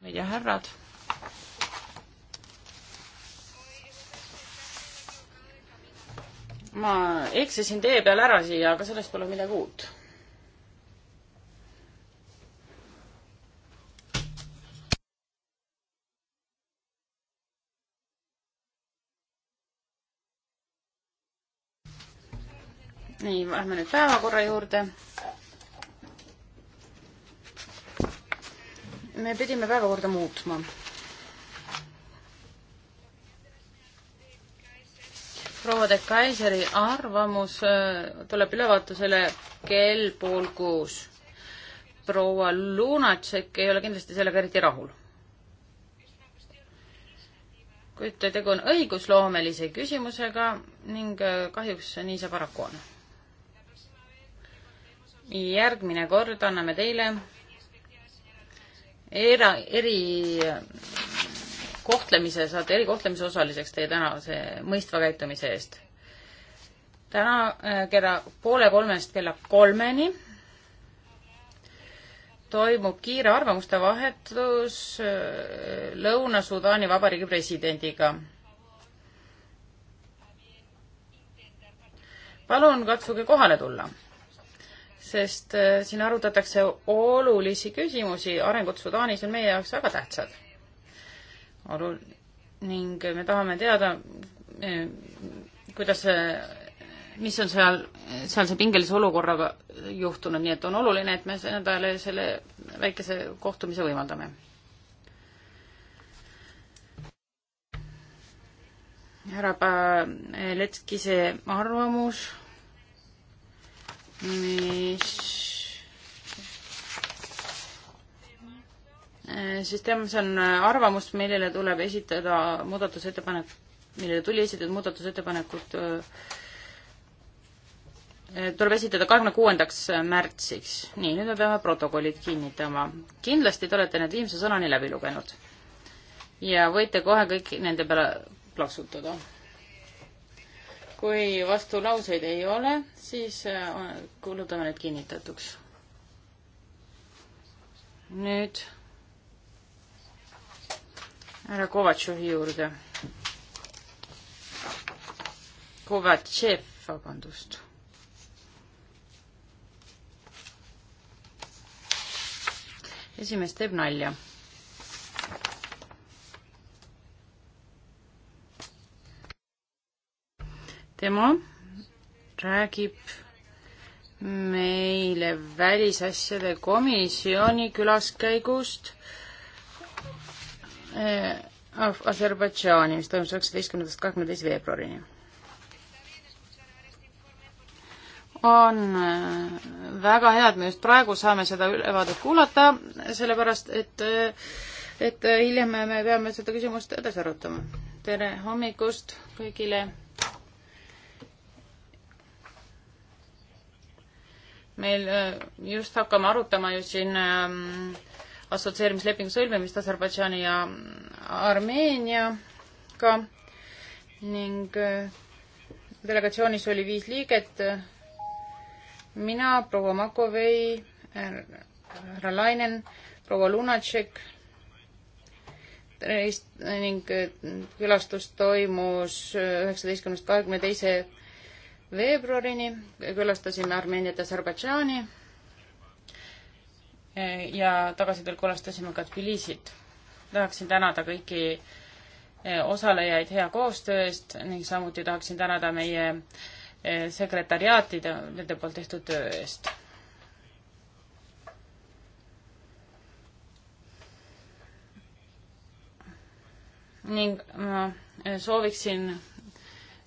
ja härrad. ma eksisin tee peal ära siia, aga sellest pole midagi uut. nii, lähme nüüd päevakorra juurde me pidime päevakorda muutma. proua de Kaiseri arvamus äh, tuleb ülevaatusele kell pool kuus. proua Lunatšek ei ole kindlasti sellega eriti rahul. kuid tegu on õigusloomelise küsimusega ning äh, kahjuks nii see paraku on. järgmine kord anname teile era, eri kohtlemise, saate erikohtlemise osaliseks teie tänase mõistva käitumise eest. täna äh, kella poole kolmest kella kolmeni toimub kiire arvamuste vahetus äh, Lõuna-Sudaani Vabariigi presidendiga. palun katsuge kohale tulla sest äh, siin arutatakse olulisi küsimusi, arengud Sudaanis on meie jaoks väga tähtsad. olul- ning me tahame teada, äh, kuidas, äh, mis on seal, sealse pingelise olukorraga juhtunud, nii et on oluline, et me endale selle väikese kohtumise võimaldame. härra Letskise arvamus mis eh, siis temas on eh, arvamus, millele tuleb esitada muudatusettepanek, millele tuli esitada muudatusettepanekud, eh, tuleb esitada kahekümne kuuendaks märtsiks. nii, nüüd me peame protokollid kinnitama. kindlasti te olete need viimse sõnani läbi lugenud. ja võite kohe kõik nende peale plaksutada kui vastulauseid ei ole, siis äh, kuulutame need kinnitatuks. nüüd härra Kovatšovi juurde. Kovatšev, vabandust. esimees teeb nalja tema räägib meile välisasjade komisjoni külaskäigust eh, Aserbaidžaani, mis toimus üheksateistkümnendast kahekümne teise veebruarini. on eh, väga hea, et me just praegu saame seda ülevaadet kuulata, sellepärast et, eh, et hiljem me peame seda küsimust edasi arutama. tere hommikust kõigile meil äh, just hakkame arutama ju siin ähm, assotsieerimislepingu sõlmimist Aserbaidžaani ja ähm, Armeeniaga ning äh, delegatsioonis oli viis liiget, mina, proua Makovei, äh, härra Lainen, proua Lunatšek ning külastus toimus üheksateistkümnest kahekümne teise veebruarini, külastasime Armeeniat ja Aserbaidžaani ja tagasitel külastasime ka Tbilisit. tahaksin tänada kõiki eh, osalejaid hea koostöö eest ning samuti tahaksin tänada meie eh, sekretariaatide, nende poolt tehtud töö eest. ning ma eh, sooviksin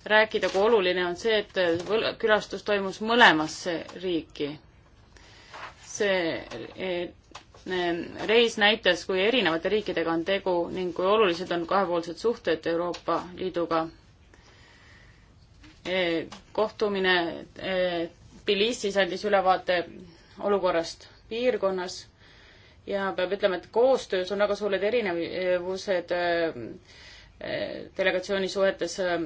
rääkida, kui oluline on see, et külastus toimus mõlemasse riiki. see e, reis näitas, kui erinevate riikidega on tegu ning kui olulised on kahepoolsed suhted Euroopa Liiduga. E, kohtumine e, Tbilisis andis ülevaate olukorrast piirkonnas ja peab ütlema, et koostöös on väga suured erinevused äh, delegatsiooni suhetes ähm,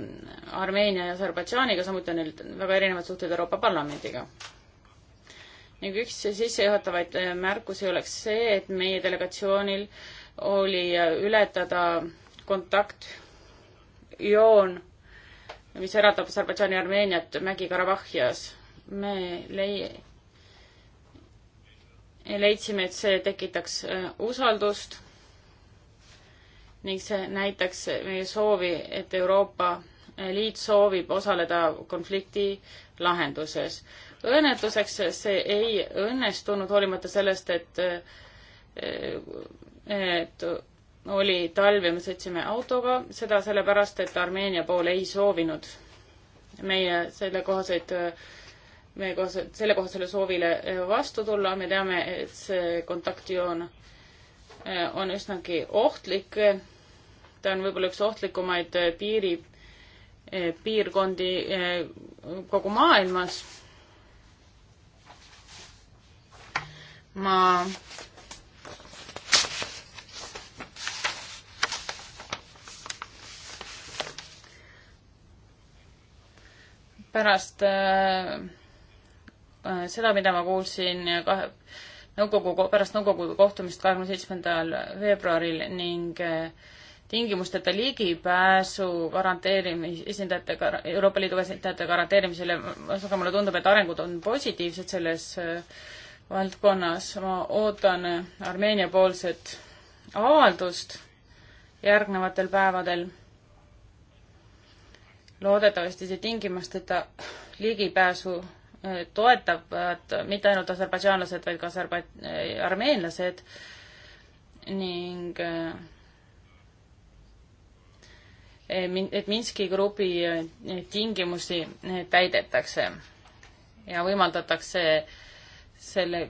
Armeenia ja Aserbaidžaaniga, samuti on neil väga erinevad suhted Euroopa Parlamendiga. ning üks sissejuhatavaid äh, märkusi oleks see, et meie delegatsioonil oli äh, ületada kontaktjoon, mis eraldab Aserbaidžaani ja Armeeniat Mägi-Karabahhias. me lei-, leidsime, et see tekitaks äh, usaldust ning see näitaks meie soovi, et Euroopa Liit soovib osaleda konflikti lahenduses. õnnetuseks see ei õnnestunud, hoolimata sellest, et et oli talv ja me sõitsime autoga, seda sellepärast, et Armeenia pool ei soovinud meie sellekohaseid, meie kohase, sellekohasele soovile vastu tulla, me teame, et see kontaktjoon on üsnagi ohtlik Liit on võib-olla üks ohtlikumaid eh, piiri, eh, piirkondi eh, kogu maailmas. ma pärast äh, seda, mida ma kuulsin kahe, nõukogu, pärast nõukogu kohtumist kahekümne seitsmendal veebruaril ning äh, tingimusteta ligipääsu garanteerimis, esindajate, Euroopa Liidu esindajate garanteerimisele, ühesõnaga mulle tundub, et arengud on positiivsed selles äh, valdkonnas, ma ootan äh, Armeenia poolset avaldust järgnevatel päevadel. loodetavasti see tingimusteta ligipääsu äh, toetavad mitte ainult aserbaidžaanlased, vaid ka aserbaid-, armeenlased ning äh, Eh, et Minski grupi eh, tingimusi eh, täidetakse ja võimaldatakse selle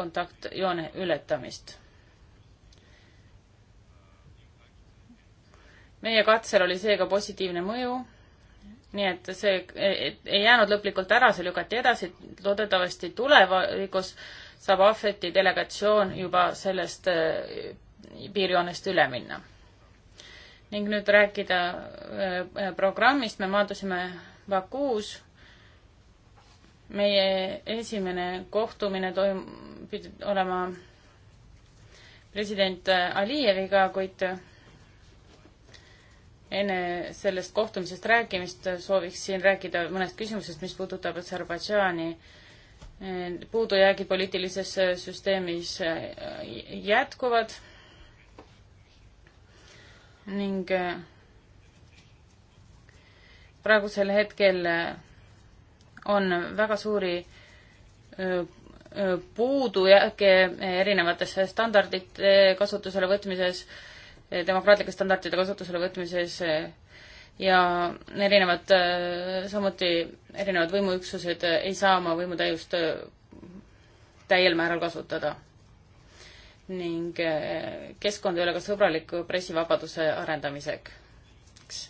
kontaktjoone ületamist. meie katsel oli seega positiivne mõju, nii et see et ei jäänud lõplikult ära, see lükati edasi, loodetavasti tulevikus saab Ahveti delegatsioon juba sellest piirjoonest üle minna ning nüüd rääkida äh, äh, programmist, me maadusime Bakuus. meie esimene kohtumine toim-, pidi olema president äh, Alijeviga, kuid enne sellest kohtumisest rääkimist sooviksin rääkida mõnest küsimusest, mis puudutab Aserbaidžaani puudujäägi poliitilises süsteemis jätkuvad ning äh, praegusel hetkel äh, on väga suuri äh, puudujääke erinevates standardite kasutusele võtmises, demokraatlike standardite kasutusele võtmises ja erinevad, samuti erinevad võimuüksused ei saa oma võimutäiust täiel määral kasutada ning eh, keskkond ei ole ka sõbralik pressivabaduse arendamiseks.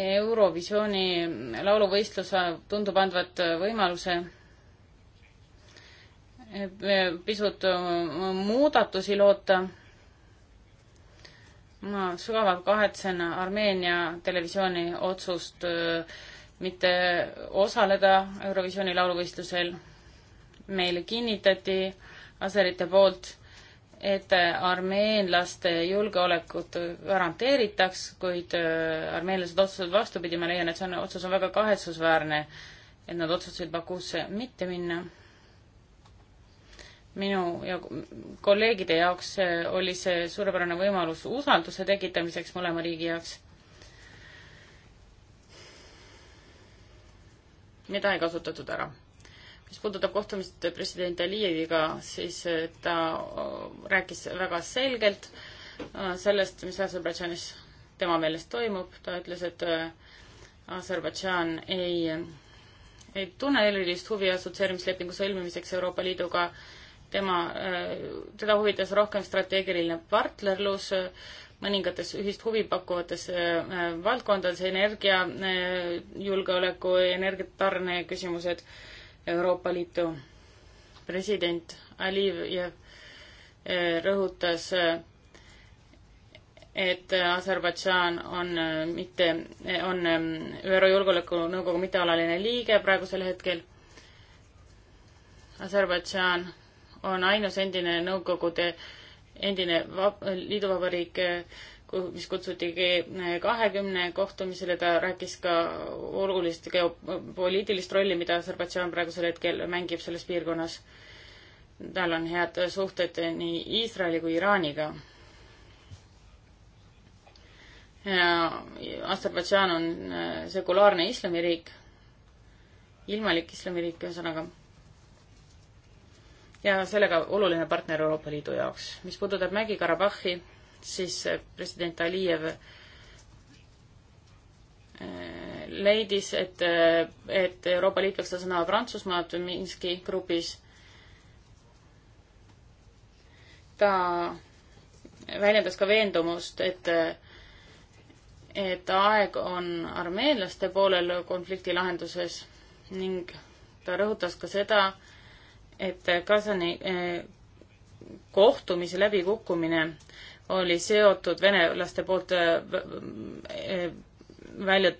Eurovisiooni lauluvõistlus tundub andvat võimaluse eh, pisut eh, muudatusi loota. ma sügavalt kahetsen Armeenia televisiooni otsust mitte osaleda Eurovisiooni lauluvõistlusel. meile kinnitati aserite poolt, et armeenlaste julgeolekut garanteeritaks, kuid äh, armeenlased otsustasid vastupidi, ma leian, et see on, otsus on väga kahetsusväärne, et nad otsustasid Bakuusse mitte minna. minu ja kolleegide jaoks äh, oli see suurepärane võimalus usalduse tekitamiseks mõlema riigi jaoks mida ei kasutatud ära mis puudutab kohtumist president Alijeviga, siis äh, ta äh, rääkis väga selgelt äh, sellest, mis Aserbaidžaanis tema meelest toimub, ta ütles, et Aserbaidžaan ei, ei tunne erilist huvi assotsieerimislepingu sõlmimiseks Euroopa Liiduga, tema, teda huvitas rohkem strateegiline partnerlus, mõningates ühist huvi pakkuvates valdkondades energia, julgeoleku, energiatarne küsimused Euroopa Liitu. president Alijev eh, rõhutas, eh, et Aserbaidžaan on eh, mitte, on ÜRO Julgeolekunõukogu mittealaline liige praegusel hetkel. Aserbaidžaan on ainus endine Nõukogude endine liiduvabariik, mis kutsuti G20 kohtumisele, ta rääkis ka olulist geopoliitilist rolli, mida Aserbaidžaan praegusel hetkel mängib selles piirkonnas. tal on head suhted nii Iisraeli kui Iraaniga. ja Aserbaidžaan on äh, sekulaarne islamiriik, ilmalik islamiriik ühesõnaga ja sellega oluline partner Euroopa Liidu jaoks. mis puudutab Mägi-Karabahhi, siis president Alijev äh, leidis, et, äh, et Euroopa Liit peaks sõna Prantsusmaad Minski grupis. ta väljendas ka veendumust, et, et aeg on armeenlaste poolel konflikti lahenduses ning ta rõhutas ka seda, et Kasani äh, kohtumise läbikukkumine äh, oli seotud venelaste poolt äh, äh, välja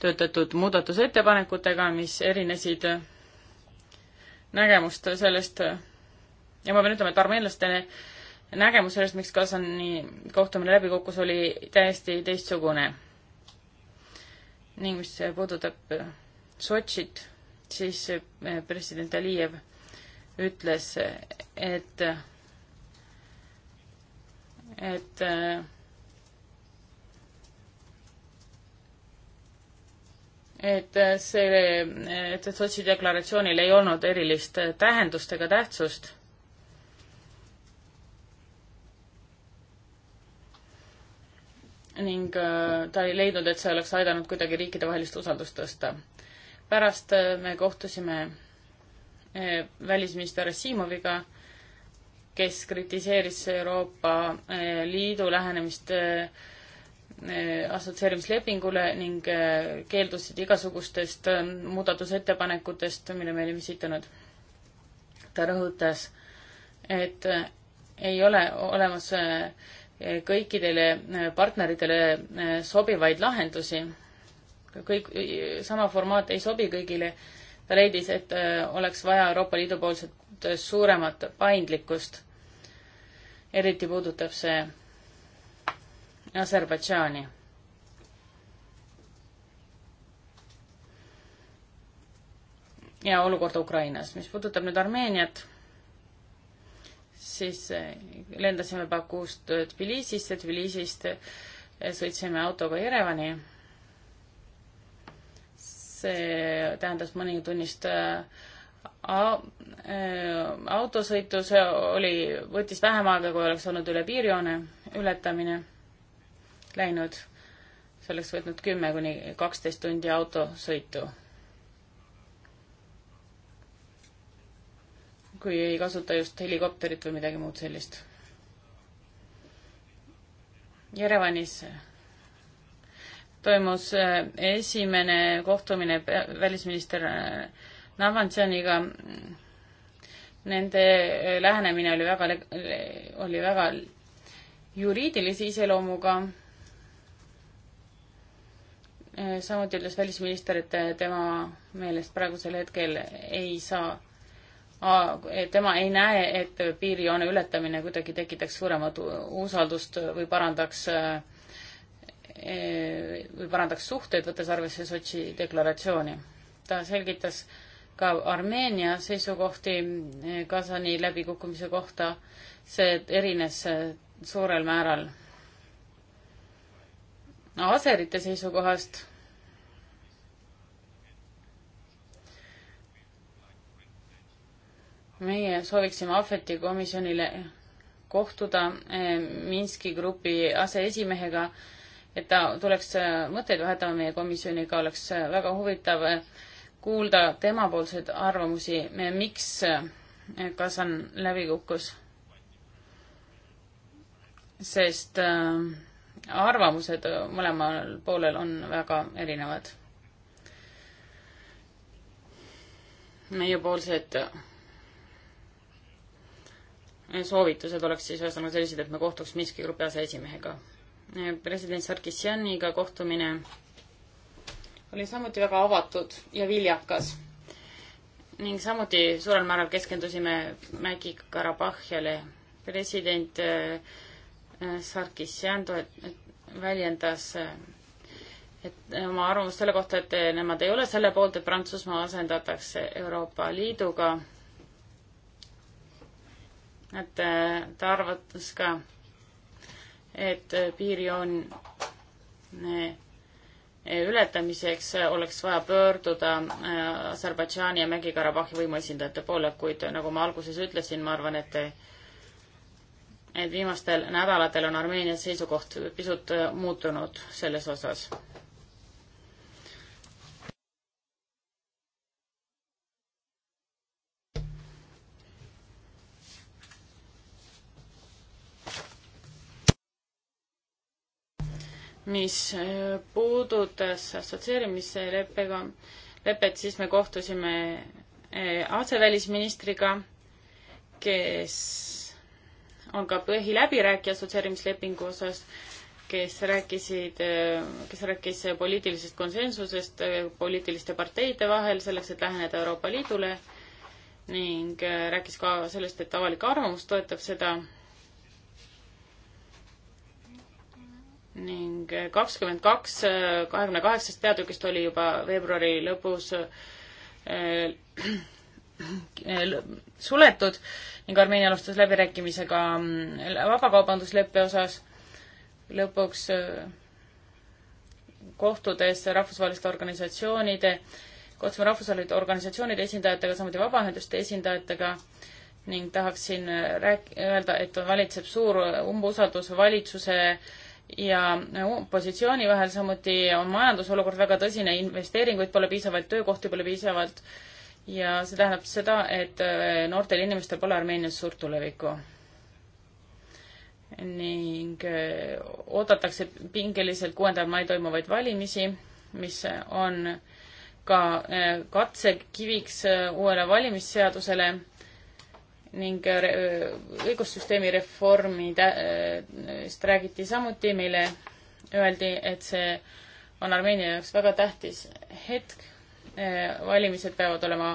töötatud muudatusettepanekutega, mis erinesid nägemust sellest ja ma pean ütlema, et armeenlaste nägemus sellest, miks Kasani kohtumine läbi kukkus, oli täiesti teistsugune. ning mis puudutab Sotšit, siis president Alijev ütles, et et et see, et, et sotsi deklaratsioonil ei olnud erilist tähendust ega tähtsust. ning äh, ta ei leidnud, et see oleks aidanud kuidagi riikidevahelist usaldust tõsta. pärast äh, me kohtusime äh, välisminister Simoviga kes kritiseeris Euroopa eh, Liidu lähenemist eh, eh, assotsieerimislepingule ning keeldusid igasugustest muudatusettepanekutest, mille me olime esitanud. ta rõhutas, et ei ole olemas kõikidele partneritele sobivaid lahendusi. kõik, sama formaat ei sobi kõigile. ta leidis, et oleks vaja Euroopa Liidu poolset pisut suuremat paindlikkust. eriti puudutab see Aserbaidžaani. ja olukorda Ukrainas. mis puudutab nüüd Armeeniat, siis eh, lendasime Bakust Tbilisisse, Tbilisist eh, sõitsime autoga Jerevani see tähendas mõnitunnist Äh, autosõitus oli, võttis vähem aega, kui oleks olnud üle piirjoone ületamine läinud. see oleks võtnud kümme kuni kaksteist tundi autosõitu. kui ei kasuta just helikopterit või midagi muud sellist. Jerevanis toimus äh, esimene kohtumine välisminister äh, Navansoniga. Mm, nende eh, lähenemine oli väga, oli väga juriidilise iseloomuga. Eh, samuti ütles välisminister, et eh, tema meelest praegusel hetkel ei saa tema ei näe, et piirijoone ületamine kuidagi tekitaks suuremat usaldust või parandaks või parandaks suhteid, võttes arvesse Sotši deklaratsiooni. ta selgitas, ka Armeenia seisukohti Kasani eh, läbikukkumise kohta, see erines eh, suurel määral no, aserite seisukohast. meie sooviksime Ahveti komisjonile kohtuda eh, Minski grupi aseesimehega, et ta tuleks mõtteid vahetama meie komisjoniga, oleks väga huvitav äh, kuulda temapoolseid arvamusi, miks eh, Kasan läbi kukkus. sest eh, arvamused eh, mõlemal poolel on väga erinevad. meiepoolsed soovitused oleks siis ühesõnaga sellised, et me kohtuks Minski grupi aseesimehega. president Sarkisjaniga kohtumine oli samuti väga avatud ja viljakas. ning samuti suurel määral keskendusime Mägi-Karabahhiale. president äh, äh, Sarkisjan väljendas äh, et oma arvamust selle kohta, et nemad ei ole selle poolt, et Prantsusmaa asendatakse Euroopa Liiduga. et ta arvates ka, et piirjoon Eh, ületamiseks eh, oleks vaja pöörduda eh, Aserbaidžaani ja Mägi-Karabahhi võimuesindajate poole, kuid nagu ma alguses ütlesin, ma arvan, et et viimastel nädalatel on Armeenia seisukoht pisut muutunud selles osas. mis äh, puudutas assotsieerimise leppega, lepet, siis me kohtusime äh, asevälisministriga, kes on ka põhiläbirääkija assotsieerimislepingu osas, kes rääkisid, äh, kes rääkis poliitilisest konsensusest poliitiliste parteide vahel selleks, et läheneda Euroopa Liidule ning rääkis ka sellest, et avalik arvamus toetab seda ning kakskümmend kaks kahekümne kaheksast peatükist oli juba veebruari lõpus äh, äh, suletud ning Armeenia alustas läbirääkimisega äh, vabakaubandusleppe osas. lõpuks kohtudes rahvusvaheliste organisatsioonide, kohtusime rahvusvaheliste organisatsioonide esindajatega, samuti vabaühenduste esindajatega ning tahaksin rääk-, öelda, et valitseb suur umbusaldus valitsuse äh, ja positsiooni vahel, samuti on majandusolukord väga tõsine, investeeringuid pole piisavalt, töökohti pole piisavalt ja see tähendab seda, et äh, noortel inimestel pole Armeenias suurt tulevikku. ning äh, oodatakse pingeliselt kuuendal mail toimuvaid valimisi, mis on ka äh, katsekiviks uuele valimisseadusele ning äh, äh, õigussüsteemi reformist äh, räägiti samuti, meile öeldi, et see on Armeenia jaoks väga tähtis hetk. valimised peavad olema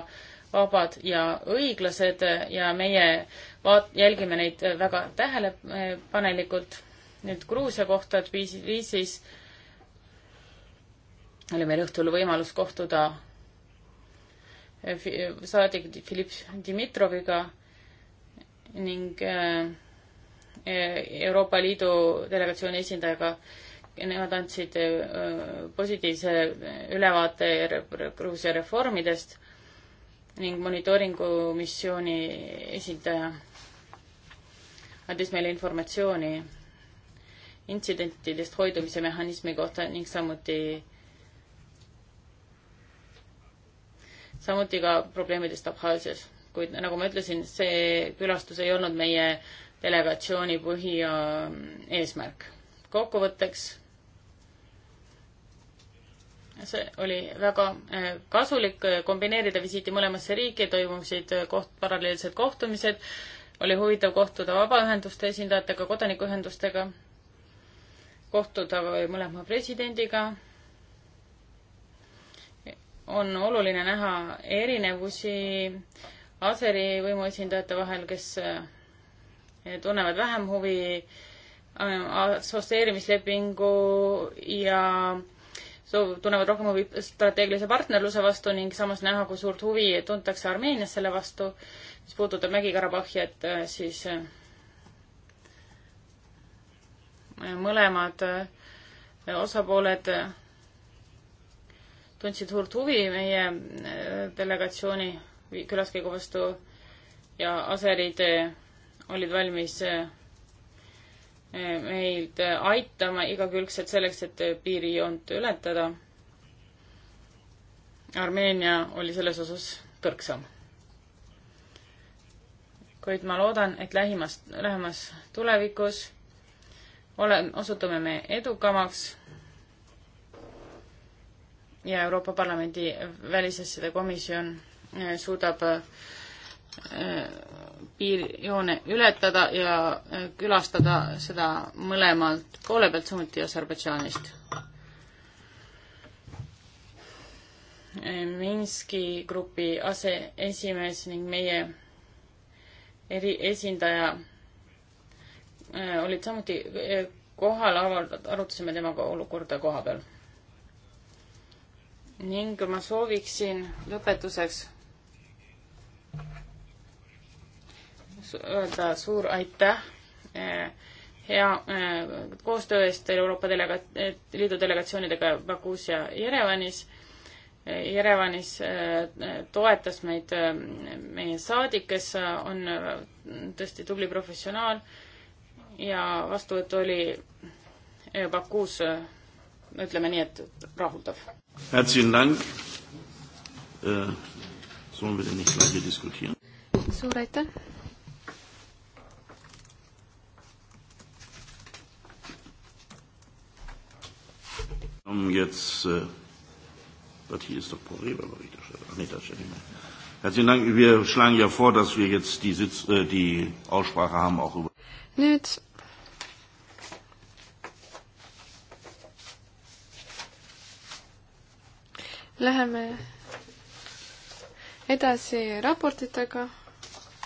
vabad ja õiglased ja meie vaat-, jälgime neid väga tähelepanelikult. nüüd Gruusia kohta Tbilisis oli meil õhtul võimalus kohtuda saadik Filipp Dimitroviga ning äh, e-, Euroopa Liidu delegatsiooni esindajaga. Nemad andsid äh, positiivse ülevaate Gruusia reformidest ning monitooringumissiooni esindaja andis meile informatsiooni intsidentidest hoidumise mehhanismi kohta ning samuti, samuti ka probleemidest Abhaasias kuid nagu ma ütlesin, see külastus ei olnud meie delegatsiooni põhi mm, eesmärk. kokkuvõtteks, see oli väga äh, kasulik kombineerida visiiti mõlemasse riiki, toimusid koht, paralleelsed kohtumised, oli huvitav kohtuda vabaühenduste esindajatega, kodanikuühendustega, kohtuda mõlema presidendiga on oluline näha erinevusi Aseri võimuesindajate vahel, kes eh, tunnevad vähem huvi äh, assotsieerimislepingu ja soov, tunnevad rohkem huvi strateegilise partnerluse vastu ning samas näha, kui suurt huvi tuntakse Armeenias selle vastu, mis puudutab Mägi-Karabahhi, et äh, siis äh, mõlemad osapooled tundsid suurt huvi meie delegatsiooni külaskäigu vastu ja aserid eh, olid valmis eh, eh, meid aitama igakülgselt selleks, et piirijoont ületada. Armeenia oli selles osas tõrksam. kuid ma loodan, et lähimas, lähemas tulevikus ole, osutume me edukamaks ja Euroopa Parlamendi välisasjade komisjon Äh, suudab äh, piirjoone ületada ja äh, külastada seda mõlemalt poole pealt, samuti Aserbaidžaanist. Minski grupi aseesimees ning meie eriesindaja olid samuti kohal, arutasime temaga olukorda koha peal. ning ma sooviksin lõpetuseks öelda suur aitäh eh, hea eh, koostöö eest Euroopa delega-, eh, liidu delegatsioonidega Bakuus ja Jerevanis. Jerevanis toetas meid meie saadik, kes on tõesti tubli professionaal ja vastuvõtt oli Bakuus, ütleme nii, et rahuldav. suur aitäh! Um jetzt, äh, was hier ist doch Problemberichterstatter. Ach nee, das ist ja nicht mehr. Herzlichen Dank. Wir schlagen ja vor, dass wir jetzt die, Sitz, äh, die Aussprache haben auch über. Nüüd Läheme edasi raportitega.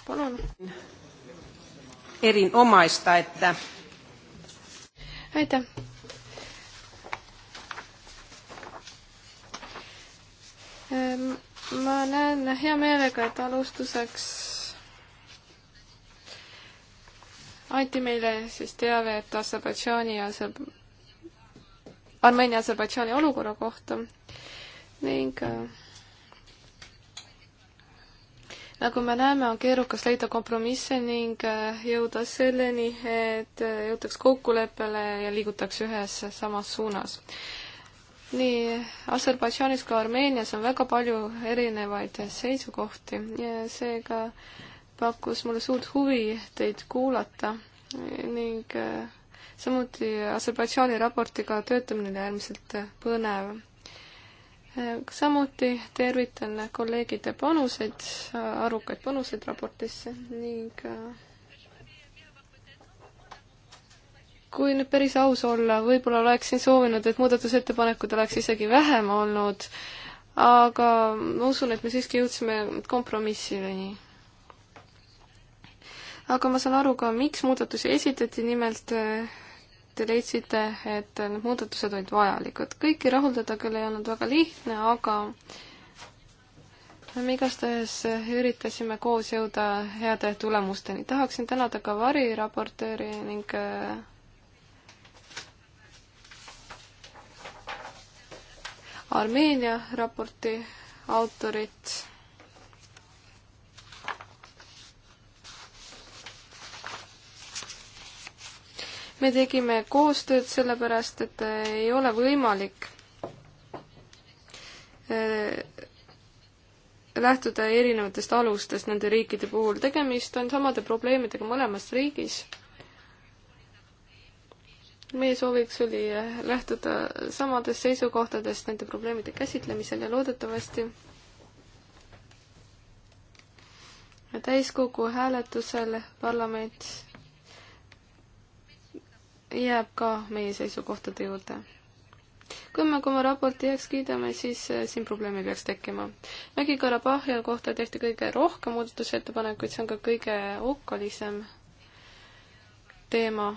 Palun. Erinomaista, että... Aitäh. ma näen hea meelega, et alustuseks anti meile siis teave, et Aserbaidžaani ja Aser-, Armeenia Aserbaidžaani olukorra kohta ning äh, nagu me näeme, on keerukas leida kompromisse ning äh, jõuda selleni, et äh, jõutaks kokkuleppele ja liigutakse ühes samas suunas nii Aserbaidžaanis kui Armeenias on väga palju erinevaid seisukohti ja seega pakkus mulle suurt huvi teid kuulata ning eh, samuti Aserbaidžaani raportiga töötamine oli äärmiselt eh, põnev. Eh, samuti tervitan kolleegide panuseid, arukaid panuseid raportisse ning kui nüüd päris aus olla, võib-olla oleksin soovinud, et muudatusettepanekuid oleks isegi vähem olnud, aga ma usun, et me siiski jõudsime kompromissileni. aga ma saan aru ka, miks muudatusi esitati, nimelt eh, te leidsite, et need muudatused olid vajalikud. kõiki rahuldada küll ei olnud väga lihtne, aga me igastahes üritasime koos jõuda heade tulemusteni. tahaksin tänada ka variraportööri ning eh, Armeenia raporti autorit. me tegime koostööd sellepärast, et ei ole võimalik äh, lähtuda erinevatest alustest nende riikide puhul. tegemist on samade probleemidega mõlemas riigis meie sooviks oli lähtuda samadest seisukohtadest nende probleemide käsitlemisel ja loodetavasti täiskogu hääletusel parlament jääb ka meie seisukohtade juurde. kui me, kui me raporti heaks kiidame, siis eh, siin probleeme peaks tekkima. Mägi-Karabahhi kohta tehti kõige rohkem muudatusettepanekuid, see on ka kõige okkalisem teema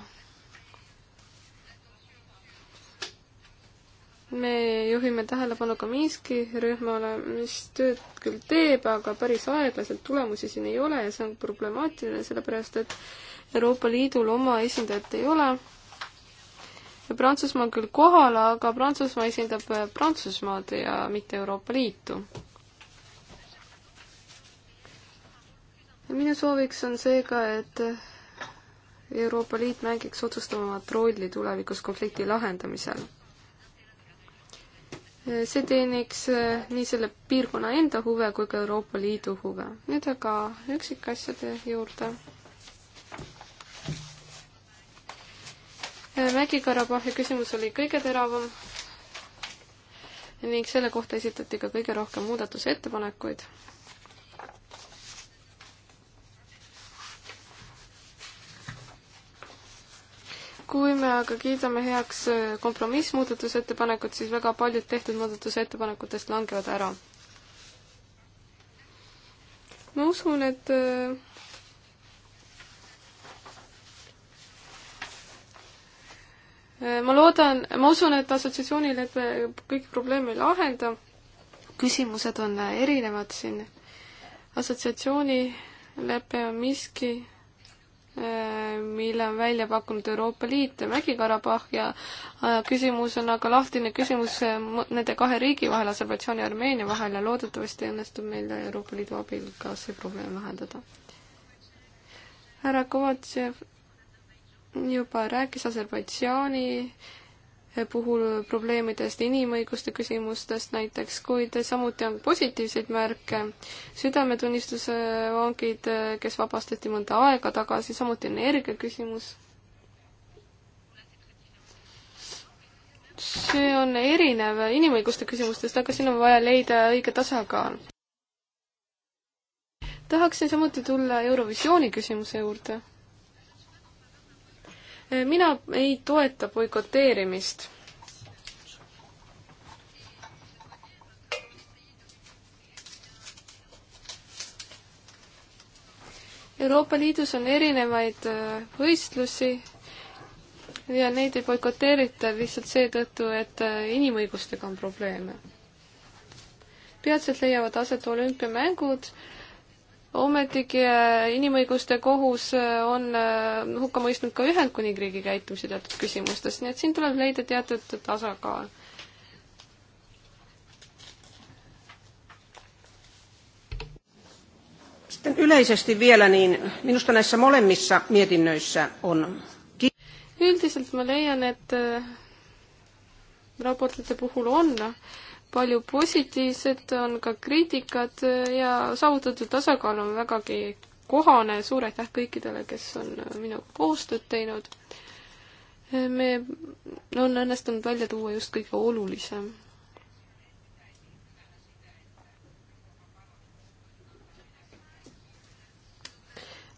me juhime tähelepanu ka Minski rühmale, mis tööd küll teeb, aga päris aeglaselt tulemusi siin ei ole ja see on problemaatiline, sellepärast et Euroopa Liidul oma esindajat ei ole. Prantsusmaa on küll kohal, aga Prantsusmaa esindab Prantsusmaad ja mitte Euroopa Liitu. minu sooviks on seega, et Euroopa Liit mängiks otsustavamat rolli tulevikus konflikti lahendamisel see teeniks eh, nii selle piirkonna enda huve kui ka Euroopa Liidu huve. nüüd aga üksikasjade juurde. Eh, Mägi-Karabahhi küsimus oli kõige teravam ning selle kohta esitati ka kõige rohkem muudatusettepanekuid kui me aga kiidame heaks äh, kompromissmuudatusettepanekud, siis väga paljud tehtud muudatusettepanekutest langevad ära. ma usun, et äh, äh, ma loodan, ma usun, et assotsiatsioonilepe kõiki probleeme ei lahenda. küsimused on erinevad siin. assotsiatsioonilepe on miski, Äh, mille on välja pakkunud Euroopa Liit ja Mägi-Karabahh ja äh, küsimus on aga lahtine küsimus äh, nende kahe riigi vahel, Aserbaidžaani ja Armeenia vahel ja loodetavasti õnnestub meil Euroopa Liidu abil ka see probleem lahendada. härra Kovatšev juba rääkis Aserbaidžaani puhul probleemidest, inimõiguste küsimustest näiteks, kuid samuti on positiivseid märke. südametunnistuse vangid, kes vabastati mõnda aega tagasi, samuti energia küsimus. see on erinev inimõiguste küsimustest, aga siin on vaja leida õige tasakaal. tahaksin samuti tulla Eurovisiooni küsimuse juurde mina ei toeta boikoteerimist. Euroopa Liidus on erinevaid äh, võistlusi ja neid ei boikoteerita lihtsalt seetõttu, et äh, inimõigustega on probleeme. peatselt leiavad aset olümpiamängud ometigi äh, Inimõiguste Kohus äh, on äh, hukka mõistnud ka Ühendkuningriigi käitumise teatud küsimustes, nii et siin tuleb leida teatud tasakaal. sitten yleisesti vielä, niin minusta näissä molemmissa mietinnöissä on... Yldiselt ma leian, et raportite puhul on palju positiivset, on ka kriitikat äh, ja saavutatud tasakaal on vägagi kohane, suur aitäh kõikidele, kes on äh, minuga koostööd teinud. Äh, me, on õnnestunud välja tuua just kõige olulisem.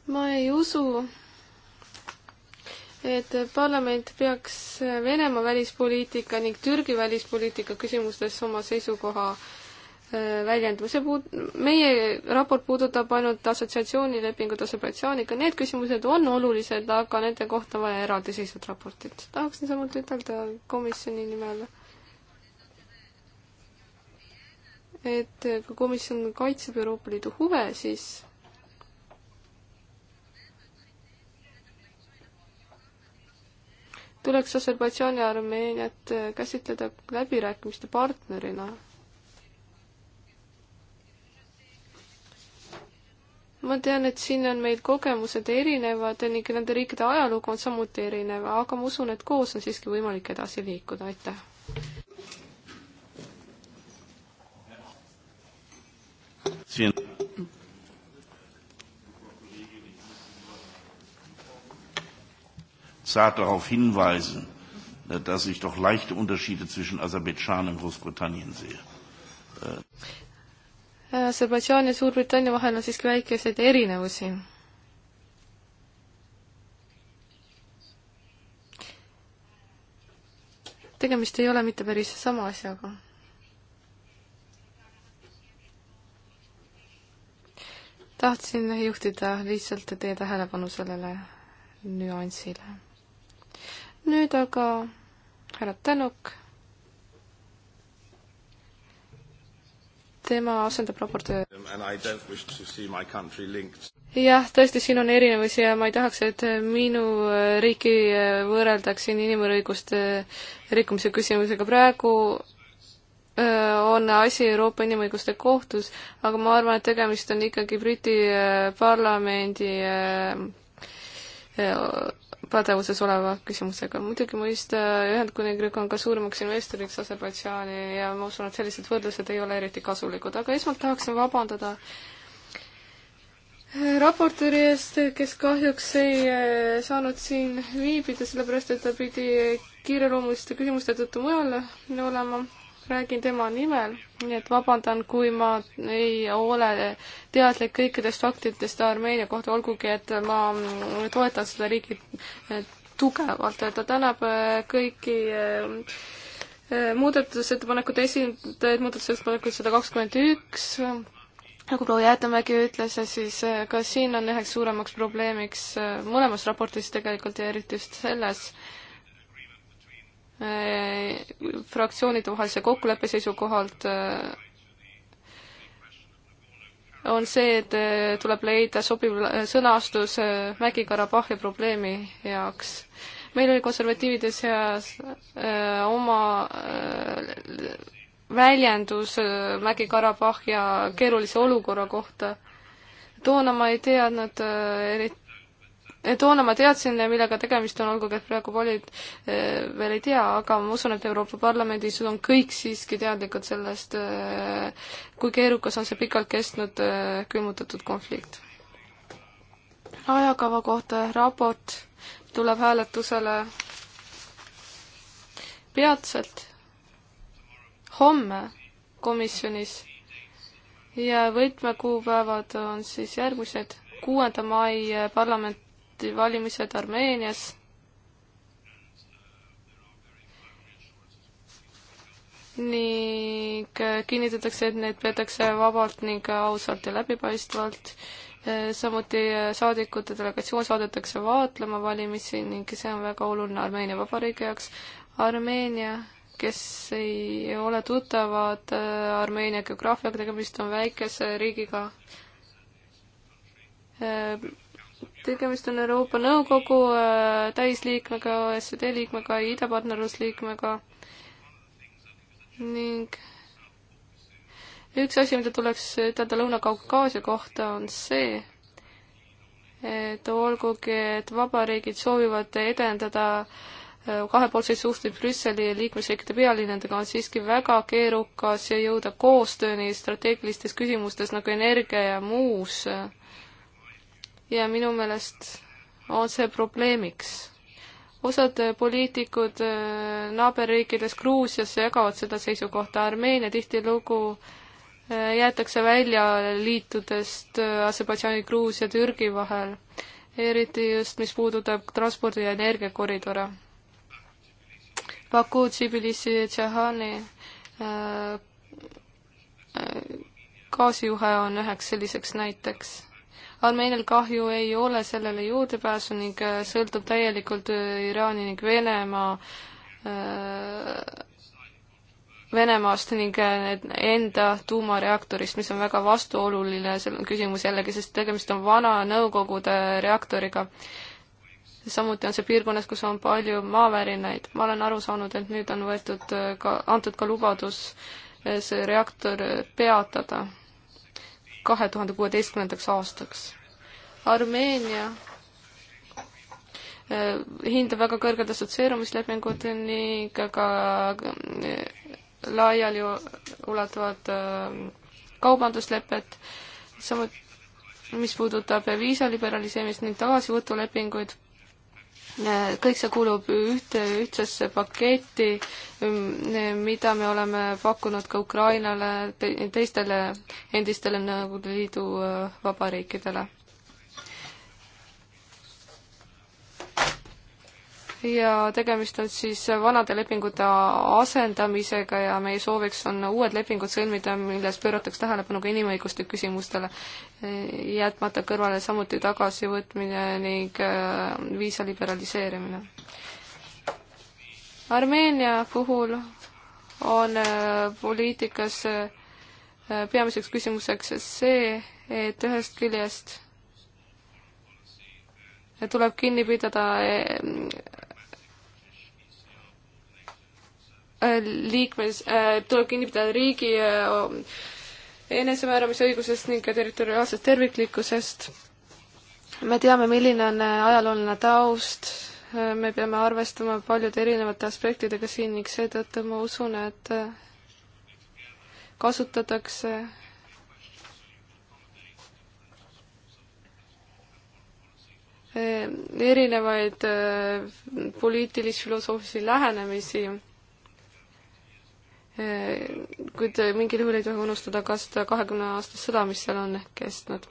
ma ei usu, et parlament peaks Venemaa välispoliitika ning Türgi välispoliitika küsimustes oma seisukoha äh, väljendama. see puud-, meie raport puudutab ainult assotsiatsioonilepingut Aserbaidžaaniga, need küsimused on olulised, aga nende kohta on vaja eraldiseisvat raportit. tahaksin samuti ütelda komisjoni nimel, et kui komisjon kaitseb Euroopa Liidu huve, siis tuleks Aserbaidžaani ja Armeeniat äh, käsitleda läbirääkimiste partnerina. ma tean, et siin on meil kogemused erinevad ning nende riikide ajalugu on samuti erinev, aga ma usun, et koos on siiski võimalik edasi liikuda, aitäh. siin zart darauf hinweisen, äh, dass ich doch leichte Unterschiede zwischen Aserbaidschan und Großbritannien sehe. Äh, Aserbaidžaani ja Suurbritannia vahel on siiski väikeseid erinevusi. tegemist ei ole mitte päris sama asjaga. tahtsin juhtida lihtsalt teie tähelepanu sellele nüansile nüüd aga härra Tänuk. tema asendab raportööri. jah, tõesti, siin on erinevusi ja ma ei tahaks, et minu riiki võrreldaks siin inimõiguste rikkumise küsimusega. praegu äh, on asi Euroopa Inimõiguste Kohtus, aga ma arvan, et tegemist on ikkagi Briti äh, parlamendi äh, pädevuses oleva küsimusega. muidugi mõista äh, Ühendkuningriik on ka suurimaks investoriks Aserbaidžaani ja ma usun, et sellised võrdlused ei ole eriti kasulikud, aga esmalt tahaksin vabandada äh, raportööri eest, kes kahjuks ei äh, saanud siin viibida, sellepärast et ta pidi kiireloomuliste küsimuste tõttu mujal olema räägin tema nimel, nii et vabandan, kui ma ei ole teadlik kõikidest faktidest Armeenia kohta, olgugi et ma toetan seda riiki eh, tugevalt, ta tänab eh, kõiki eh, muudatusettepanekute esindajaid, muudatusettepanekud sada kakskümmend üks, nagu proua Jäätemägi ütles, siis ka siin on üheks suuremaks probleemiks mõlemas raportis tegelikult ja eriti just selles, Äh, fraktsioonide vahelise kokkuleppe seisukohalt äh, on see, et äh, tuleb leida sobiv sõnastus Mägi-Karabahhi probleemi heaks. meil oli konservatiivide seas äh, oma äh, väljendus äh, Mägi-Karabahhi ja keerulise olukorra kohta. toona ma ei teadnud äh, eriti Eh, toona ma teadsin, millega tegemist on, olgugi et praegu paljud eh, veel ei tea, aga ma usun, et Euroopa Parlamendis on kõik siiski teadlikud sellest, eh, kui keerukas on see pikalt kestnud külmutatud konflikt. ajakava kohta raport tuleb hääletusele peatselt, homme komisjonis ja võtmekuupäevad on siis järgmised, kuuenda mai parlament samuti valimised Armeenias. ning äh, kinnitatakse, et neid peetakse vabalt ning äh, ausalt ja läbipaistvalt. Äh, samuti saadikute delegatsioon saadetakse vaatlema valimisi ning see on väga oluline Armeenia Vabariigi jaoks. Armeenia kes ei ole tuttavad Armeenia geograafiaga, tegemist on väikese riigiga, tegemist on Euroopa Nõukogu äh, täisliikmega, OSCD liikmega, idapartnerlusliikmega ning üks asi, mida tuleks ütelda Lõuna-Kaukaasia kohta, on see, et olgugi, et vabariigid soovivad edendada äh, kahepoolseid suhteid Brüsseli ja liikmesriikide pealinnadega, on siiski väga keerukas jõuda koostööni strateegilistes küsimustes nagu energia ja muus äh, ja minu meelest on see probleemiks. osad poliitikud äh, naaberriikides Gruusias jagavad seda seisukohta, Armeenia tihtilugu äh, jäetakse välja liitudest äh, Aserbaidžaani, Gruusia, Türgi vahel, eriti just, mis puudutab transpordi- ja energiakoridore. Baku, Tbilisi, Tšehhani gaasijuhe on üheks selliseks näiteks Armeenial kahju ei ole sellele juurdepääsu ning äh, sõltub täielikult äh, Iraani ning Venemaa äh, Venemaast ning enda tuumareaktorist, mis on väga vastuoluline selle küsimus jällegi, sest tegemist on vana Nõukogude reaktoriga. samuti on see piirkonnas, kus on palju maavärinaid. ma olen aru saanud, et nüüd on võetud ka, antud ka lubadus see reaktor peatada kahe tuhande kuueteistkümnendaks aastaks. Armeenia äh, hindab väga kõrgelt assotsieerumislepingud ning ka äh, laiali ulatuvad äh, kaubanduslepet, samuti mis puudutab viisa liberaliseerimist ning tagasivõtulepinguid kõik see kuulub ühte, ühtsesse paketti, mida me oleme pakkunud ka Ukrainale, teistele endistele Nõukogude Liidu äh, vabariikidele. ja tegemist on siis vanade lepingute asendamisega ja meie sooviks on uued lepingud sõlmida, milles pööratakse tähelepanu ka inimõiguste küsimustele, jätmata kõrvale samuti tagasivõtmine ning äh, viisa liberaliseerimine. Armeenia puhul on äh, poliitikas äh, peamiseks küsimuseks see, et ühest küljest tuleb kinni pidada Äh, liikmes, äh, tuleb kinni pidada riigi äh, enesemääramisõigusest ning ka territoriaalsest terviklikkusest. me teame, milline on ajalooline taust, me peame arvestama paljude erinevate aspektidega siin ning seetõttu ma usun, et kasutatakse erinevaid poliitilis-filosoofilisi lähenemisi kuid mingil juhul ei tohi unustada ka seda kahekümne aastast sõda, mis seal on kestnud.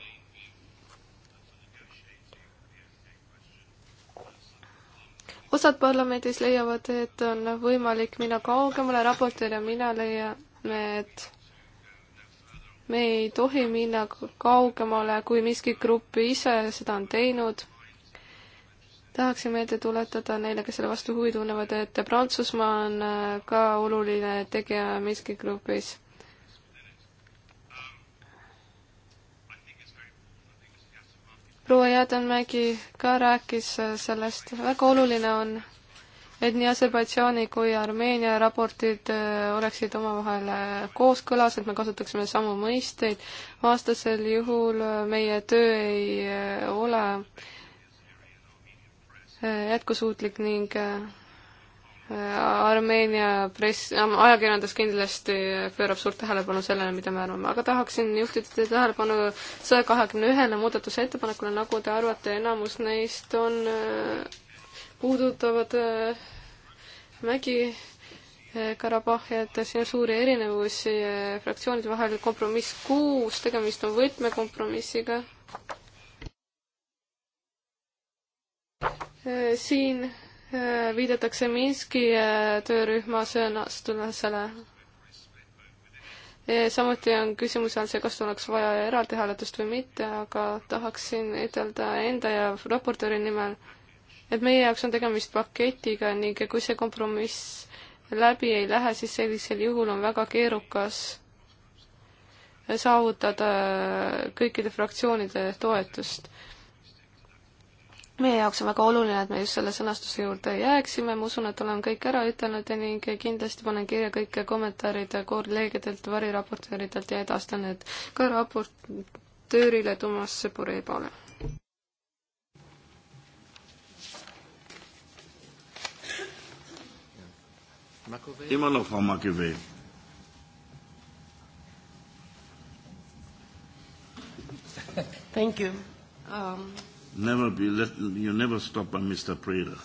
osad parlamendis leiavad, et on võimalik minna kaugemale, raportöör ja mina leiame, et me ei tohi minna kaugemale, kui miski grupp ise seda on teinud tahaksin meelde tuletada neile, kes selle vastu huvi tunnevad, et Prantsusmaa on äh, ka oluline tegija Minski grupis. proua Jäädenmägi ka rääkis äh, sellest, väga oluline on, et nii Aserbaidžaani kui Armeenia raportid äh, oleksid omavahel kooskõlas, et me kasutaksime samu mõisteid, vastasel juhul meie töö ei ole äh, Äh, jätkusuutlik ning äh, äh, Armeenia press, ajakirjandus kindlasti pöörab suurt tähelepanu sellele, mida me arvame, aga tahaksin juhtida teie tähelepanu saja kahekümne ühele muudatusettepanekule, nagu te arvate, enamus neist on, puudutavad Mägi Karabahhi, et siin on suuri erinevusi fraktsioonide vahel, kompromiss kuus, tegemist on võtmekompromissiga. Äh, siin äh, viidatakse Minski äh, töörühma sõnastusele. samuti on küsimuse all see, kas oleks vaja eraldi hääletust või mitte, aga tahaksin ütelda enda ja raportööri nimel, et meie jaoks on tegemist paketiga ning kui see kompromiss läbi ei lähe, siis sellisel juhul on väga keerukas saavutada kõikide fraktsioonide toetust meie jaoks on väga oluline, et me just selle sõnastuse juurde jääksime, ma usun, et olen kõik ära ütelnud ning kindlasti panen kirja kõik kommentaarid kolleegidelt, variraportööridelt ja edastan need ka raportöörile Toomas Purebale. Immer noch Frau Makiwee. Thank you um, never be let, you never stop on Mr. Preda.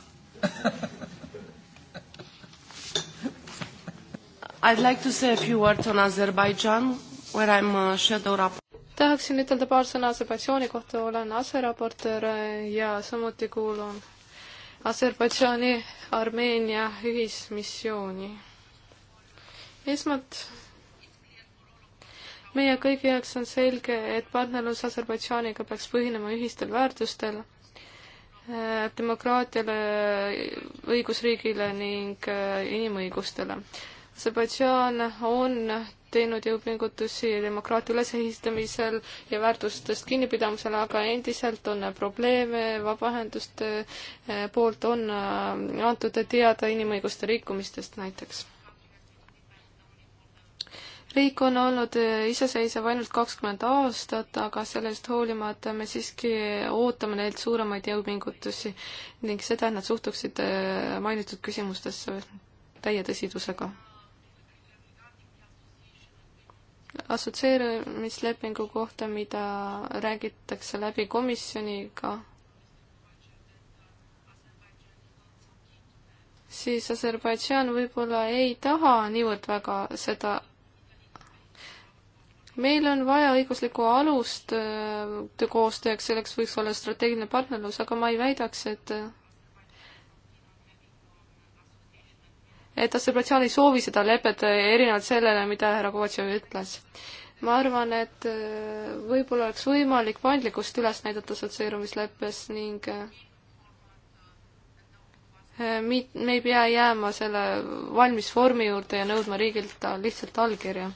I'd like to say a few words on Azerbaijan, where I'm a shadow rapporteur. tahaksin ütelda paar sõna Aserbaidžaani kohta, olen aseraportöör eh, ja samuti kuulun Aserbaidžaani Armeenia ühismissiooni. esmalt meie kõigi jaoks on selge, et partnerlus Aserbaidžaaniga peaks põhinema ühistel väärtustel, äh, demokraatiale, õigusriigile ning äh, inimõigustele. Aserbaidžaan on teinud jõupingutusi demokraatia ülesehitamisel ja väärtustest kinnipidamisel, aga endiselt on probleeme, vabaühenduste äh, poolt on antud teada inimõiguste rikkumistest näiteks riik on olnud iseseisev ainult kakskümmend aastat, aga sellest hoolimata me siiski ootame neilt suuremaid jõupingutusi ning seda, et nad suhtuksid äh, mainitud küsimustesse täie tõsidusega. assotsieerumislepingu kohta, mida räägitakse läbi komisjoniga siis Aserbaidžaan võib-olla ei taha niivõrd väga seda meil on vaja õiguslikku alust äh, koostööks, selleks võiks olla strateegiline partnerlus, aga ma ei väidaks, et et Aserbaidžaan ei soovi seda lepet, äh, erinevalt sellele, mida härra Kovatšev ütles. ma arvan, et äh, võib-olla oleks võimalik paindlikkust üles näidata assotsieerumisleppes ning me ei pea jääma selle valmis vormi juurde ja nõudma riigilt lihtsalt allkirja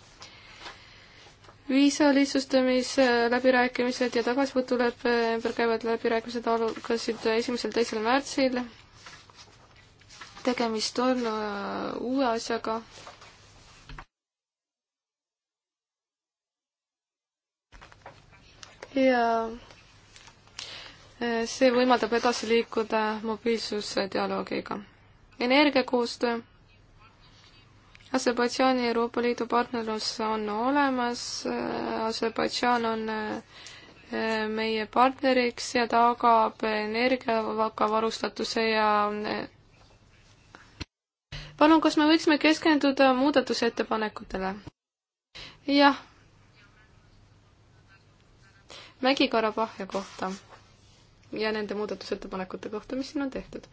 viisa lihtsustamise läbirääkimised ja tagasivõtuleppe ümber käivad läbirääkimised algasid esimesel, teisel märtsil. tegemist on äh, uue asjaga. ja äh, see võimaldab edasi liikuda mobiilsusdialoogiga. energiakoostöö Aserbaidžaani Euroopa Liidu partnerlus on olemas, äh, Aserbaidžaan on äh, meie partneriks ja tagab energiavaga varustatuse ja äh, palun, kas me võiksime keskenduda muudatusettepanekutele? jah. Mägi-Karabahhi kohta ja nende muudatusettepanekute kohta, mis siin on tehtud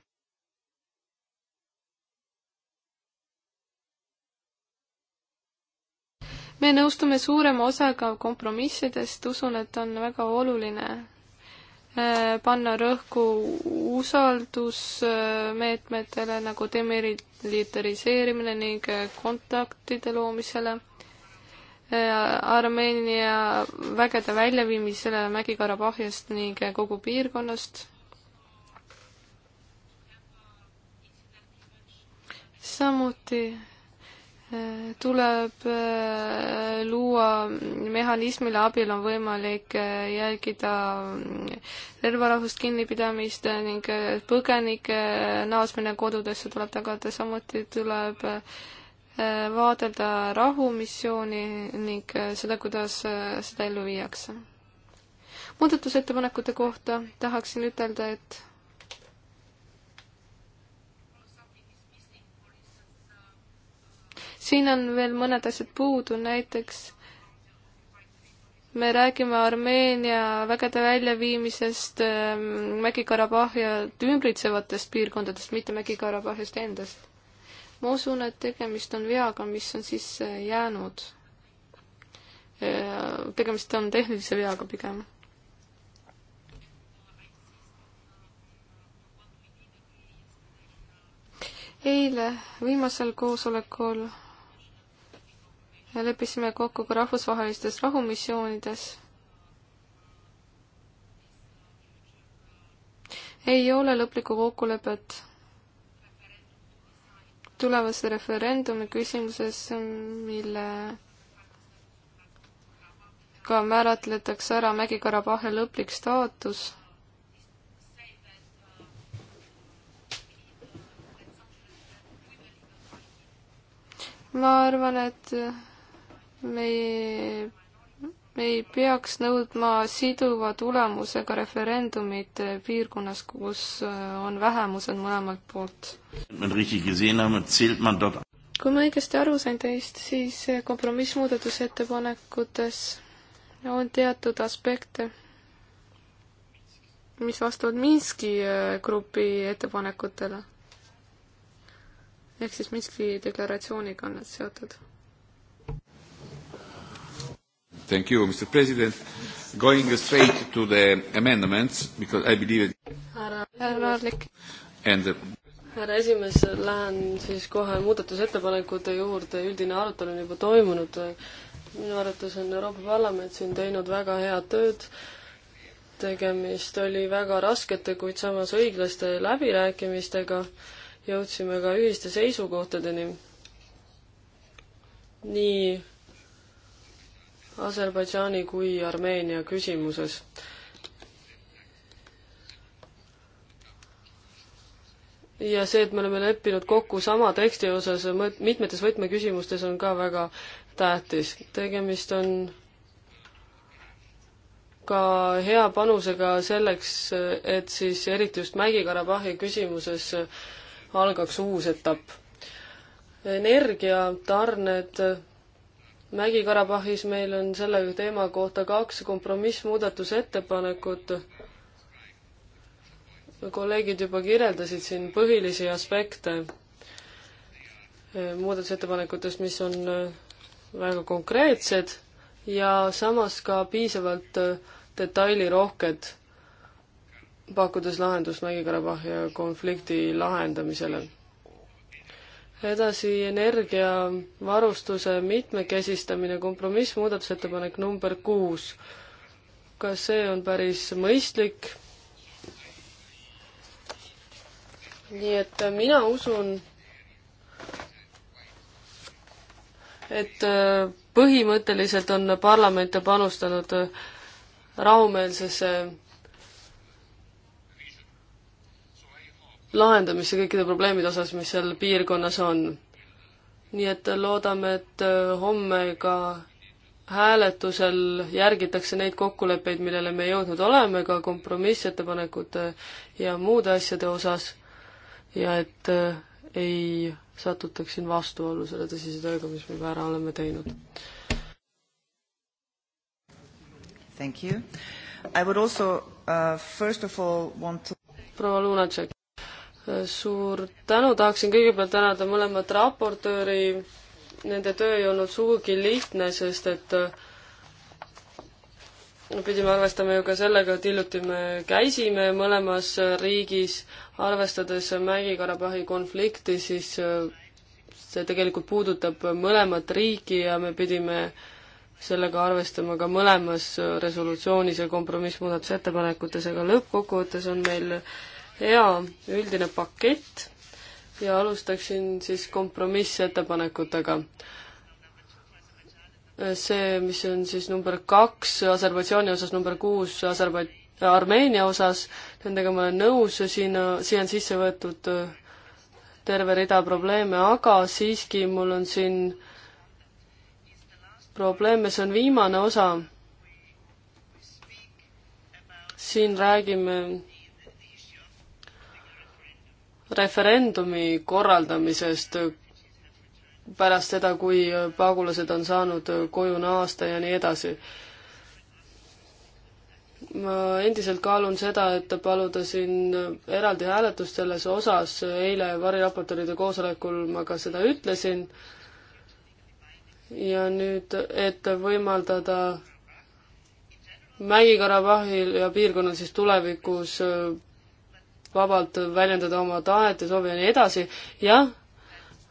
me nõustume suurema osaga kompromissidest, usun, et on väga oluline äh, panna rõhku usaldusmeetmetele nagu demilitariseerimine ning äh, kontaktide loomisele, äh, Armeenia vägede väljaviimisele Mägi-Karabahhiast ning kogu piirkonnast samuti tuleb äh, luua mehhanism, mille abil on võimalik äh, jälgida äh, relvarahust kinnipidamist ning põgenike naasmine kodudesse tuleb tagada, samuti tuleb vaadelda rahumissiooni ning seda, kuidas seda ellu viiakse. muudatusettepanekute kohta tahaksin ütelda, et siin on veel mõned asjad puudu, näiteks me räägime Armeenia vägede väljaviimisest ähm, Mägi-Karabahhi ümbritsevatest piirkondadest, mitte Mägi-Karabahhist endast. ma usun, et tegemist on veaga, mis on sisse jäänud. Äh, tegemist on tehnilise veaga pigem. eile viimasel koosolekul leppisime kokku ka rahvusvahelistes rahumissioonides. ei ole lõplikku kokkulepet tulevase referendumi küsimuses, mille ka määratletakse ära Mägi-Karabahhi lõplik staatus ma arvan, et me ei, me ei peaks nõudma siduva tulemusega referendumit piirkonnas, kus äh, on vähemused mõlemalt poolt. kui ma õigesti aru sain teist, siis äh, kompromissmuudatusettepanekutes on teatud aspekte, mis vastavad Minski äh, grupi ettepanekutele. ehk siis Minski deklaratsiooniga on need seotud Thank you, Mr President. Going straight to the amendments because I believe it... härra, härra Arlik. And the härra esimees, lähen siis kohe muudatusettepanekute juurde, üldine arutelu on juba toimunud. minu arvates on Euroopa Parlament siin teinud väga head tööd. tegemist oli väga raskete, kuid samas õiglaste läbirääkimistega. jõudsime ka ühiste seisukohtadeni. nii Aserbaidžaani kui Armeenia küsimuses. ja see, et me oleme leppinud kokku sama teksti osas mitmetes võtmeküsimustes, on ka väga tähtis. tegemist on ka hea panusega selleks, et siis eriti just Mägi-Karabahhi küsimuses algaks uus etapp. energiatarned Mägi-Karabahhis meil on selle teema kohta kaks kompromissmuudatusettepanekut. kolleegid juba kirjeldasid siin põhilisi aspekte muudatusettepanekutest, mis on äh, väga konkreetsed ja samas ka piisavalt äh, detailirohked, pakkudes lahendust Mägi-Karabahhi konflikti lahendamisele edasi energiavarustuse mitmekesistamine, kompromiss, muudatusettepanek number kuus. kas see on päris mõistlik? nii et mina usun, et äh, põhimõtteliselt on parlament panustanud äh, rahumeelsesse lahendamisse kõikide probleemide osas, mis seal piirkonnas on. nii et loodame, et äh, homme ka hääletusel järgitakse neid kokkuleppeid, millele me jõudnud oleme, ka kompromissettepanekute ja muude asjade osas, ja et äh, ei satutaks siin vastuollu selle tõsise tööga, mis me juba ära oleme teinud. Thank you. I would also uh, first of all want to proua Lunacek suur tänu, tahaksin kõigepealt tänada mõlemat raportööri, nende töö ei olnud sugugi lihtne, sest et äh, pidime arvestama ju ka sellega, et hiljuti me käisime mõlemas riigis, arvestades Mägi-Karabahhi konflikti, siis äh, see tegelikult puudutab mõlemat riiki ja me pidime sellega arvestama ka mõlemas resolutsioonis ja kompromissmuudatusettepanekutes, aga lõppkokkuvõttes on meil hea üldine pakett ja alustaksin siis kompromissettepanekutega. see, mis on siis number kaks Aserbaidžaani osas, number kuus Aserbaid-, Armeenia osas, nendega ma olen nõus, siin, siia on sisse võetud äh, terve rida probleeme, aga siiski mul on siin probleeme, see on viimane osa. siin räägime referendumi korraldamisest pärast seda, kui pagulased on saanud koju naasta ja nii edasi. ma endiselt kaalun seda, et paluda siin eraldi hääletust selles osas, eile variraportoride koosolekul ma ka seda ütlesin, ja nüüd, et võimaldada Mägi-Karabahhil ja piirkonnal siis tulevikus vabalt väljendada oma tahet ja soovi ja nii edasi, jah,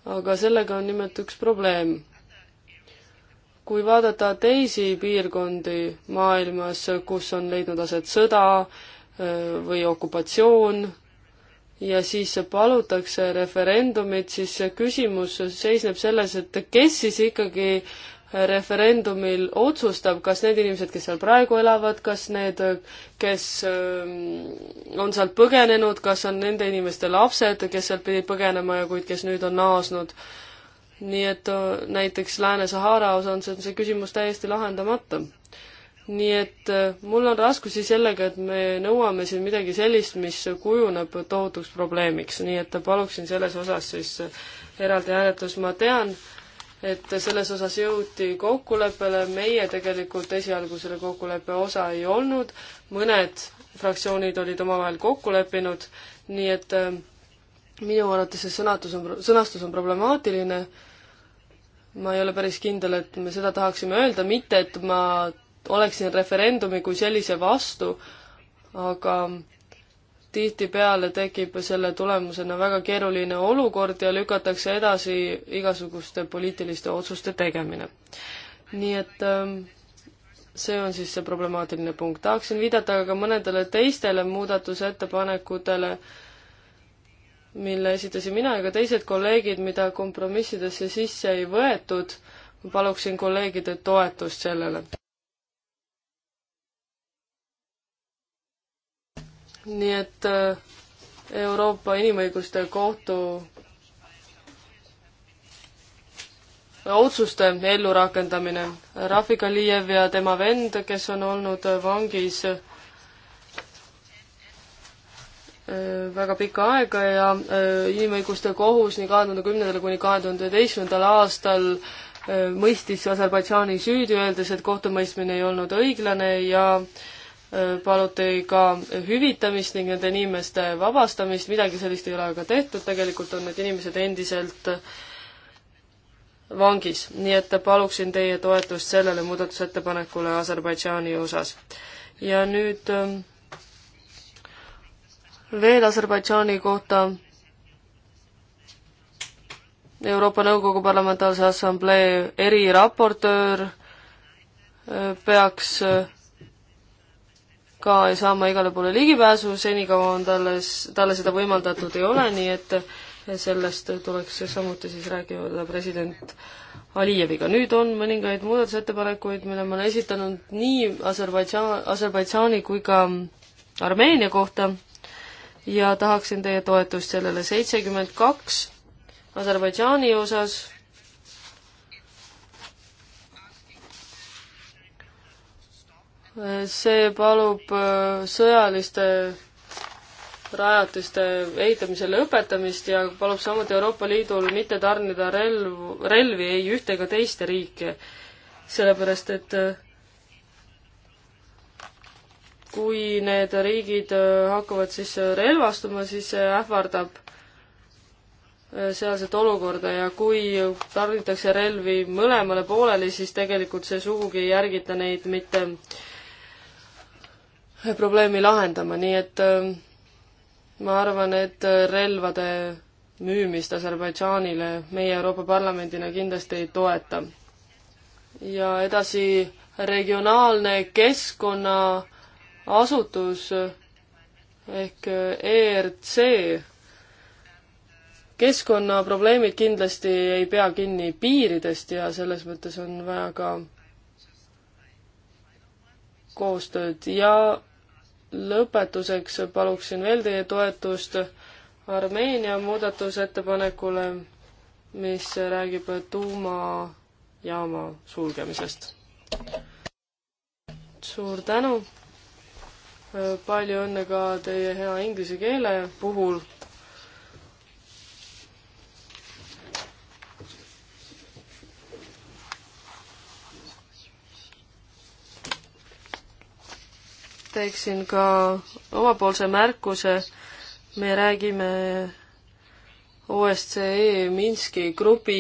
aga sellega on nimelt üks probleem. kui vaadata teisi piirkondi maailmas, kus on leidnud aset sõda eh, või okupatsioon, ja siis palutakse referendumit, siis küsimus seisneb selles, et kes siis ikkagi äh, referendumil otsustab, kas need inimesed, kes seal praegu elavad, kas need, kes ähm, on sealt põgenenud, kas on nende inimeste lapsed, kes sealt pidid põgenema ja kuid kes nüüd on naasnud. nii et äh, näiteks Lääne-Sahara osas on see küsimus täiesti lahendamata. nii et äh, mul on raskusi sellega, et me nõuame siin midagi sellist, mis kujuneb tohutuks probleemiks, nii et paluksin selles osas siis äh, eraldi hääletus, ma tean, et selles osas jõuti kokkuleppele, meie tegelikult esialgu selle kokkuleppe osa ei olnud, mõned fraktsioonid olid omavahel kokku leppinud, nii et ähm, minu arvates see sõnatus on, sõnastus on problemaatiline, ma ei ole päris kindel, et me seda tahaksime öelda, mitte et ma oleksin referendumi kui sellise vastu, aga tihtipeale tekib selle tulemusena väga keeruline olukord ja lükatakse edasi igasuguste poliitiliste otsuste tegemine. nii et ähm, see on siis see problemaatiline punkt. tahaksin viidata ka mõnedele teistele muudatusettepanekutele, mille esitasin mina ja ka teised kolleegid, mida kompromissidesse sisse ei võetud. paluksin kolleegide toetust sellele. nii et äh, Euroopa Inimõiguste Kohtu otsuste ellurakendamine. Rafik Alijev ja tema vend, kes on olnud vangis äh, väga pikka aega ja äh, Inimõiguste Kohus nii kahe tuhande kümnendal kuni kahe tuhande üheteistkümnendal aastal mõistis Aserbaidžaani süüdi, öeldes, et kohtumõistmine ei olnud õiglane ja äh, paluti ka hüvitamist ning nende inimeste vabastamist, midagi sellist ei ole aga tehtud, tegelikult on need inimesed endiselt vangis, nii et paluksin teie toetust sellele muudatusettepanekule Aserbaidžaani osas. ja nüüd ähm, veel Aserbaidžaani kohta Euroopa Nõukogu Parlamentaarse Assamblee eriraportöör äh, peaks äh, ka ei saa oma igale poole ligipääsu, senikaua on talle, talle seda võimaldatud ei ole, nii et sellest tuleks samuti siis rääkida president Alijeviga. nüüd on mõningaid muudatusettepanekuid, mille ma olen esitanud nii Aserbaidžaan, Aserbaidžaani kui ka Armeenia kohta ja tahaksin teie toetust sellele. seitsekümmend kaks Aserbaidžaani osas see palub äh, sõjaliste rajatiste ehitamise lõpetamist ja palub samuti Euroopa Liidul mitte tarnida relv, relvi ei ühte ega teiste riike. sellepärast, et äh, kui need riigid äh, hakkavad siis relvastuma, siis see ähvardab sealset olukorda ja kui tarnitakse relvi mõlemale poolele, siis tegelikult see sugugi ei järgita neid mitte äh, probleemi lahendama, nii et ähm, ma arvan, et äh, relvade müümist Aserbaidžaanile meie Euroopa Parlamendina kindlasti ei toeta. ja edasi regionaalne keskkonnaasutus äh, ehk äh, ERC keskkonnaprobleemid kindlasti ei pea kinni piiridest ja selles mõttes on vaja ka koostööd ja lõpetuseks paluksin veel teie toetust Armeenia muudatusettepanekule, mis räägib tuumajaama sulgemisest. suur tänu, palju õnne ka teie hea inglise keele puhul teeksin ka omapoolse märkuse, me räägime OSCE Minski grupi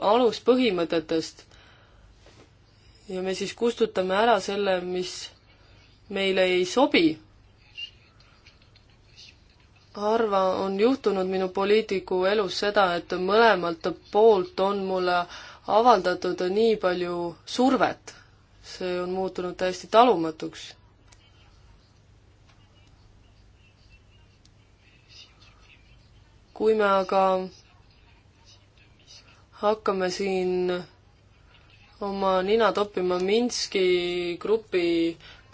aluspõhimõtetest ja me siis kustutame ära selle, mis meile ei sobi. harva on juhtunud minu poliitiku elus seda, et mõlemalt poolt on mulle avaldatud nii palju survet. see on muutunud täiesti talumatuks kui me aga hakkame siin oma nina toppima Minski grupi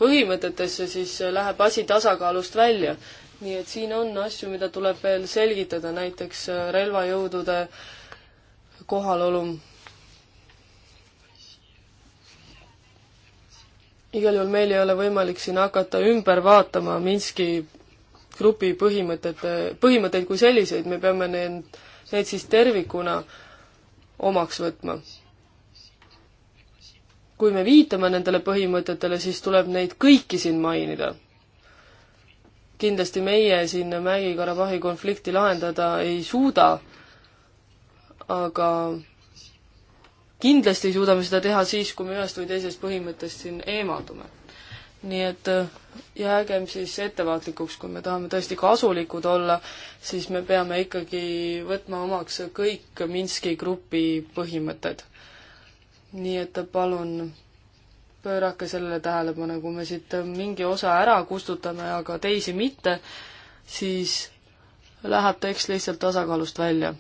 põhimõtetesse, siis läheb asi tasakaalust välja. nii et siin on asju, mida tuleb veel selgitada, näiteks äh, relvajõudude kohalolu. igal juhul meil ei ole võimalik siin hakata ümber vaatama Minski grupi põhimõtete, põhimõtteid kui selliseid, me peame need, need siis tervikuna omaks võtma. kui me viitame nendele põhimõtetele, siis tuleb neid kõiki siin mainida. kindlasti meie siin Mägi-Karabahhi konflikti lahendada ei suuda, aga kindlasti ei suuda me seda teha siis, kui me ühest või teisest põhimõttest siin eemaldume nii et äh, jäägem siis ettevaatlikuks, kui me tahame tõesti kasulikud olla, siis me peame ikkagi võtma omaks kõik Minski grupi põhimõtted. nii et äh, palun pöörake sellele tähelepanu, kui me siit äh, mingi osa ära kustutame, aga teisi mitte, siis läheb tekst lihtsalt tasakaalust välja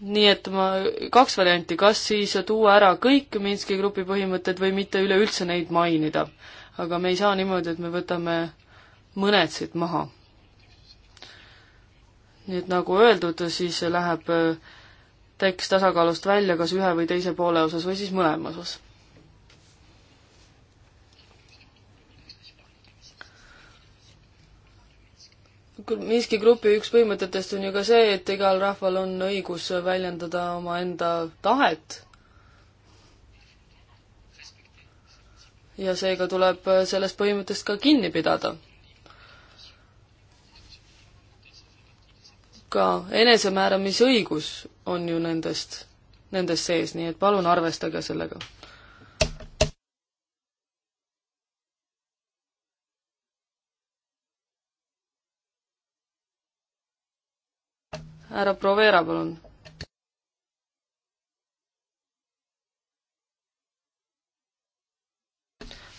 nii et ma, kaks varianti, kas siis tuua ära kõik Minski grupi põhimõtted või mitte üleüldse neid mainida. aga me ei saa niimoodi, et me võtame mõned siit maha. nii et nagu öeldud, siis läheb tekst tasakaalust välja kas ühe või teise poole osas või siis mõlema osas Minski grupi üks põhimõtetest on ju ka see, et igal rahval on õigus väljendada omaenda tahet. ja seega tuleb sellest põhimõttest ka kinni pidada. ka enesemääramisõigus on ju nendest, nendest sees, nii et palun arvestage sellega härra Provera, palun.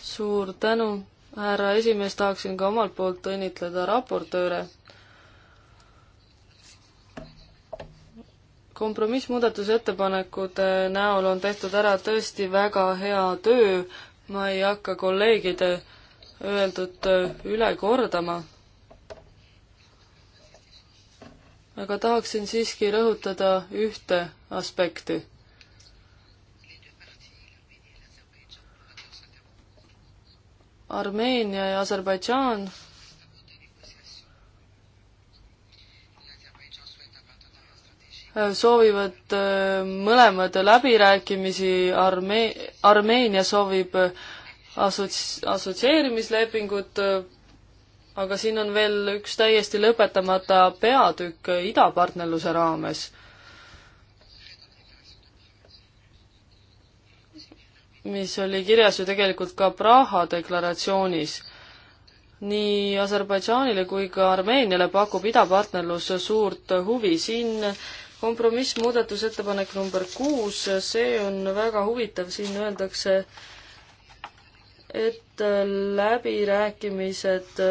suur tänu, härra esimees, tahaksin ka omalt poolt õnnitleda raportööre. kompromissmuudatusettepanekute näol on tehtud ära tõesti väga hea töö, ma ei hakka kolleegide öeldut üle kordama aga tahaksin siiski rõhutada ühte aspekti. Armeenia ja Aserbaidžaan soovivad äh, mõlemad läbirääkimisi, Arme-, Armeenia soovib assots-, assotsieerimislepingut äh, aga siin on veel üks täiesti lõpetamata peatükk idapartnerluse raames. mis oli kirjas ju tegelikult ka Praha deklaratsioonis nii Aserbaidžaanile kui ka Armeeniale pakub idapartnerlus suurt huvi. siin kompromiss, muudatusettepanek number kuus, see on väga huvitav, siin öeldakse, et läbirääkimised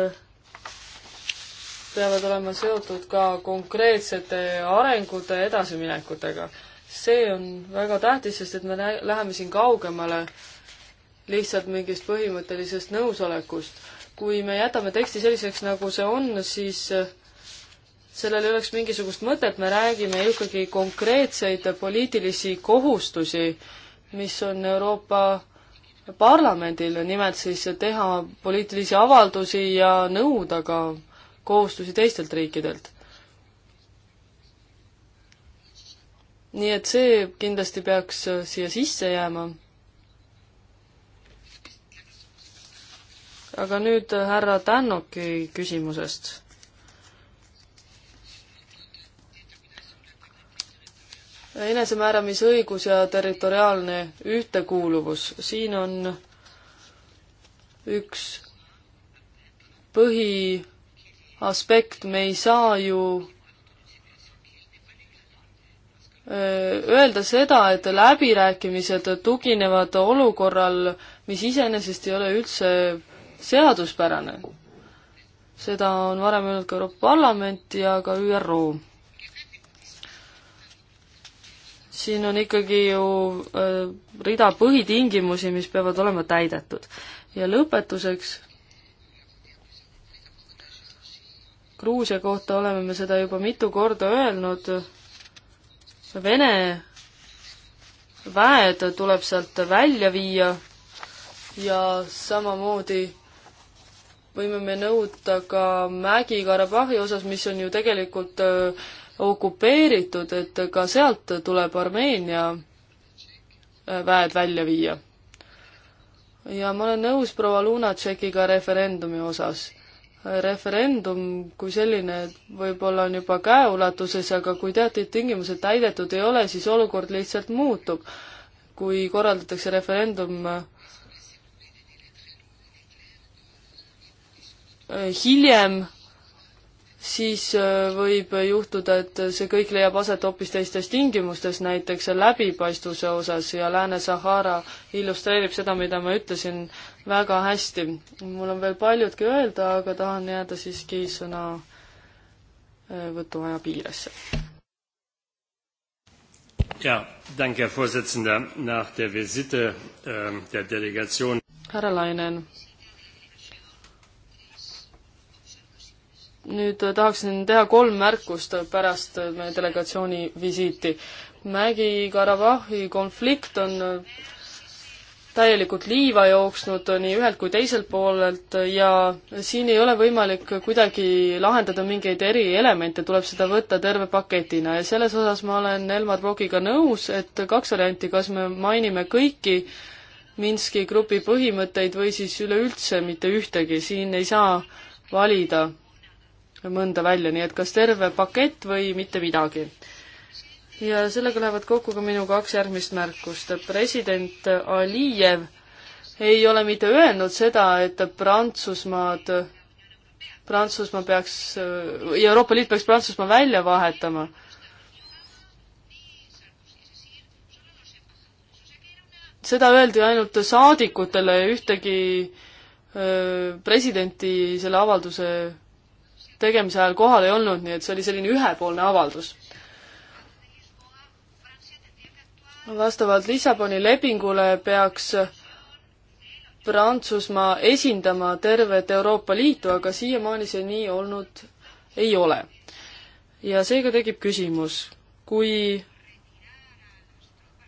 peavad olema seotud ka konkreetsete arengute edasiminekutega. see on väga tähtis, sest et me läheme siin kaugemale lihtsalt mingist põhimõttelisest nõusolekust. kui me jätame teksti selliseks, nagu see on, siis äh, sellel ei oleks mingisugust mõtet, me räägime ikkagi konkreetseid poliitilisi kohustusi, mis on Euroopa parlamendil nimelt siis teha poliitilisi avaldusi ja nõuda ka kohustusi teistelt riikidelt. nii et see kindlasti peaks äh, siia sisse jääma. aga nüüd äh, härra Tännoki küsimusest enesemääramisõigus ja territoriaalne ühtekuuluvus, siin on üks põhi aspekt, me ei saa ju öelda seda, et läbirääkimised tuginevad olukorral, mis iseenesest ei ole üldse seaduspärane. seda on varem öelnud ka Euroopa Parlament ja ka ÜRO. siin on ikkagi ju rida põhitingimusi, mis peavad olema täidetud. ja lõpetuseks Gruusia kohta oleme me seda juba mitu korda öelnud, Vene väed tuleb sealt välja viia ja samamoodi võime me nõuda ka Mägi-Karabahhi osas, mis on ju tegelikult äh, okupeeritud, et ka sealt tuleb Armeenia äh, väed välja viia. ja ma olen nõus proua Lunatšekiga referendumi osas referendum kui selline võib-olla on juba käeulatuses, aga kui teatud tingimused täidetud ei ole, siis olukord lihtsalt muutub. kui korraldatakse referendum äh, hiljem siis äh, võib juhtuda, et see kõik leiab aset hoopis teistes tingimustes, näiteks läbipaistvuse osas ja Lääne-Sahara illustreerib seda, mida ma ütlesin väga hästi. mul on veel paljudki öelda, aga tahan jääda siiski sõnavõtuaja äh, piiresse. ja, tänke, ähm, härra Lainen nüüd tahaksin teha kolm märkust pärast meie delegatsiooni visiiti. Mägi-Karabahhi konflikt on täielikult liiva jooksnud nii ühelt kui teiselt poolelt ja siin ei ole võimalik kuidagi lahendada mingeid erielemente, tuleb seda võtta terve paketina ja selles osas ma olen Elmar Brogiga nõus, et kaks varianti, kas me mainime kõiki Minski grupi põhimõtteid või siis üleüldse mitte ühtegi, siin ei saa valida mõnda välja, nii et kas terve pakett või mitte midagi. ja sellega lähevad kokku ka minu kaks järgmist märkust. president Alijev ei ole mitte öelnud seda, et Prantsusmaad, Prantsusmaa peaks, Euroopa Liit peaks Prantsusmaa välja vahetama seda öeldi ainult saadikutele ja ühtegi öö, presidenti selle avalduse tegemise ajal kohal ei olnud, nii et see oli selline ühepoolne avaldus. vastavalt Lissaboni lepingule peaks Prantsusmaa esindama tervet Euroopa Liitu, aga siiamaani see nii olnud ei ole. ja seega tekib küsimus, kui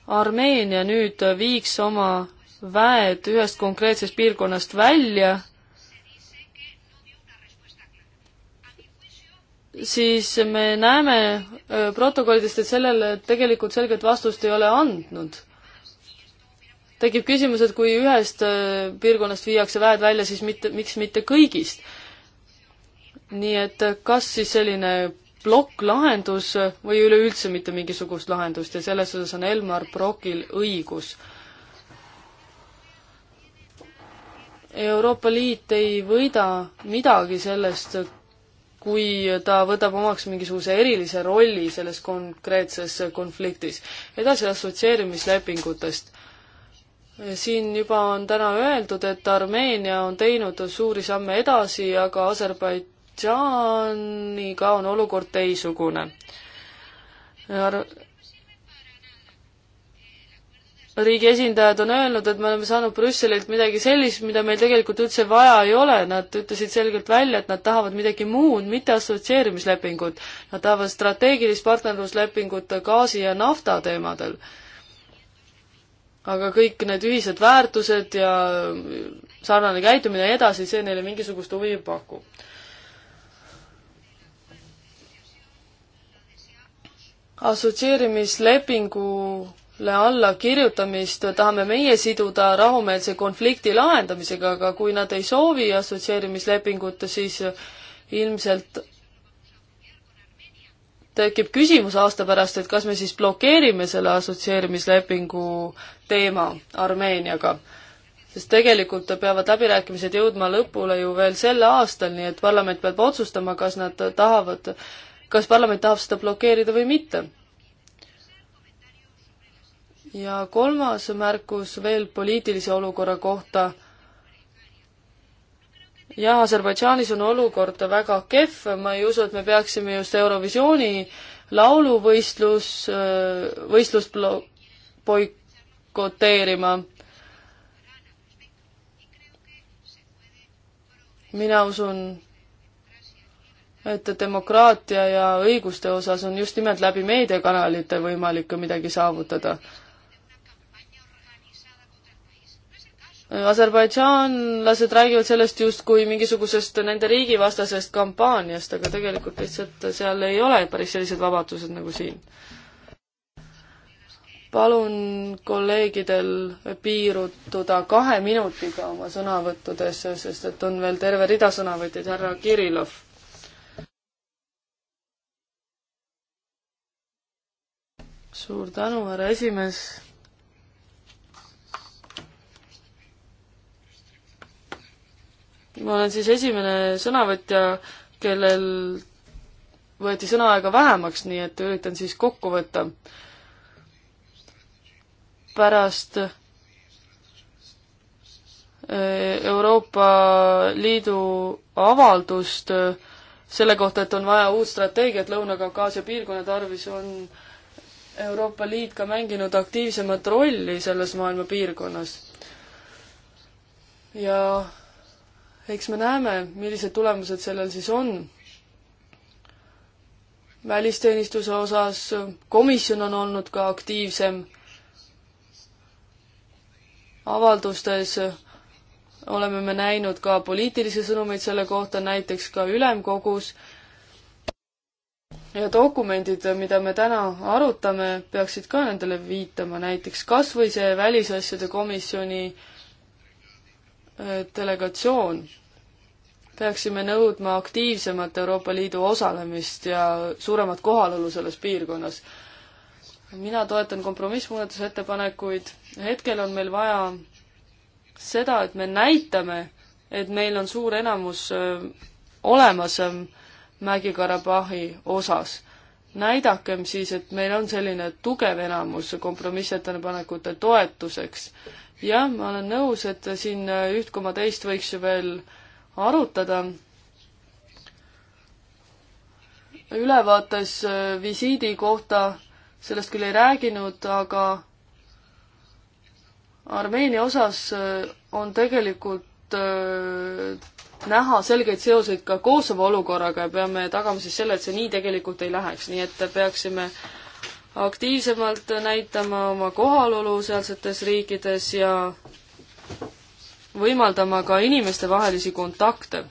Armeenia nüüd viiks oma väed ühest konkreetsest piirkonnast välja siis me näeme äh, protokollidest, et sellele tegelikult selget vastust ei ole andnud. tekib küsimus, et kui ühest äh, piirkonnast viiakse väed välja, siis mitte, miks mitte kõigist? nii et äh, kas siis selline plokklahendus või üleüldse mitte mingisugust lahendust ja selles osas on Elmar Brokil õigus. Euroopa Liit ei võida midagi sellest, et kui ta võtab omaks mingisuguse erilise rolli selles konkreetses konfliktis. edasi assotsieerimislepingutest. siin juba on täna öeldud, et Armeenia on teinud suuri samme edasi, aga Aserbaidžaaniga on olukord teisugune Ar riigi esindajad on öelnud, et me oleme saanud Brüsselilt midagi sellist, mida meil tegelikult üldse vaja ei ole, nad ütlesid selgelt välja, et nad tahavad midagi muud, mitte assotsieerimislepingut. Nad tahavad strateegilist partnerluslepingut gaasi ja nafta teemadel. aga kõik need ühised väärtused ja sarnane käitumine ja edasi, see neile mingisugust huvi ei paku assotsieerimislepingu allakirjutamist tahame meie siduda rahumeelse konflikti lahendamisega, aga kui nad ei soovi assotsieerimislepingut, siis ilmselt tekib küsimus aasta pärast, et kas me siis blokeerime selle assotsieerimislepingu teema Armeeniaga. sest tegelikult peavad läbirääkimised jõudma lõpule ju veel sel aastal, nii et parlament peab otsustama, kas nad tahavad, kas parlament tahab seda blokeerida või mitte ja kolmas märkus veel poliitilise olukorra kohta. jah, Aserbaidžaanis on olukord väga kehv, ma ei usu, et me peaksime just Eurovisiooni lauluvõistlus, äh, võistlust boikoteerima. mina usun, et demokraatia ja õiguste osas on just nimelt läbi meediakanalite võimalik ka midagi saavutada aserbaidžaanlased räägivad sellest justkui mingisugusest nende riigivastasest kampaaniast, aga tegelikult lihtsalt seal ei ole päris sellised vabadused nagu siin. palun kolleegidel piirutuda kahe minutiga oma sõnavõttudes, sest et on veel terve rida sõnavõtjaid, härra Kirillov. suur tänu, härra esimees ma olen siis esimene sõnavõtja, kellel võeti sõnaaega vähemaks, nii et üritan siis kokku võtta. pärast e, Euroopa Liidu avaldust e, selle kohta, et on vaja uut strateegiat Lõuna-Kaukaasia piirkonna tarvis, on Euroopa Liit ka mänginud aktiivsemat rolli selles maailma piirkonnas. ja eks me näeme, millised tulemused sellel siis on. välisteenistuse osas komisjon on olnud ka aktiivsem. avaldustes oleme me näinud ka poliitilisi sõnumeid selle kohta, näiteks ka ülemkogus. ja dokumendid, mida me täna arutame, peaksid ka nendele viitama, näiteks kas või see välisasjade komisjoni äh, delegatsioon, peaksime nõudma aktiivsemat Euroopa Liidu osalemist ja suuremat kohalolu selles piirkonnas. mina toetan kompromissmuudatusettepanekuid, hetkel on meil vaja seda, et me näitame, et meil on suur enamus olemas Mägi-Karabahhi osas. näidakem siis, et meil on selline tugev enamus kompromissettepanekute toetuseks jah, ma olen nõus, et siin äh, üht koma teist võiks ju veel arutada. ülevaates äh, visiidi kohta sellest küll ei rääginud, aga Armeenia osas äh, on tegelikult näha selgeid seoseid ka Kosovo olukorraga ja peame tagama siis selle, et see nii tegelikult ei läheks, nii et peaksime äh, aktiivsemalt näitama oma kohalolu sealsetes riikides ja võimaldama ka inimestevahelisi kontakte.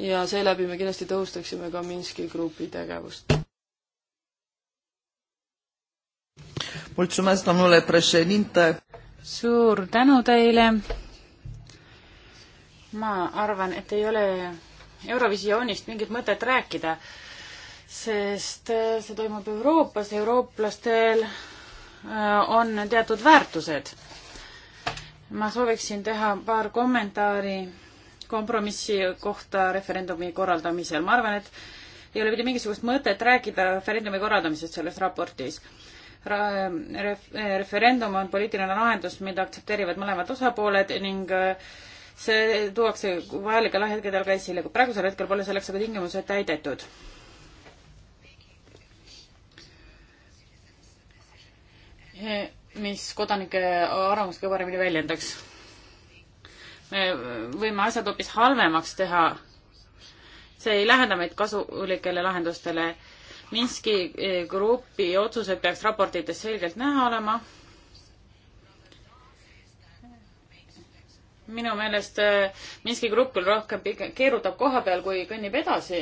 ja seeläbi me kindlasti tõhustaksime ka Minski grupi tegevust. suur tänu teile. ma arvan, et ei ole Eurovisioonist mingit mõtet rääkida sest äh, see toimub Euroopas, eurooplastel äh, on teatud väärtused. ma sooviksin teha paar kommentaari kompromissi kohta referendumi korraldamisel, ma arvan, et ei ole mitte mingisugust mõtet rääkida referendumi korraldamisest selles raportis ref, referendum on poliitiline lahendus, mida aktsepteerivad mõlemad osapooled ning äh, see tuuakse vajalikel hetkedel ka esile, praegusel hetkel pole selleks aga tingimused täidetud. mis kodanike arvamust kõige paremini väljendaks. me võime asjad hoopis halvemaks teha. see ei lähenda meid kasulikele lahendustele. Minski e, grupi otsused peaks raportites selgelt näha olema. minu meelest e, Minski grupp küll rohkem keerutab koha peal, kui kõnnib edasi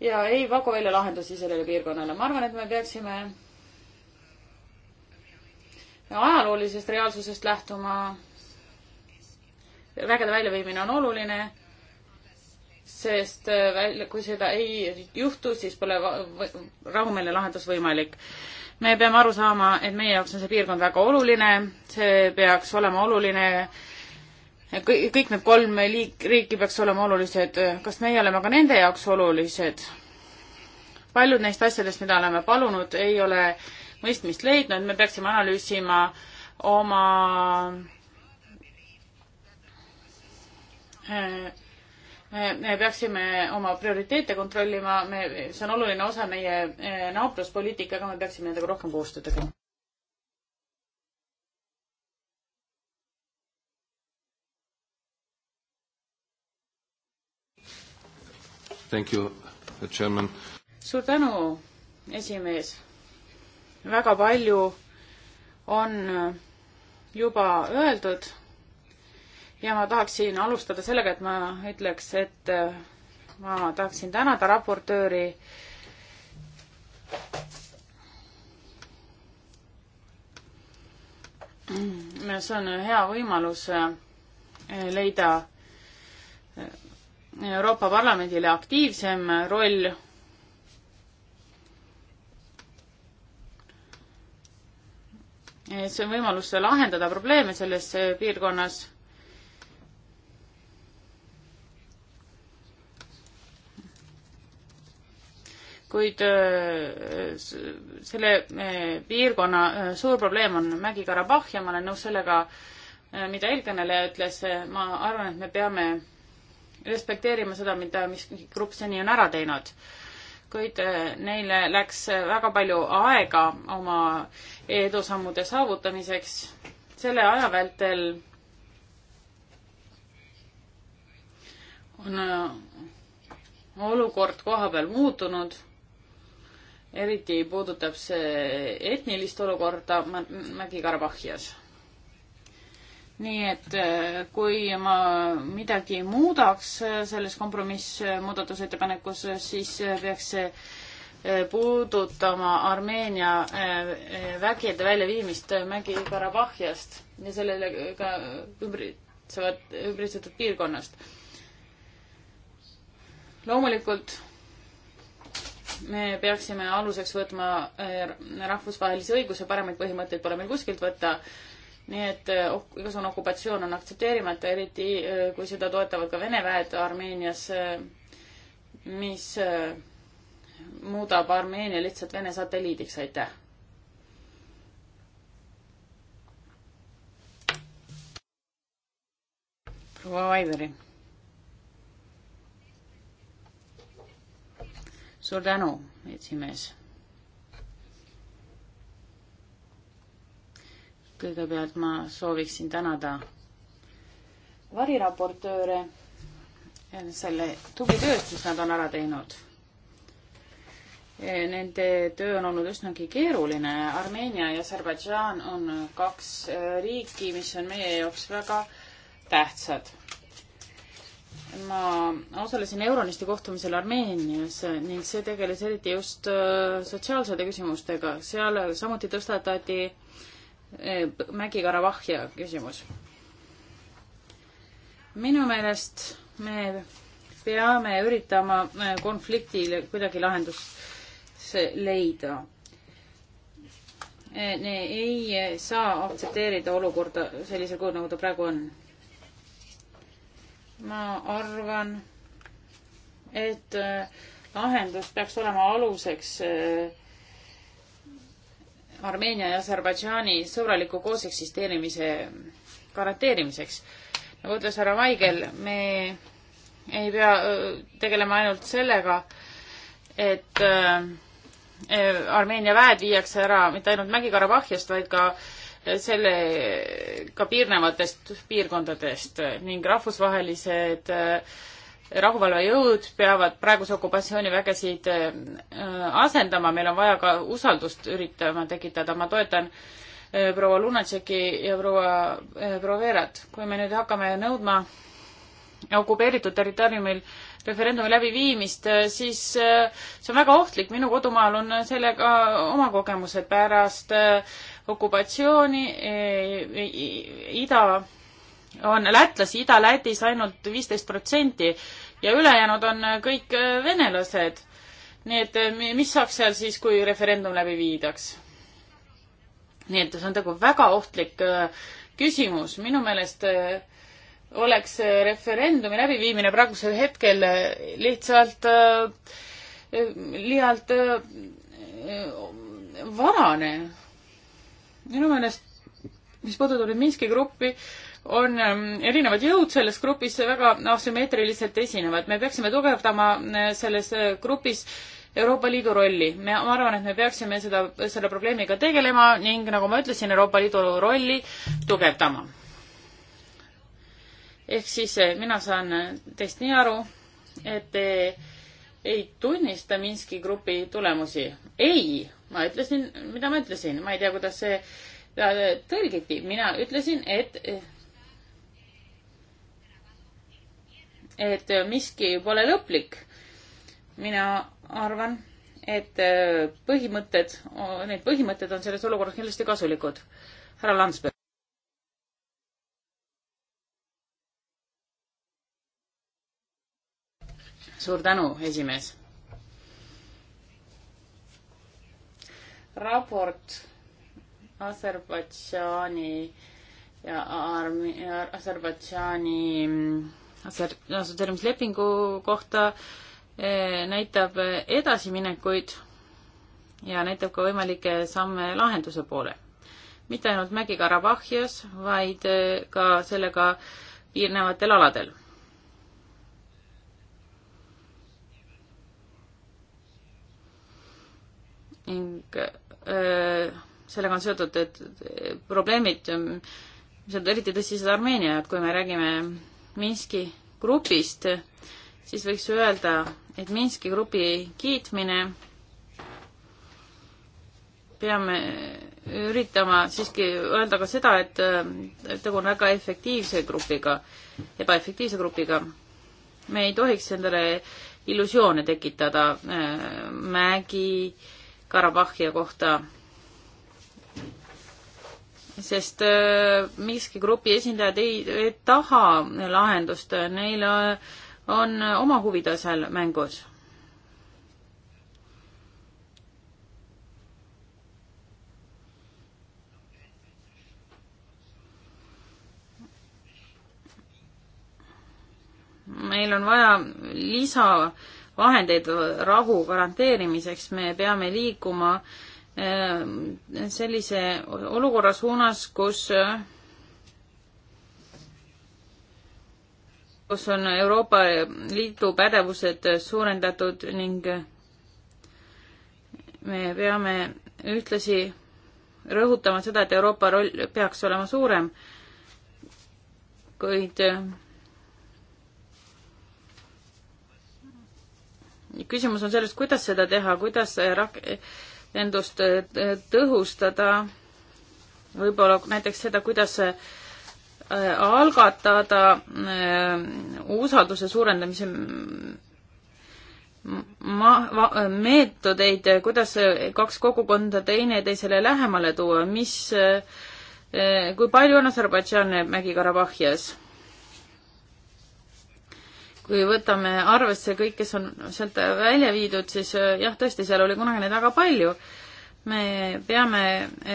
ja ei paku välja lahendusi sellele piirkonnale. ma arvan, et me peaksime ajaloolisest reaalsusest lähtuma. vägede väljaviimine on oluline, sest äh, välja, kui seda ei juhtu, siis pole rahumeelne lahendus võimalik. me peame aru saama, et meie jaoks on see piirkond väga oluline, see peaks olema oluline kõik, kõik need kolm liik-, riiki peaks olema olulised, kas meie oleme ka nende jaoks olulised? paljud neist asjadest, mida oleme palunud, ei ole äh, mõistmist leidnud, me peaksime analüüsima oma äh, me peaksime oma prioriteete kontrollima, me, see on oluline osa meie äh, naabruspoliitikaga, me peaksime nendega rohkem koostööd tegema. Thank you, chairman. suur tänu, esimees väga palju on juba öeldud ja ma tahaksin alustada sellega, et ma ütleks, et äh, ma tahaksin tänada raportööri see on hea võimalus äh, leida äh, Euroopa Parlamendile aktiivsem roll see on võimalus lahendada probleeme selles äh, piirkonnas. kuid äh, selle äh, piirkonna suur probleem on Mägi-Karabahh ja ma olen nõus sellega, mida eelkõneleja ütles, ma arvan, et me peame respekteerima seda, mida miski grupp seni on ära teinud kuid äh, neile läks väga palju aega oma edusammude saavutamiseks. selle aja vältel on äh, olukord kohapeal muutunud, eriti puudutab see etnilist olukorda Mägi-Karabahhias nii et äh, kui ma midagi muudaks äh, selles kompromissmuudatusettepanekus, äh, siis peaks see puudutama Armeenia vägede väljaviimist Mägi-Karabahhiast ja sellele ka ümbritsevat, ümbritsetud piirkonnast. loomulikult me peaksime aluseks võtma rahvusvahelise õiguse, paremaid põhimõtteid pole meil kuskilt võtta nii et eh, igasugune okupatsioon on aktsepteerimata, eriti eh, kui seda toetavad ka Vene väed Armeenias, eh, mis muudab Armeenia lihtsalt Vene satelliidiks, aitäh. proua Vaiveri. suur tänu, esimees kõigepealt ma sooviksin tänada variraportööre selle tubli töö eest, mis nad on ära teinud. Nende töö on olnud üsnagi keeruline. Armeenia ja Aserbaidžaan on kaks äh, riiki, mis on meie jaoks väga tähtsad. ma osalesin Euronisti kohtumisel Armeenias ning see tegeles eriti just äh, sotsiaalsete küsimustega. seal samuti tõstatati äh, Eh, Mägi-Karabahhia küsimus. minu meelest me peame üritama eh, konfliktile kuidagi lahendust leida. Eh, ei saa aktsepteerida olukorda sellisel kujul, nagu ta praegu on. ma arvan, et lahendus peaks olema aluseks äh, Armeenia ja Aserbaidžaani sõbraliku kooseksisteerimise garanteerimiseks. nagu ütles härra Maigel, me ei pea äh, tegelema ainult sellega, et äh, Armeenia väed viiakse ära mitte ainult Mägi-Karabahhiast, vaid ka äh, sellega piirnevatest piirkondadest ning rahvusvahelised äh, rahuvalvejõud peavad praeguse okupatsioonivägesid äh, asendama, meil on vaja ka usaldust üritama tekitada, ma toetan äh, proua Lunatšeki ja proua, äh, proua Veerat. kui me nüüd hakkame nõudma okupeeritud territooriumil referendumi läbiviimist, siis see on väga ohtlik. minu kodumaal on sellega oma kogemused pärast okupatsiooni ida on lätlasi Ida-Lätis ainult viisteist protsenti ja ülejäänud on kõik äh, venelased. nii et äh, mis saaks seal siis, kui referendum läbi viidaks? nii et see on nagu väga ohtlik äh, küsimus, minu meelest oleks referendumi läbiviimine praegusel hetkel lihtsalt liialt varane. minu meelest, mis puudutab nüüd Minski gruppi, on ähm, erinevad jõud selles grupis väga asümmeetriliselt esinevad. me peaksime tugevdama äh, selles äh, grupis Euroopa Liidu rolli. me, ma arvan, et me peaksime seda, selle probleemiga tegelema ning nagu ma ütlesin, Euroopa Liidu rolli tugevdama. ehk siis äh, mina saan teist nii aru, et te ei tunnista Minski grupi tulemusi. ei, ma ütlesin, mida ma ütlesin, ma ei tea, kuidas see tõlgiti, mina ütlesin, et et äh, miski pole lõplik. mina arvan, et äh, põhimõtted, need põhimõtted on selles olukorras kindlasti kasulikud. härra Landsberg. suur tänu, esimees. raport Aserbaidžaani ja Armi-, Aserbaidžaani mm, assotsieerimislepingu kohta eh, näitab edasiminekuid ja näitab ka võimalikke samme lahenduse poole. mitte ainult Mägi-Karabahhias, vaid eh, ka sellega piirnevatel aladel ning öö, eh, sellega on seotud, et probleemid, mis on eriti tõsised Armeenia, et kui me räägime Minski grupist, siis võiks öelda, et Minski grupi kiitmine peame üritama siiski öelda ka seda, et tegu on väga efektiivse grupiga, ebaefektiivse grupiga. me ei tohiks endale illusioone tekitada äh, Mägi Karabahhi kohta sest äh, miski grupi esindajad ei, ei taha lahendust, neil äh, on oma huvid seal mängus. meil on vaja lisavahendeid rahu garanteerimiseks, me peame liikuma äh, Ehm, sellise olukorra suunas, kus kus on Euroopa Liidu pädevused suurendatud ning me peame ühtlasi rõhutama seda, et Euroopa roll peaks olema suurem, kuid küsimus on selles, kuidas seda teha, kuidas rak-, lennundust äh, tõhustada, võib-olla näiteks seda, kuidas äh, algatada äh, usalduse suurendamise ma-, va-, meetodeid, kuidas kaks kogukonda teineteisele lähemale tuua, mis, kui palju on Aserbaidžaan Mägi-Karabahhias? kui võtame arvesse kõik, kes on sealt välja viidud, siis äh, jah, tõesti, seal oli kunagi neid väga palju. me peame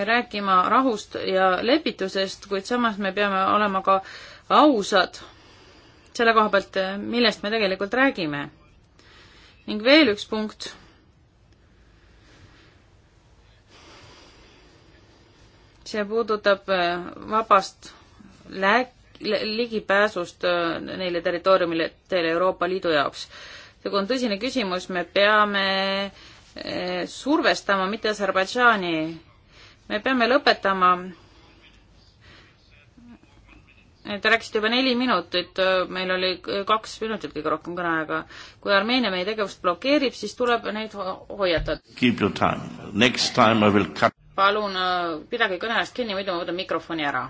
rääkima rahust ja lepitusest, kuid samas me peame olema ka ausad selle koha pealt, äh, millest me tegelikult räägime. ning veel üks punkt. see puudutab äh, vabast lä-, ligipääsust äh, neile territooriumile teile Euroopa Liidu jaoks. see on tõsine küsimus, me peame äh, survestama mitte Aserbaidžaani, me peame lõpetama äh, Te rääkisite juba neli minutit, meil oli kaks minutit kõige rohkem kõneaega. kui Armeenia meie tegevust blokeerib, siis tuleb neid hoiatada. palun pidage kõne ajast kinni, muidu ma võtan mikrofoni ära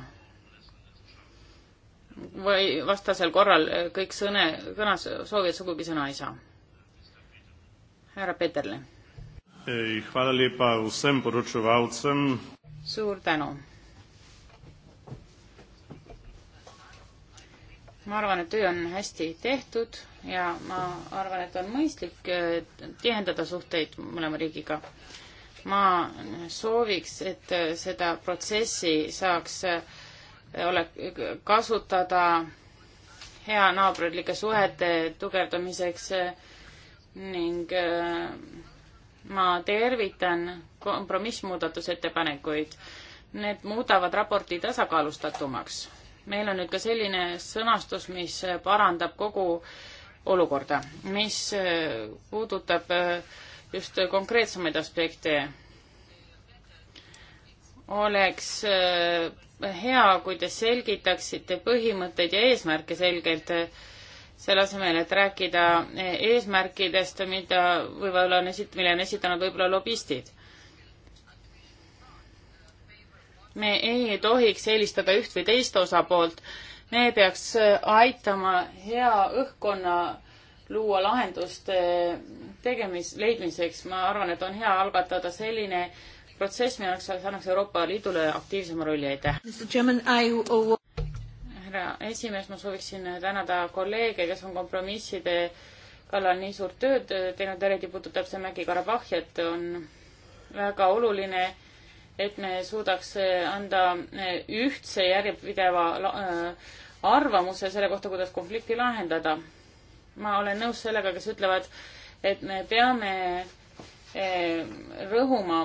või vastasel korral kõik sõne, kõnas soovijad sugugi sõna ei saa. härra Peterle. suur tänu. ma arvan, et töö on hästi tehtud ja ma arvan, et on mõistlik eh, tihendada suhteid mõlema riigiga. ma sooviks, et seda protsessi saaks äh, ole, kasutada hea naabrilike suhete tugevdamiseks ning äh, ma tervitan kompromissmuudatusettepanekuid. Need muudavad raporti tasakaalustatumaks. meil on nüüd ka selline sõnastus, mis parandab kogu olukorda, mis äh, puudutab äh, just konkreetsemaid aspekte oleks hea, kui te selgitaksite põhimõtteid ja eesmärke selgelt, selle asemel, et rääkida eesmärkidest, mida võib-olla on esit-, mille on esitanud võib-olla lobistid. me ei tohiks eelistada üht või teist osapoolt, me peaks aitama hea õhkkonna luua lahenduste tegemis-, leidmiseks, ma arvan, et on hea algatada selline protsess minu jaoks annaks Euroopa Liidule aktiivsema rolli, aitäh! härra esimees, ma sooviksin tänada kolleege, kes on kompromisside kallal nii suurt tööd teinud, eriti puudutab see Mägi-Karabahhi, et on väga oluline, et me suudaks anda ühtse järjepideva äh, arvamuse selle kohta, kuidas konflikti lahendada. ma olen nõus sellega, kes ütlevad, et me peame äh, rõhuma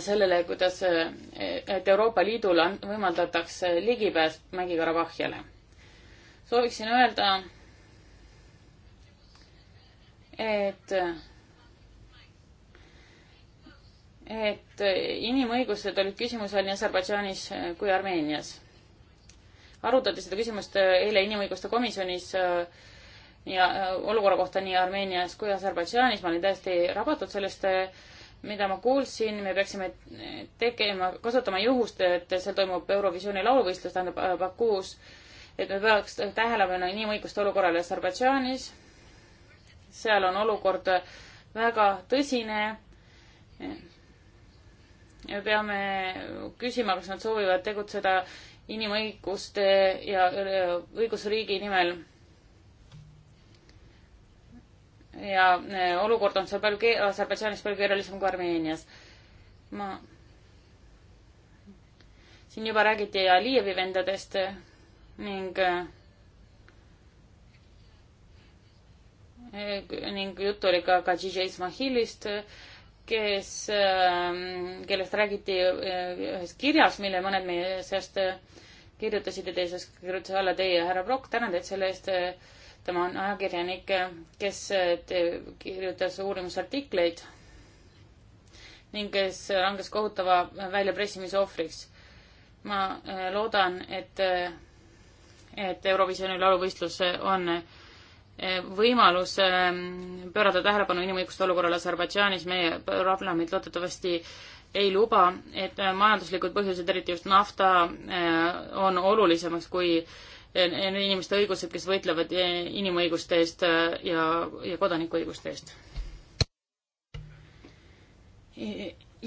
sellele, kuidas, eh, et Euroopa Liidule võimaldatakse ligipääs Mägi-Karabahhiale. sooviksin öelda, et, et inimõigused olid küsimuse all nii Aserbaidžaanis kui Armeenias. arutati seda küsimust eile inimõiguste komisjonis eh, ja eh, olukorra kohta nii Armeenias kui Aserbaidžaanis, ma olin täiesti rabatud sellest äh, mida ma kuulsin, me peaksime tegema, kasutama juhust, et seal toimub Eurovisiooni lauluvõistlus, tähendab äh, Bakuus, et me peaks tähelepanu inimõiguste olukorrale Aserbaidžaanis. seal on olukord väga tõsine. me peame küsima, kas nad soovivad tegutseda inimõiguste ja õigusriigi nimel ja eh, olukord on seal palju ke-, Aserbaidžaanis palju keerulisem kui Armeenias. ma, siin juba räägiti Alijevi vendadest eh, ning eh, ning juttu oli ka Kadžidža Ismahilist, kes, kellest räägiti ühes kirjas, mille mõned meie seast kirjutasid ja teises kirjutas alla teie, härra Prokk, tänan teid selle eest tema on ajakirjanik, kes eh, kirjutas uurimusartikleid ning kes langes kohutava väljapressimise ohvriks. ma eh, loodan, et, eh, et Eurovisiooni lauluvõistlus on võimalus pöörata tähelepanu inimõiguste olukorrale Aserbaidžaanis, meie parlamend loodetavasti ei luba, et majanduslikud põhjused, eriti just nafta, on olulisemaks kui äh, inimeste õigused, kes võitlevad eh, inimõiguste eest eh, ja, ja kodanikuõiguste eest.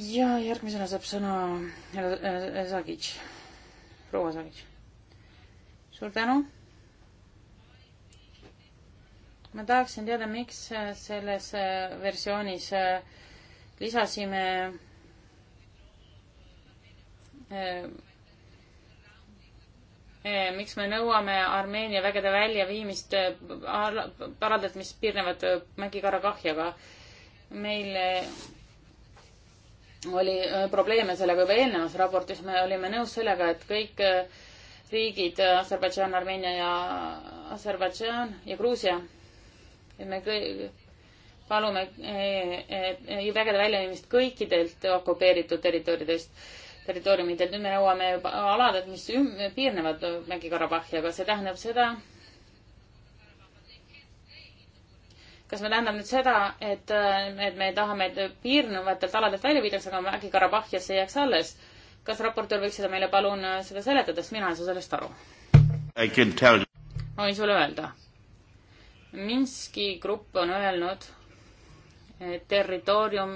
ja järgmisena saab sõna Sagic, proua Sagic. suur tänu. ma tahaksin teada, miks selles eh, versioonis lisasime Eh, miks me nõuame Armeenia vägede väljaviimist paradelt, eh, mis piirnevad eh, Mägi-Karabahhiaga. meil oli probleeme sellega juba eelnevas raportis, me olime nõus sellega, et kõik riigid, Aserbaidžaan, Armeenia ja Aserbaidžaan ja Gruusia, et me kõik palume vägede väljaviimist kõikidelt okupeeritud territooriumidest territooriumidel, nüüd me nõuame juba aladelt, mis üm-, piirnevad Mägi-Karabahhiaga, see tähendab seda, kas me tähendab nüüd seda, et, et me tahame, et piirnevatelt aladelt välja viidaks, aga Mägi-Karabahhiasse jääks alles? kas raportöör võiks seda meile palun seda seletada, sest mina ei saa sellest aru. ma võin sulle öelda. Minski grupp on öelnud, territoorium,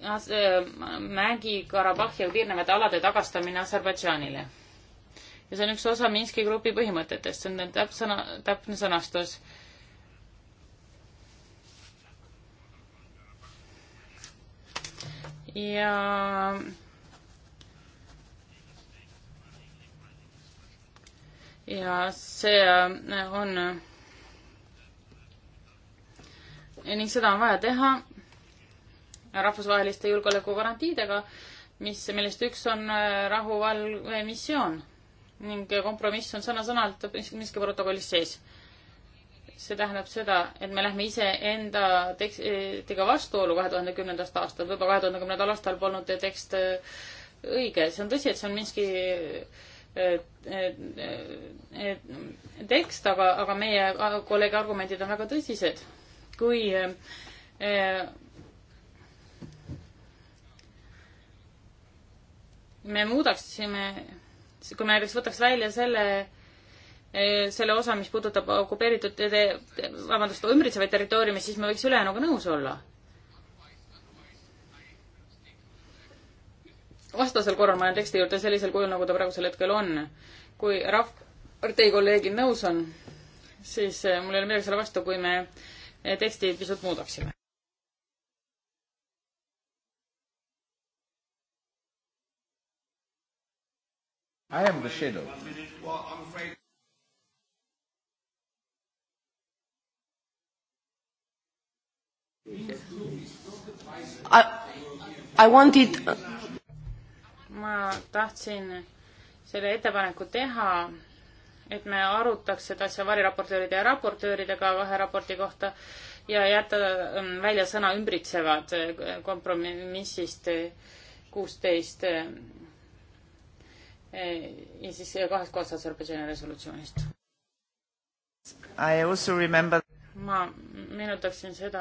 Äh, Mägi-Karabahhi piirnevate alade tagastamine Aserbaidžaanile. ja see on üks osa Minski grupi põhimõtetest, see on täpsõna, täpne sõnastus. ja ja see äh, on ning seda on vaja teha rahvusvaheliste julgeolekugarantiidega, mis, millest üks on äh, rahuvalvemissioon ning äh, kompromiss on sõna-sõnalt Minski protokollis sees. see tähendab seda, et me lähme iseenda tekstiga äh, vastuolu kahe tuhande kümnendast aastast, võib-olla kahe tuhande kümnendal aastal polnud tekst õige, see on tõsi, et see on Minski tekst, aga, aga meie kolleegi argumendid on väga tõsised. kui me muudaksime, kui me näiteks võtaks välja selle, eh, selle osa, mis puudutab okupeeritud, vabandust, ümbritsevaid territooriume, siis me võiks ülejäänuga nõus olla. vastasel korral ma jään teksti juurde sellisel kujul, nagu ta praegusel hetkel on. kui Rahvapartei kolleegid nõus on, siis eh, mul ei ole midagi selle vastu, kui me eh, teksti pisut muudaksime. I am the shadow. Well, I'm afraid I, I wanted... Uh, ma tahtsin selle ettepaneku teha, et me arutaks seda asja variraportööride ja raportööridega kahe raporti kohta ja jätta um, välja sõna ümbritsevad kompromissist kuusteist um, Eh, ja siis kahest kohast Aserbaidžaani resolutsioonist. Remember... ma meenutaksin seda,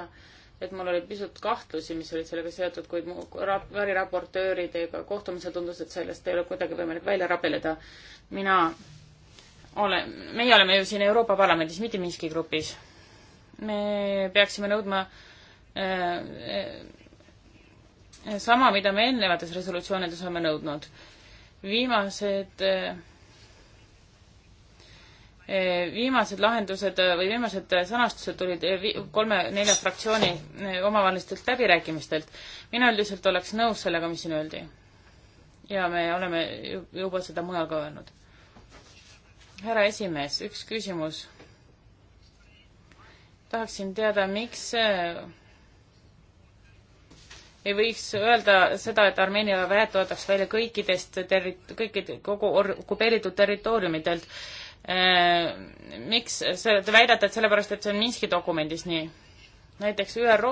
et mul oli pisut kahtlusi, mis olid sellega seotud, kuid mu rap-, variraportööridega kohtumisel tundus, et sellest ei ole kuidagi võimalik välja rabeleda. mina olen, meie oleme ju siin Euroopa Parlamendis, mitte Minski grupis. me peaksime nõudma äh, äh, sama, mida me eelnevates resolutsioonides oleme nõudnud viimased eh, eh, viimased lahendused eh, või viimased sõnastused tulid kolme-nelja fraktsiooni omavahelistelt läbirääkimistelt. mina üldiselt oleks nõus sellega, mis siin öeldi. ja me oleme juba seda mujal ka öelnud. härra esimees, üks küsimus. tahaksin teada, miks ei võiks öelda seda, et Armeenia väed toodaks välja kõikidest terri-, kõikid, kogu okupeeritud territooriumidelt. Äh, miks see, te väidate, et sellepärast, et see on Minski dokumendis nii? näiteks ÜRO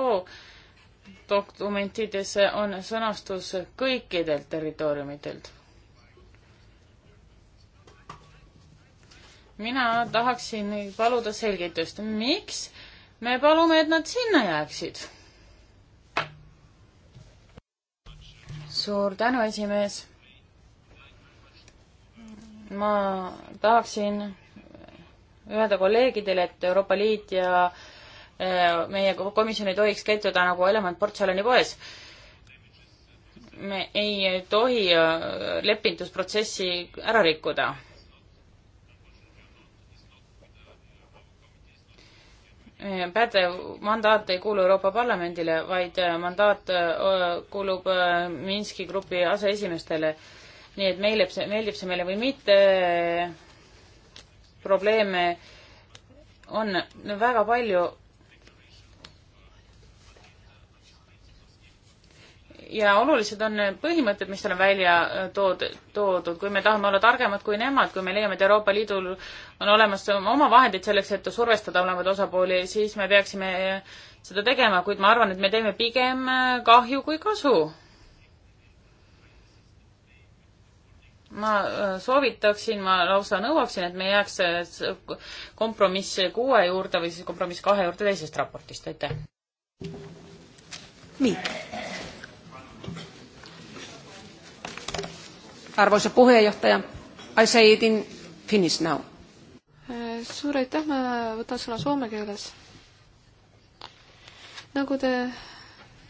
dokumentides on sõnastus kõikidelt territooriumitelt. mina tahaksin paluda selgitust, miks me palume, et nad sinna jääksid suur tänu, esimees. ma tahaksin öelda kolleegidele, et Euroopa Liit ja eh, meie komisjon ei tohiks käituda nagu elevant portselanipoes. me ei tohi eh, lepindusprotsessi ära rikkuda pädev mandaat ei kuulu Euroopa Parlamendile, vaid äh, mandaat äh, kuulub äh, Minski grupi aseesimeestele. nii et meeldib see, meeldib see meile või mitte, probleeme on väga palju ja olulised on põhimõtted, mis seal on välja äh, tood-, toodud, kui me tahame olla targemad kui nemad, kui me leiame, et Euroopa Liidul on olemas oma vahendid selleks, et survestada olevaid osapooli, siis me peaksime äh, seda tegema, kuid ma arvan, et me teeme pigem äh, kahju kui kasu. ma soovitaksin, ma lausa nõuaksin, et me jääks kompromiss kuue juurde või siis kompromiss kahe juurde teisest raportist, aitäh. nii arvoisa puheenjohtaja. I say it in finnish now. suur aitäh, ma võtan sõna soome keeles. nagu te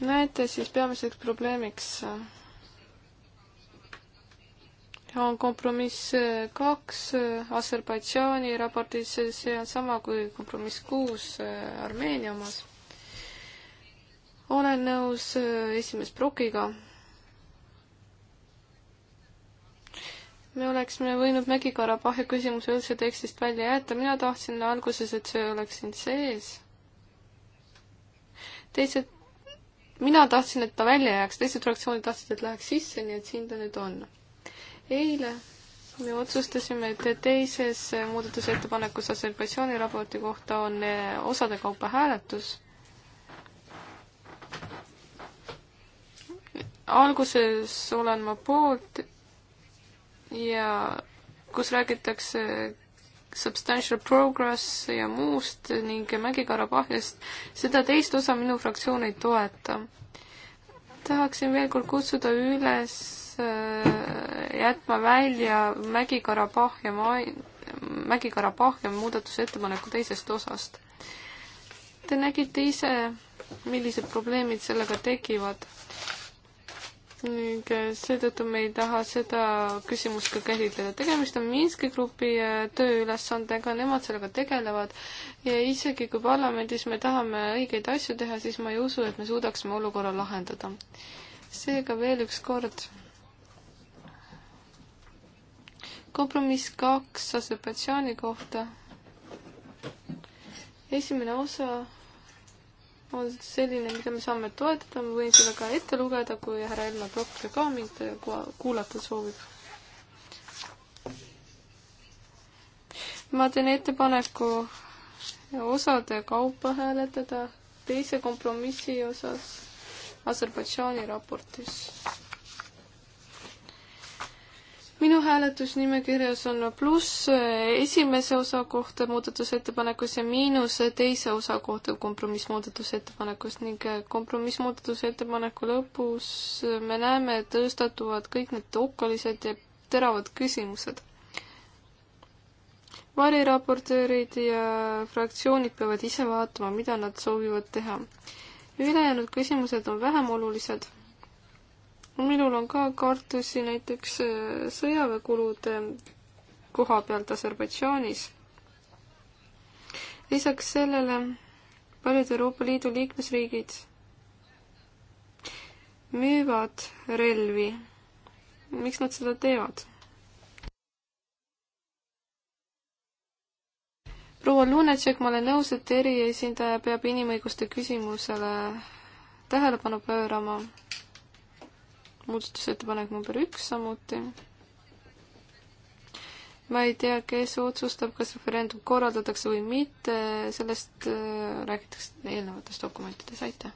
näete, siis peamiseks probleemiks on kompromiss kaks Aserbaidžaani raportis, see on sama kui kompromiss kuus Armeenia omas. olen nõus esimese plokiga me oleksime võinud Mägi-Karabahhi küsimuse üldse tekstist välja jätta, mina tahtsin alguses, et see oleks siin sees. teised, mina tahtsin, et ta välja jääks, teised fraktsioonid tahtsid, et läheks sisse, nii et siin ta nüüd on. eile me otsustasime, et teises muudatusettepanekus Aserbaidžaani raporti kohta on eh, osade kaupa hääletus. alguses olen ma poolt ja kus räägitakse Substantial Progress ja muust ning Mägi-Karabahhiast, seda teist osa minu fraktsioon ei toeta. tahaksin veel kord kutsuda üles äh, jätma välja Mägi-Karabahhi ja Mägi-Karabahhi muudatusettepaneku teisest osast. Te nägite ise, millised probleemid sellega tekivad ning äh, seetõttu me ei taha seda küsimust ka käsitleda. tegemist on Minski grupi äh, tööülesandega, nemad sellega tegelevad ja isegi kui parlamendis me tahame õigeid asju teha, siis ma ei usu, et me suudaksime olukorra lahendada. seega veel üks kord. kompromiss kaks Aserbaidžaani kohta. esimene osa on selline, mida me saame toetada, ma võin selle ka ette lugeda, kui härra Elmar Prokk ka mind kuulata soovib. ma teen ettepaneku osade kaupa hääletada teise kompromissi osas Aserbaidžaani raportis minu hääletusnimekirjas on pluss esimese osa kohta muudatusettepanekus ja miinus teise osa kohta kompromissmuudatusettepanekust ning kompromissmuudatusettepaneku lõpus me näeme, et tõstatuvad kõik need okkalised ja teravad küsimused. variraportöörid ja fraktsioonid peavad ise vaatama, mida nad soovivad teha. ülejäänud küsimused on vähem olulised minul on ka kartusi näiteks äh, sõjaväekulude koha pealt Aserbaidžaanis. lisaks sellele paljud Euroopa Liidu liikmesriigid müüvad relvi. miks nad seda teevad? proua Lunatšek, ma olen nõus, et eriesindaja peab inimõiguste küsimusele tähelepanu pöörama muudatusettepanek number üks samuti. ma ei tea, kes otsustab, kas referendum korraldatakse või mitte, sellest äh, räägitakse eelnevates dokumentides, aitäh.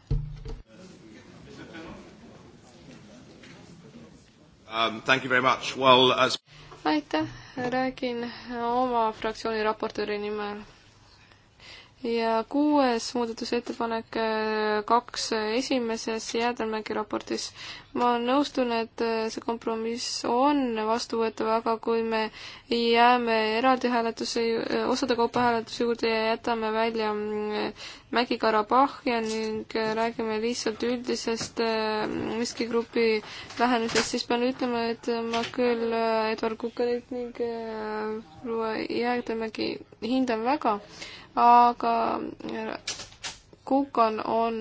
Um, thank you very much. Well, as... aitäh, räägin oma fraktsiooni raportööri nimel ja kuues muudatusettepanek äh, kaks esimeses Jäädermägi raportis. ma nõustun, et äh, see kompromiss on vastuvõetav, aga kui me jääme eraldi hääletuse, äh, osade kaupa hääletuse juurde ja jätame välja mm, Mägi-Karabahhia ning räägime lihtsalt üldisest miskigrupi lähenemisest, siis pean ütlema, et ma küll Edward Kukerit ning proua Jäädermägi hindan väga aga Kukan on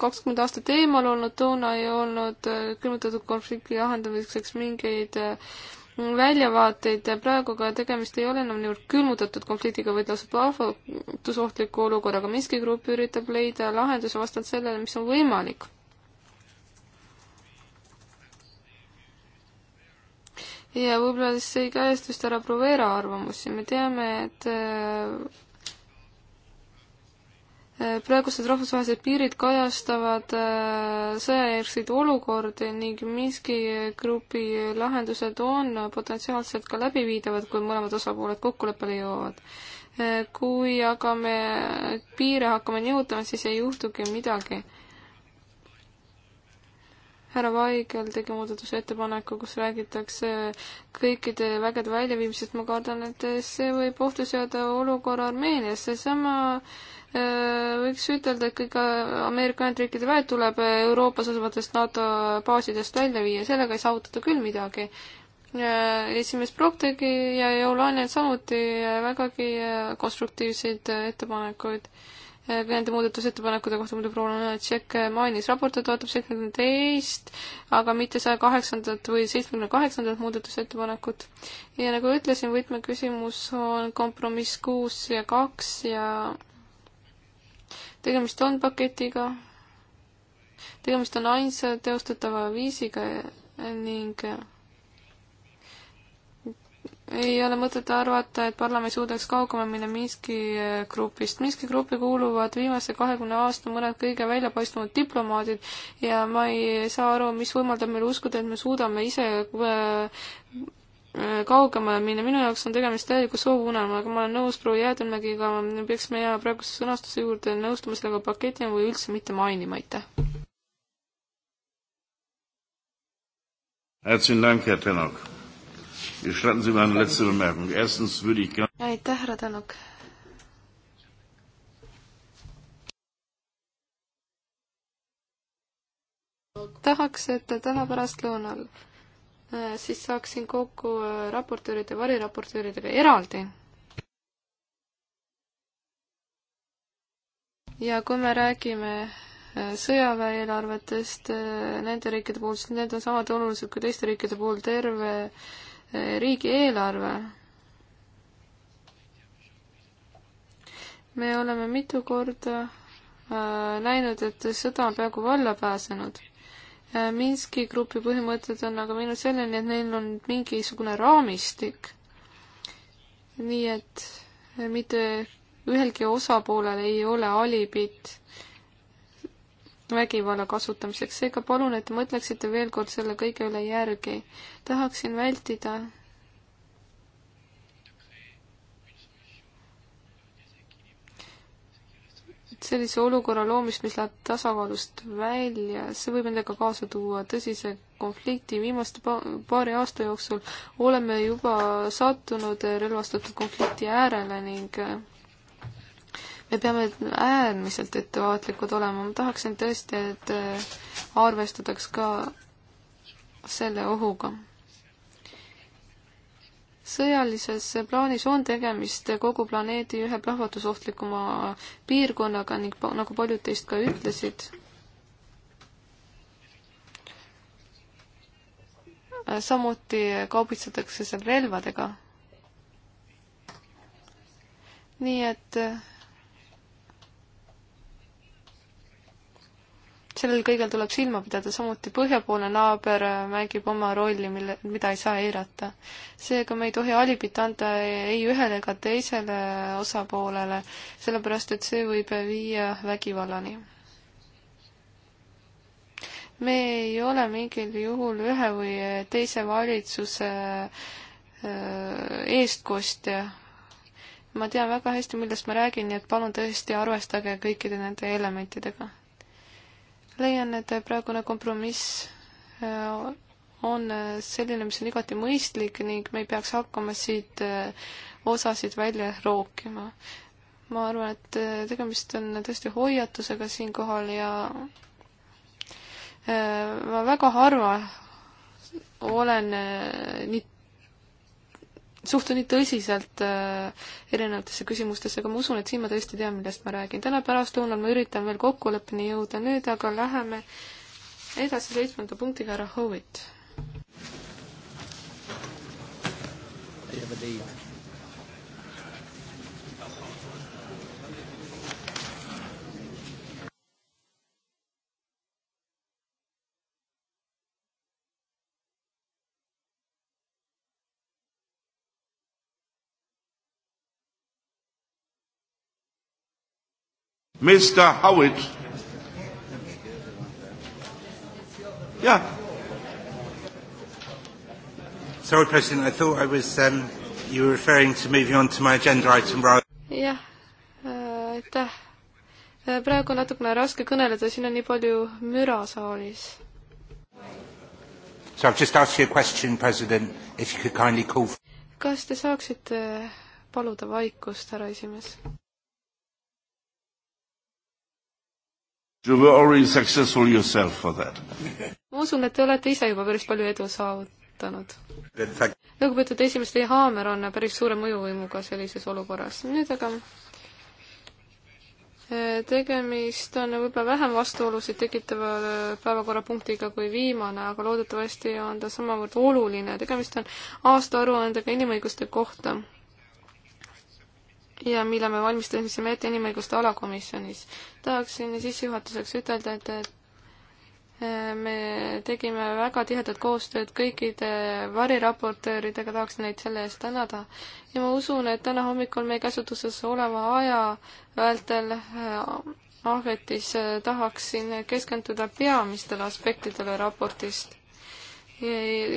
kakskümmend aastat eemal olnud, toona ei olnud külmutatud konflikti lahendamiseks mingeid mm, väljavaateid, praegu aga tegemist ei ole enam niivõrd külmutatud konfliktiga, vaid lausa plahvatusohtliku olukorraga. Minski grupp üritab leida lahenduse vastavalt sellele, mis on võimalik ja võib-olla siis ei kajastu seda Provera arvamusi, me teame, et äh, äh, praegused rahvusvahelised piirid kajastavad äh, sõjajärgseid olukordi ning Minski grupi lahendused on potentsiaalselt ka läbiviidavad, kui mõlemad osapooled kokkuleppele jõuavad. kui aga me piire hakkame nihutama, siis ei juhtugi midagi härra Vaigel tegi muudatusettepaneku, kus räägitakse kõikide vägede väljaviimisest, ma kardan, et see võib ohtu seada olukorra Armeenias, seesama äh, võiks ütelda, et kõik äh, Ameerika Ühendriikide väed tuleb Euroopas asuvatest NATO baasidest välja viia, sellega ei saavutata küll midagi. Äh, esimees Brock tegi ja Joulainen samuti vägagi konstruktiivseid ettepanekuid et Äh, nende muudatusettepanekute kohta muidu proua Lunatšek äh, mainis, raportöö toetab seitseteist, aga mitte saja kaheksandat või seitsmekümne kaheksandat muudatusettepanekut. ja nagu ütlesin, võtmeküsimus on kompromiss kuus ja kaks ja tegemist on paketiga, tegemist on ainsa teostatava viisiga äh, ning ei ole mõtet arvata, et parlament suudaks kaugemale minna Minski eh, grupist. Minski gruppi kuuluvad viimase kahekümne aasta mõned kõige väljapaistvunud diplomaadid ja ma ei saa aru, mis võimaldab meil uskuda, et me suudame ise eh, eh, kaugemale minna, minu jaoks on tegemist täieliku soovunelmaga, ma olen nõus proua Jäädemägiga, me peaksime jääma praeguse sõnastuse juurde nõustuma sellega paketina või üldse mitte mainima, aitäh. Herzlichen Dank, Herr Tenok aitäh, härra Tänuk. tahaks, et täna pärastlõunal äh, siis saaksin kokku äh, raportööride, variraportööridega eraldi. ja kui me räägime äh, sõjaväeelarvetest nende riikide puhul, siis need on samad olulised kui teiste riikide puhul, terve riigieelarve. me oleme mitu korda äh, näinud, et sõda on peaaegu valla pääsenud. Äh, Minski grupi põhimõtted on aga viinud selleni, et neil on mingisugune raamistik. nii et mitte ühelgi osapoolel ei ole alibit vägivalla kasutamiseks, seega palun, et mõtleksite veel kord selle kõige üle järgi. tahaksin vältida sellise olukorra loomist, mis läheb tasakaalust välja, see võib endaga kaasa tuua tõsise konflikti. viimaste paari aasta jooksul oleme juba sattunud relvastatud konflikti äärele ning me peame äärmiselt ettevaatlikud olema, ma tahaksin tõesti, et äh, arvestataks ka selle ohuga. sõjalises plaanis on tegemist kogu planeedi ühe plahvatusohtlikuma piirkonnaga ning nagu paljud teist ka ütlesid, samuti kaubitsetakse seal relvadega. nii et sellel kõigel tuleb silma pidada, samuti põhjapoolne naaber äh, mängib oma rolli, mille, mida ei saa eirata. seega me ei tohi alibit anda ei ühele ega teisele äh, osapoolele, sellepärast et see võib äh, viia vägivallani me ei ole mingil juhul ühe või teise valitsuse eestkostja. ma tean väga hästi, millest ma räägin, nii et palun tõesti arvestage kõikide nende elementidega leian, et praegune kompromiss äh, on äh, selline, mis on igati mõistlik ning me ei peaks hakkama siit äh, osasid välja rookima. ma arvan, et tegemist on tõesti hoiatusega siinkohal ja ma väga harva olen nii suhtun nii tõsiselt äh, erinevatesse küsimustesse, aga ma usun, et siin ma tõesti tean, millest ma räägin. täna pärastlõunal ma üritan veel kokkuleppeni jõuda, nüüd aga läheme edasi seitsmenda punktiga, härra Howitt. I have a date. Mr. Howitt. Yeah. Sorry, President, I thought I was, um, you were referring to moving on to my agenda item rather. jah, äh, aitäh. Äh, praegu on natukene raske kõneleda, siin on nii palju müra saalis. So I've just asked you a question, President, if you could kindly call. kas te saaksite paluda vaikust, härra esimees? You were already successful yourself for that. ma usun, et te olete ise juba päris palju edu saavutanud. lugupeetud esimees, teie haamer on päris suure mõjuvõimuga sellises olukorras. nüüd aga äh, tegemist on võib-olla vähem vastuolusid tekitava äh, päevakorrapunktiga kui viimane, aga loodetavasti on ta samavõrd oluline. tegemist on aastaaruandega inimõiguste kohta ja mille me valmistasime ette inimõiguste alakomisjonis. tahaksin sissejuhatuseks ütelda, et, et äh, me tegime väga tihedat koostööd kõikide variraportööridega, tahaksin neid selle eest tänada. ja ma usun, et täna hommikul meie käsutuses oleva aja vältel äh, Ahvetis äh, tahaksin keskenduda peamistele aspektidele raportist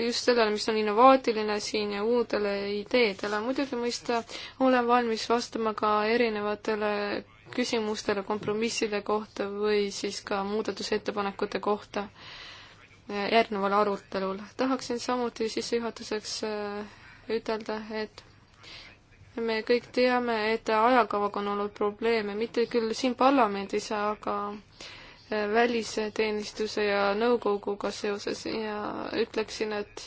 just sellele, mis on innovaatiline siin ja uutele ideedele. muidugi mõista olen valmis vastama ka erinevatele küsimustele kompromisside kohta või siis ka muudatusettepanekute kohta järgneval arutelul. tahaksin samuti sissejuhatuseks äh, ütelda, et me kõik teame, et ajakavaga on olnud probleeme, mitte küll siin parlamendis, aga välisteenistuse ja nõukoguga seoses ja ütleksin, et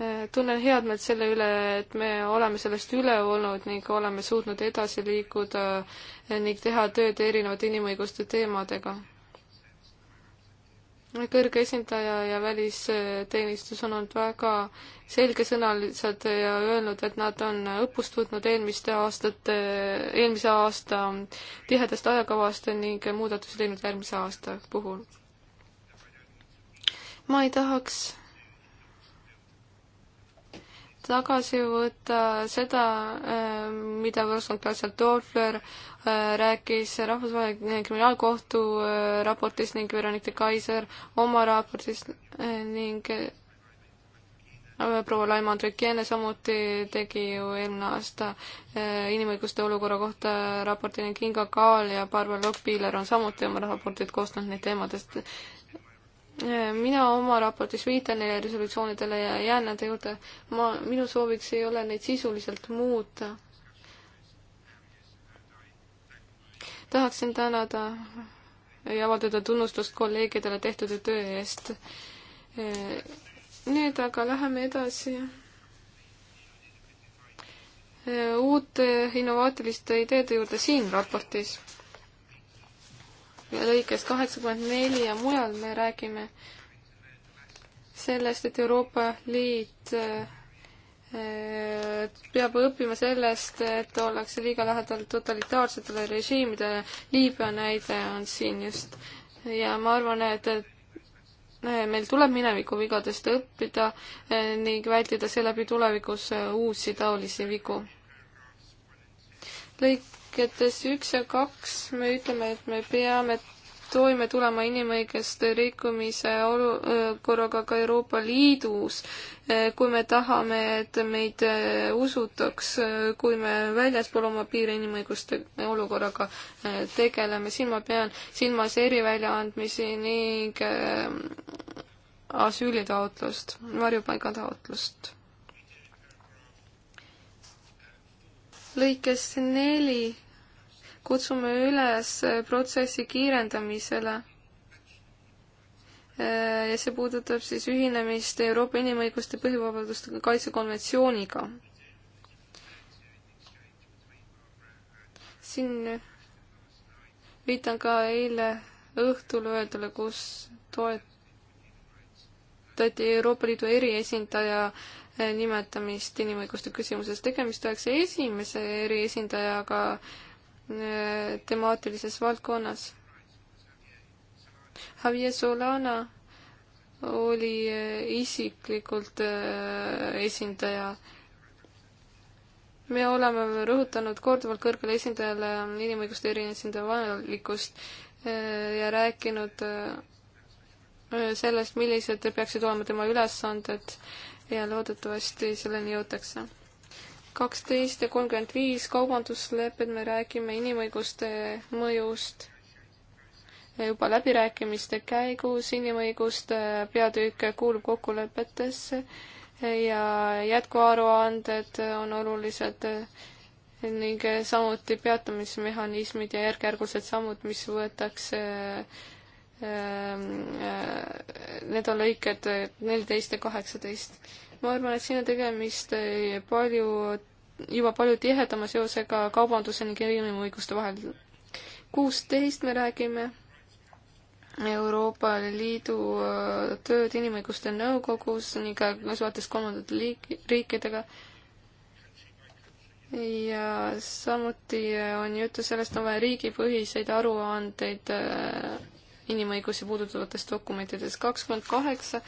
äh, tunnen headmeelt selle üle, et me oleme sellest üle olnud ning oleme suutnud edasi liikuda äh, ning teha tööd erinevate inimõiguste teemadega kõrge esindaja ja välisteenistus on olnud väga selgesõnalised ja öelnud, et nad on õppust võtnud eelmiste aastate, eelmise aasta tihedast ajakavast ning muudatusi teinud järgmise aasta puhul. ma ei tahaks tagasi võtta seda, eh, mida Wilson Glaser Dorfer rääkis Rahvusvaheline Kriminaalkohtu äh, raportist ning Veronika Kaiser oma raportist äh, ning äh, proua Laima Andrekiene samuti tegi ju eelmine aasta inimõiguste olukorra kohta raporti ning Inga Kaal ja Barbara Lokk-Piiler on samuti oma raportid koostanud neid teemadest mina oma raportis viitan neile resolutsioonidele ja jään nende juurde. ma, minu sooviks ei ole neid sisuliselt muuta. tahaksin tänada ja avaldada tunnustust kolleegidele tehtud töö eest. nüüd aga läheme edasi uute innovaatiliste ideede juurde siin raportis. lõikes kaheksakümmend neli ja mujal me räägime sellest, et Euroopa Liit Äh, peab õppima sellest, et ollakse liiga lähedal totalitaarsetele režiimidele. Liibüa näide on siin just ja ma arvan, et, et meil tuleb mineviku vigadest õppida äh, ning vältida seeläbi tulevikus äh, uusi taolisi vigu. lõiketes üks ja kaks me ütleme, et me peame toime tulema inimõiguste rikkumise olukorraga ka Euroopa Liidus, kui me tahame, et meid äh, usutaks, äh, kui me väljaspool oma piire inimõiguste olukorraga äh, tegeleme. siin ma pean silmas eriväljaandmisi ning asüülitaotlust, varjupaigataotlust. lõikes neli kutsume üles protsessi kiirendamisele. Äh, ja see puudutab siis ühinemist Euroopa Inimõiguste Põhivabaduste Kaitsekonventsiooniga. siin viitan ka eile õhtul öeldule, kus toetati Euroopa Liidu eriesindaja äh, nimetamist inimõiguste küsimuses. tegemist oleks esimese eriesindajaga äh, temaatilises valdkonnas. Javier Solana oli eh, isiklikult eh, esindaja. me oleme rõhutanud korduvalt kõrgele esindajale inimõiguste eriesindaja vajalikkust eh, ja rääkinud sellest, millised peaksid olema tema ülesanded ja loodetavasti selleni jõutakse kaksteist ja kolmkümmend viis kaubanduslepped, me räägime inimõiguste mõjust juba läbirääkimiste käigus, inimõiguste peatükk kuulub kokkulepetesse ja jätkuaruanded on olulised ning samuti peatamismehhanismid ja järk-järgulised sammud, mis võetakse ähm, äh, need on lõiked neliteist ja kaheksateist ma arvan, et siin on tegemist eh, palju, juba palju tihedama seosega kaubanduse ning inimõiguste vahel. kuusteist me räägime Euroopa Liidu eh, tööd inimõiguste nõukogus ning eh, suhetes kolmandate liik-, riikidega. ja samuti on juttu sellest, on vaja riigipõhiseid aruandeid inimõigusi puudutavates dokumentides. kakskümmend kaheksa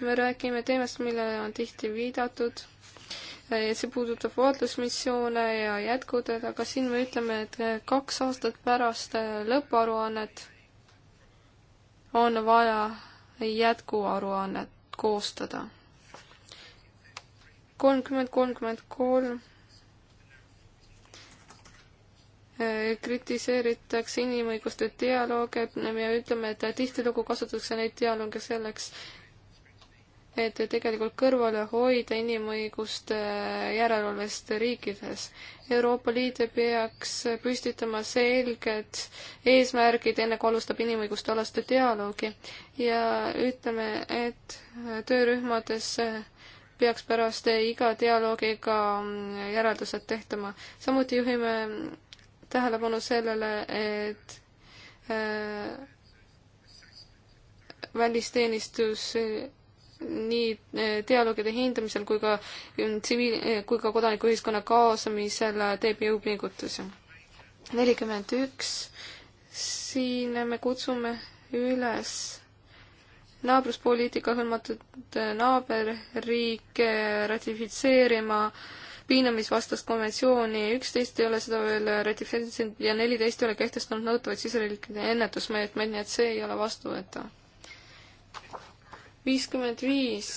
me räägime teemast, millele on tihti viidatud. see puudutab vaatlusmissioone ja jätkutööd, aga siin me ütleme, et kaks aastat pärast lõpparuannet on vaja jätkuaruannet koostada. kolmkümmend, kolmkümmend kolm kritiseeritakse inimõiguste dialoog, et me ütleme, et tihtilugu kasutatakse neid dialoogi selleks, et tegelikult kõrvale hoida inimõiguste järelevalvest riikides. Euroopa Liit peaks püstitama selged eesmärgid, enne kui alustab inimõiguste alaste dialoogi ja ütleme, et töörühmades peaks pärast iga dialoogiga järeldused tehtama. samuti juhime tähelepanu sellele, et äh, välisteenistus nii äh, dialoogide hindamisel kui ka äh, tsiviil, kui ka kodanikuühiskonna kaasamisel teeb jõupingutusi. nelikümmend üks, siin me kutsume üles naabruspoliitika hõlmatud naaberriike ratifitseerima äh, piinamisvastast konventsiooni, üksteist ei ole seda veel ratifitseerinud ja neliteist ei ole kehtestanud nõutavaid siseriikide ennetusmeetmeid, nii et see ei ole vastuvõetav. viiskümmend viis.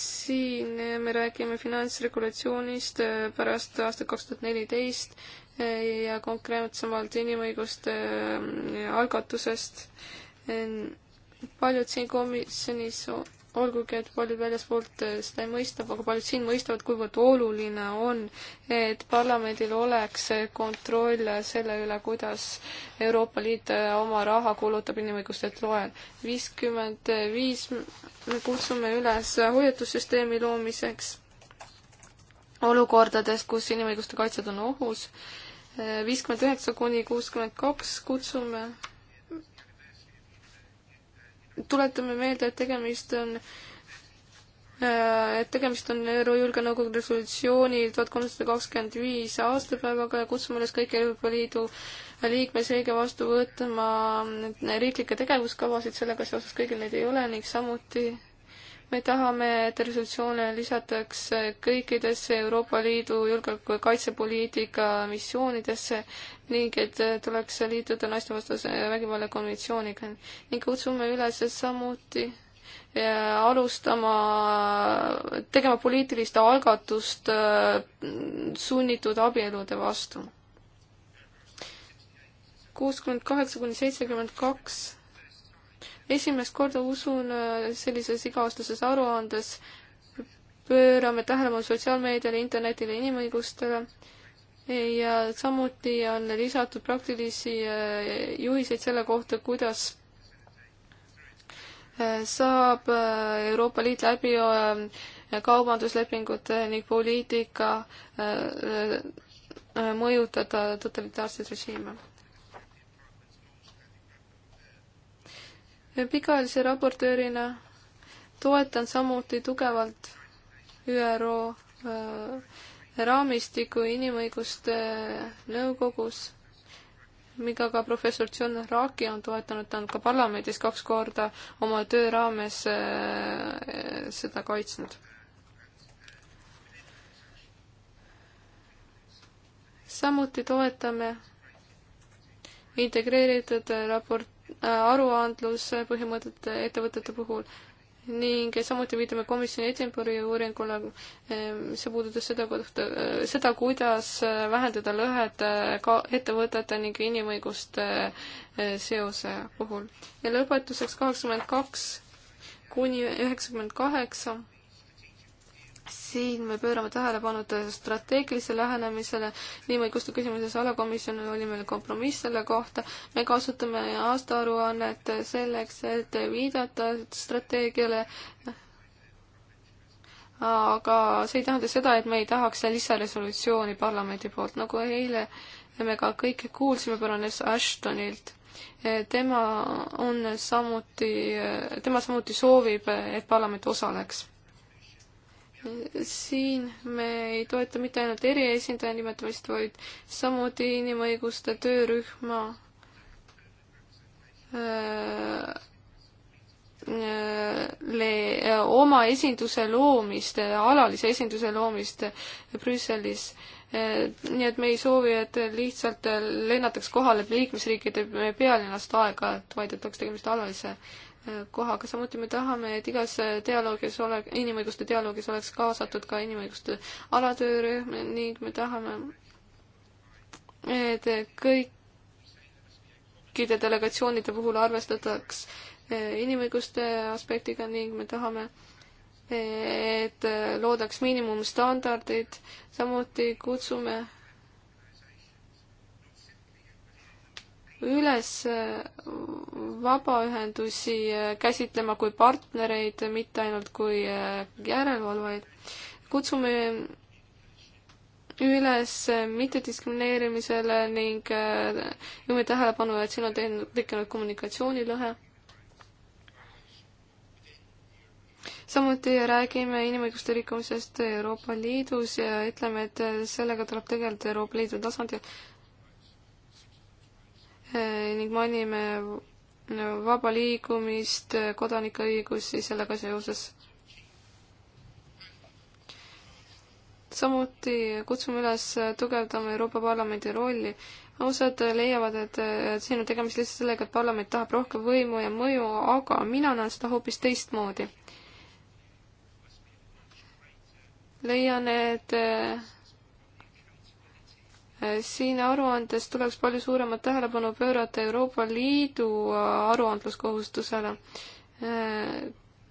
siin me räägime finantsregulatsioonist äh, pärast aastat kaks tuhat neliteist äh, ja konkreetsemalt inimõiguste äh, algatusest. paljud siin komisjonis olgugi, et paljud väljaspoolt eh, seda ei mõista, aga paljud siin mõistavad, kuivõrd oluline on, et parlamendil oleks kontroll selle üle, kuidas Euroopa Liit eh, oma raha kulutab inimõiguste loel. viiskümmend viis me kutsume üles hoiatussüsteemi loomiseks olukordades, kus inimõiguste kaitsjad on ohus. Eh, viiskümmend üheksa kuni kuuskümmend kaks kutsume tuletame meelde, et tegemist on äh, et tegemist on ÜRO Julgeolekunõukogu resolutsiooni tuhat kolmsada kakskümmend viis aastapäevaga ja kutsume üles kõiki Euroopa Liidu liikmesriige vastu võtma riiklikke tegevuskavasid, sellega seoses kõigil neid ei ole ning samuti me tahame, et resolutsioone lisatakse kõikidesse Euroopa Liidu julgeoleku- ja kaitsepoliitika missioonidesse ning et tuleks liituda naistevastase vägivalla konventsiooniga ning kutsume üles samuti Ja äh, alustama, tegema poliitilist algatust äh, sunnitud abielude vastu. kuuskümmend kaheksa kuni seitsekümmend kaks esimest korda usun äh, sellises iga-aastases aruandes pöörame tähelepanu sotsiaalmeediale, internetile, inimõigustele ja samuti on lisatud praktilisi äh, juhiseid selle kohta, kuidas äh, saab Euroopa Liit läbi kaubanduslepingute ning poliitika mõjutada totalitaarseid režiime pikaajalise raportöörina toetan samuti tugevalt ÜRO äh, raamistiku inimõiguste äh, nõukogus, mida ka professor John Raki on toetanud, ta on ka parlamendis kaks korda oma töö raames äh, seda kaitsnud. samuti toetame integreeritud raport aruandluspõhimõtete ettevõtete puhul ning samuti viitame komisjoni Edinburghi uuringule, eh, see puudutas seda kohta, eh, seda, kuidas eh, vähendada lõhet ka ettevõtete ning inimõiguste seose puhul. ja lõpetuseks kaheksakümmend kaks kuni üheksakümmend kaheksa siin me pöörame tähelepanu strateegilisele lähenemisele, inimõiguste küsimuses alakomisjon oli meil kompromiss selle kohta, me kasutame aastaaruannet selleks, et viidata strateegiale, aga see ei tähenda seda, et me ei tahaks lisaresolutsiooni parlamendi poolt, nagu eile me ka kõik kuulsime baroness Ashtonilt tema on samuti, tema samuti soovib, et parlament osaleks siin me ei toeta mitte ainult eriesindaja nimetamist, vaid samuti inimõiguste töörühma äh, le, oma esinduse loomist, alalise esinduse loomist Brüsselis. Äh, nii et me ei soovi, et lihtsalt lennataks kohale liikmesriikide pealinnast aeg-ajalt, vaid et oleks tegemist alalise äh, kohaga, samuti me tahame, et igas dialoogis ole, inimõiguste dialoogis oleks kaasatud ka inimõiguste alatöörühm ning me tahame, et kõikide delegatsioonide puhul arvestataks eh, inimõiguste aspektiga ning me tahame, eh, et loodaks miinimumstandardid, samuti kutsume üles äh, vabaühendusi äh, käsitlema kui partnereid, mitte ainult kui äh, järelevalvajaid. kutsume üles mittediskrimineerimisele ning juhime tähelepanu, et siin on tekkinud kommunikatsioonilõhe samuti räägime inimõiguste rikkumisest Euroopa Liidus ja ütleme, et sellega tuleb tegeleda Euroopa Liidu tasandil. Äh, ning mainime vaba liikumist, äh, kodanikeõigusi sellega seoses. samuti kutsume üles äh, tugevdama Euroopa Parlamendi rolli. osad leiavad, et siin on tegemist lihtsalt sellega, et parlament tahab rohkem võimu ja mõju, aga mina näen seda hoopis teistmoodi. leian, et siin aruandes tuleks palju suuremat tähelepanu pöörata Euroopa Liidu aruandluskohustusele.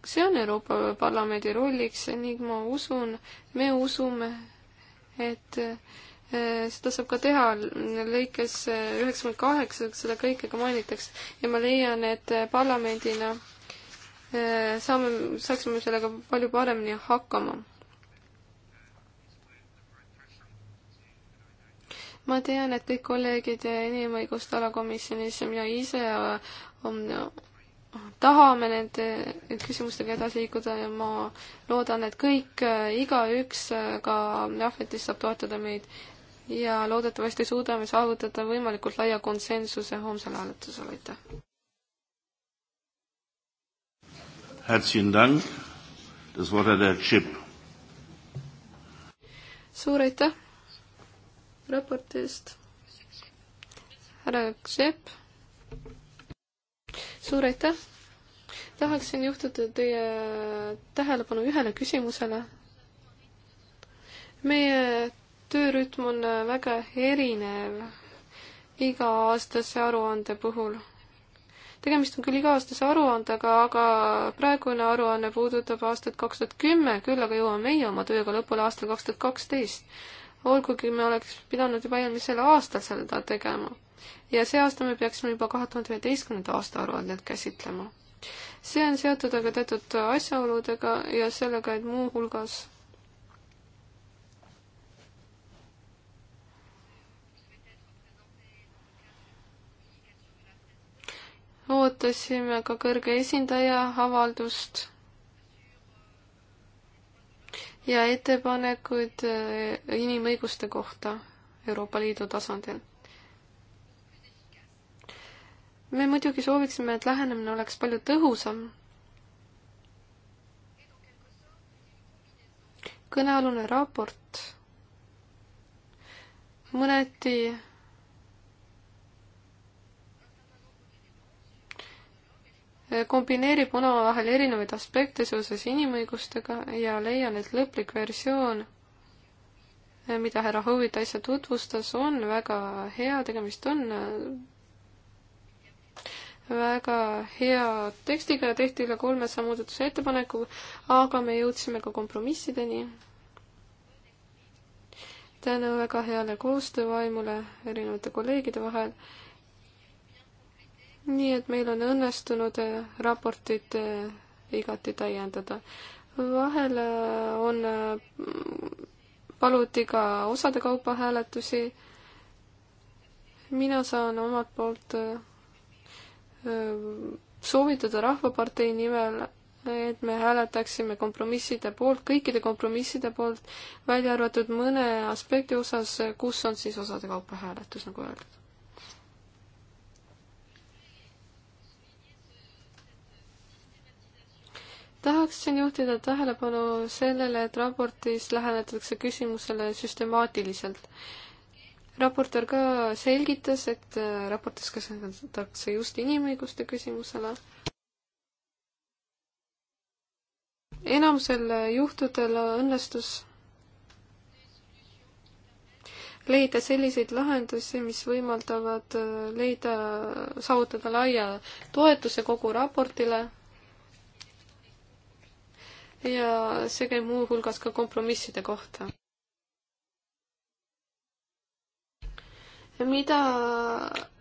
see on Euroopa Parlamendi rolliks ning ma usun, me usume, et e, seda saab ka teha lõikes üheksakümmend kaheksa, seda kõike ka mainitakse ja ma leian, et parlamendina e, saame, saaksime sellega palju paremini hakkama ma tean, et kõik kolleegid inimõiguste alakomisjonis ja mina ise äh, on, äh, tahame nende küsimustega edasi liikuda ja ma loodan, et kõik, äh, igaüks ka Jahvetist saab toetada meid ja loodetavasti suudame saavutada võimalikult laia konsensuse homsel hääletusel, aitäh! Herzlichen Dank. Das Wort hat der Chip. Suur aitäh! raporti eest. härra Kšep. suur aitäh. tahaksin juhtida teie tähelepanu ühele küsimusele. meie töörütm on väga erinev iga-aastase aruande puhul. tegemist on küll iga-aastase aruandega, aga praegune aruanne puudutab aastat kaks tuhat kümme, küll aga jõuame meie oma tööga lõpule aastal kaks tuhat kaksteist olgugi me oleks pidanud juba eelmisel aastal seda tegema. ja see aasta me peaksime juba kahe tuhande üheteistkümnenda aasta aruanded käsitlema. see on seotud aga teatud asjaoludega ja sellega, et muuhulgas ootasime ka kõrge esindaja avaldust ja ettepanekuid äh, inimõiguste kohta Euroopa Liidu tasandil. me muidugi sooviksime, et lähenemine oleks palju tõhusam. kõnealune raport mõneti kombineerib omavahel erinevaid aspekte seoses inimõigustega ja leian, et lõplik versioon, mida härra Howitt äsja tutvustas, on väga hea, tegemist on väga hea tekstiga ja tehti üle kolmesaja muudatuse ettepaneku, aga me jõudsime ka kompromissideni. tänu väga heale koostöövaimule erinevate kolleegide vahel nii et meil on õnnestunud eh, raportit eh, igati täiendada. vahel eh, on, paluti ka osade kaupa hääletusi. mina saan omalt poolt soovitada Rahvapartei nimel, et me hääletaksime kompromisside poolt, kõikide kompromisside poolt, välja arvatud mõne aspekti osas, kus on siis osade kaupa hääletus, nagu öeldud. tahaksin juhtida tähelepanu sellele, et raportis lähenetakse küsimusele süstemaatiliselt. raportöör ka selgitas, et raportis keskendutakse just inimõiguste küsimusele. enamusel juhtudel õnnestus leida selliseid lahendusi, mis võimaldavad leida, saavutada laia toetuse kogu raportile ja see käib muuhulgas ka kompromisside kohta. mida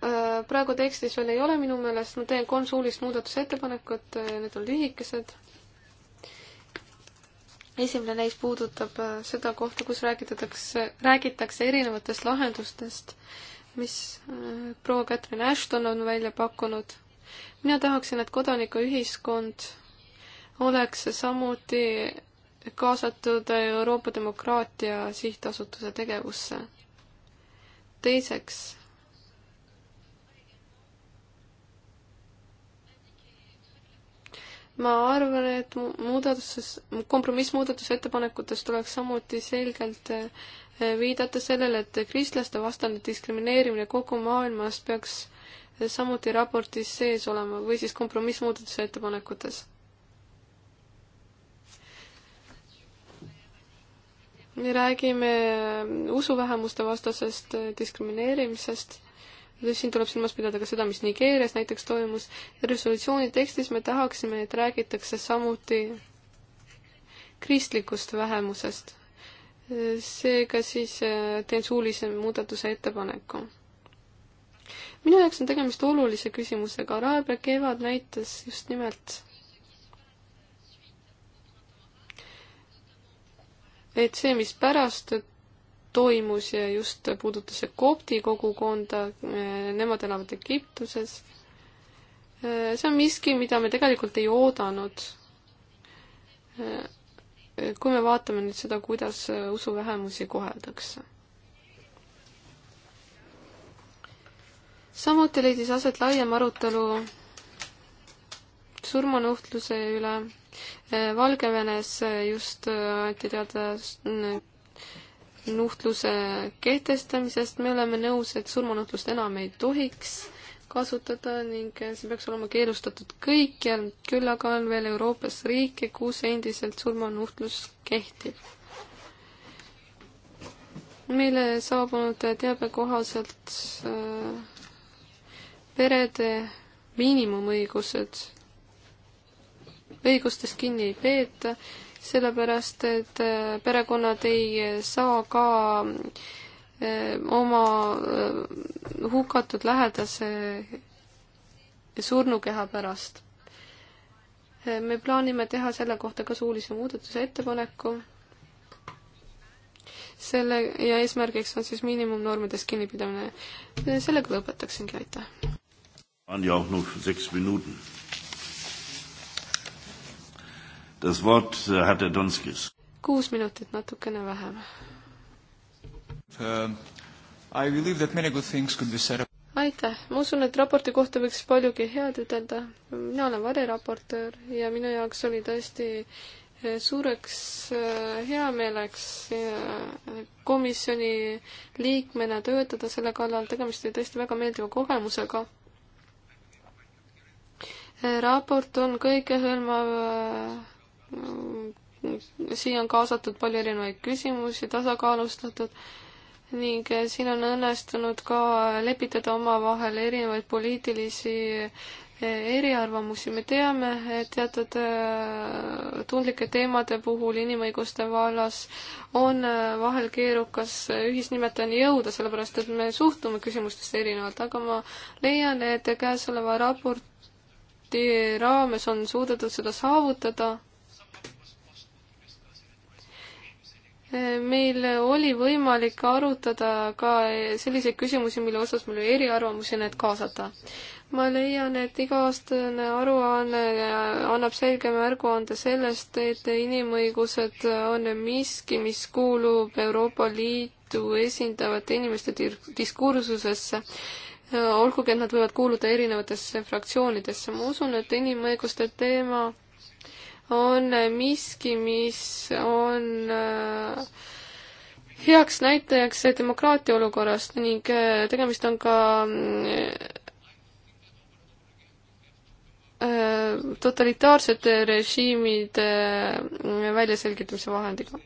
äh, praegu tekstis veel ei ole minu meelest, ma teen kolm suulist muudatusettepanekut, äh, need on lühikesed. esimene neis puudutab äh, seda kohta, kus räägitakse, räägitakse erinevatest lahendustest, mis proua Catherine Ashton on välja pakkunud. mina tahaksin, et kodanikuühiskond oleks samuti kaasatud Euroopa Demokraatia Sihtasutuse tegevusse. teiseks, ma arvan, et muudatuses, kompromissmuudatusettepanekutes tuleks samuti selgelt eh, viidata sellele, et kristlaste vastane diskrimineerimine kogu maailmas peaks samuti raportis sees olema või siis kompromissmuudatuse ettepanekutes me räägime usuvähemuste vastasest äh, diskrimineerimisest, siin tuleb silmas pidada ka seda, mis Nigeerias näiteks toimus, resolutsiooni tekstis me tahaksime, et räägitakse samuti kristlikust vähemusest. Äh, seega siis äh, teen suulise muudatuse ettepaneku. minu jaoks on tegemist olulise küsimusega, Araabia kevad näitas just nimelt et see, mis pärast toimus ja just puudutas see kopti kogukonda, eh, nemad elavad Egiptuses, eh, see on miski, mida me tegelikult ei oodanud. Eh, kui me vaatame nüüd seda, kuidas usuvähemusi koheldakse samuti leidis aset laiem arutelu surmanuhtluse üle. Eh, Valgevenes eh, just eh, anti teada nuhtluse kehtestamisest, me oleme nõus, et surmanuhtlust enam ei tohiks kasutada ning see peaks olema keelustatud kõikjal, küll aga on veel Euroopas riike, kus endiselt surmanuhtlus kehtib. meile saabunud teabe kohaselt äh, perede miinimumõigused õigustest kinni ei peeta, sellepärast et äh, perekonnad ei saa ka äh, oma äh, hukatud lähedase surnukeha pärast. me plaanime teha selle kohta ka suulise muudatuse ettepaneku. selle ja eesmärgiks on siis miinimumnormidest kinnipidamine. sellega lõpetaksingi, aitäh. on ja auch nur sechs Minuten. Das Wort hat äh, Herr Donskis. kuus minutit, natukene vähem. Uh, aitäh, ma usun, et raporti kohta võiks paljugi head ütelda. mina olen variraportöör ja minu jaoks oli tõesti eh, suureks eh, heameeleks eh, komisjoni liikmena töötada selle kallal, tegemist oli tõesti väga meeldiva kogemusega raport on kõikehõlmav siia on kaasatud palju erinevaid küsimusi, tasakaalustatud ning eh, siin on õnnestunud ka lepitada omavahel erinevaid poliitilisi eh, eriarvamusi. me teame, et teatud eh, tundlike teemade puhul inimõiguste vallas on vahel keerukas ühisnimetajani jõuda, sellepärast et me suhtume küsimustesse erinevalt, aga ma leian, et käesoleva raporti raames on suudetud seda saavutada meil oli võimalik arutada ka selliseid küsimusi, mille osas mul oli eriarvamusi, need kaasata. ma leian, et iga-aastane aruanne annab selge märguande sellest, et inimõigused on miski, mis kuulub Euroopa Liitu esindavate inimeste diskursusesse olgugi, et nad võivad kuuluda erinevatesse fraktsioonidesse. ma usun, et inimõiguste teema on miski, mis on äh, heaks näitajaks demokraatia olukorrast ning äh, tegemist on ka äh, totalitaarsete režiimide väljaselgitamise vahendiga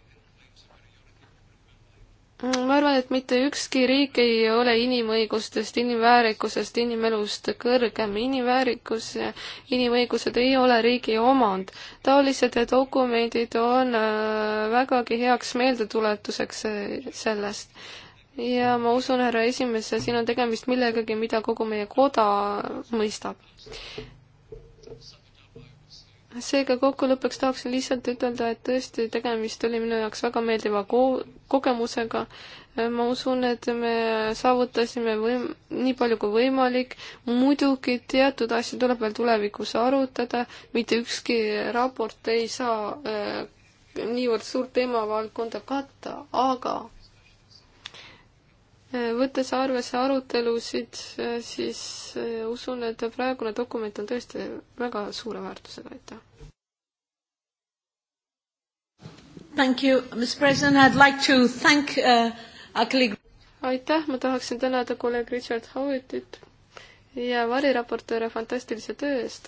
ma arvan, et mitte ükski riik ei ole inimõigustest, inimväärikusest, inimelust kõrgem. inimväärikus, inimõigused ei ole riigi omand. taolised dokumendid on äh, vägagi heaks meeldetuletuseks äh, sellest. ja ma usun, härra esimees, siin on tegemist millegagi, mida kogu meie koda mõistab seega kokkulõpuks tahaksin lihtsalt ütelda, et tõesti, tegemist oli minu jaoks väga meeldiva ko-, kogemusega. ma usun, et me saavutasime võim-, nii palju kui võimalik, muidugi teatud asju tuleb veel tulevikus arutada, mitte ükski raport ei saa äh, niivõrd suurt teemavaldkonda katta, aga võttes arvesse arutelusid, siis äh, usun, et praegune dokument on tõesti väga suure väärtusega, aitäh. Thank you, Mr President, I would like to thank uh, our colleague. aitäh, ma tahaksin tänada kolleeg Richard Howitit ja variraportööre fantastilise töö eest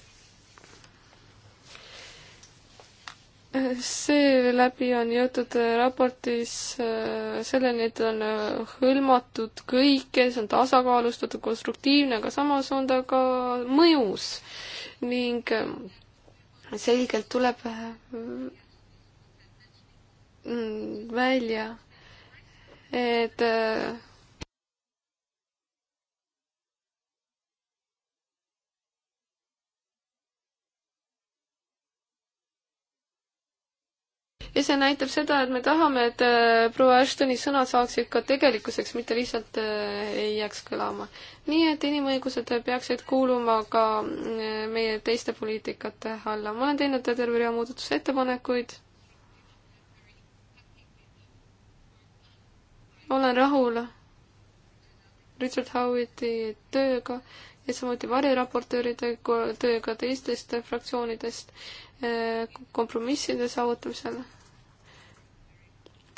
seeläbi on jõutud raportis äh, selleni, et on äh, hõlmatud kõike, see on tasakaalustatud, konstruktiivne, aga samas on ta ka mõjus ning äh, selgelt tuleb mm, välja, et ja see näitab seda, et me tahame, et äh, proua Ashtoni sõnad saaksid ka tegelikkuseks, mitte lihtsalt äh, ei jääks kõlama. nii et inimõigused peaksid kuuluma ka äh, meie teiste poliitikate alla. ma olen teinud terve rea muudatusettepanekuid. olen rahul Richard Howitti tööga ja samuti variraportööride tööga teistest fraktsioonidest kompromisside saavutamisel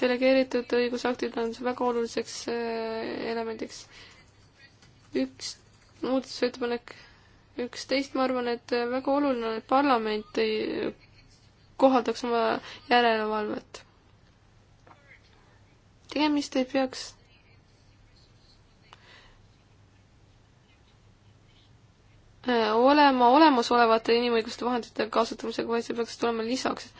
delegeeritud õigusaktid on väga oluliseks äh, elemendiks. üks muudatusettepanek üksteist, ma arvan, et äh, väga oluline on, et parlament ei kohaldaks oma järelevalvet. tegemist ei peaks äh, olema olemasolevate inimõiguste vahendite kasutamisega, vaid see peaks tulema lisaks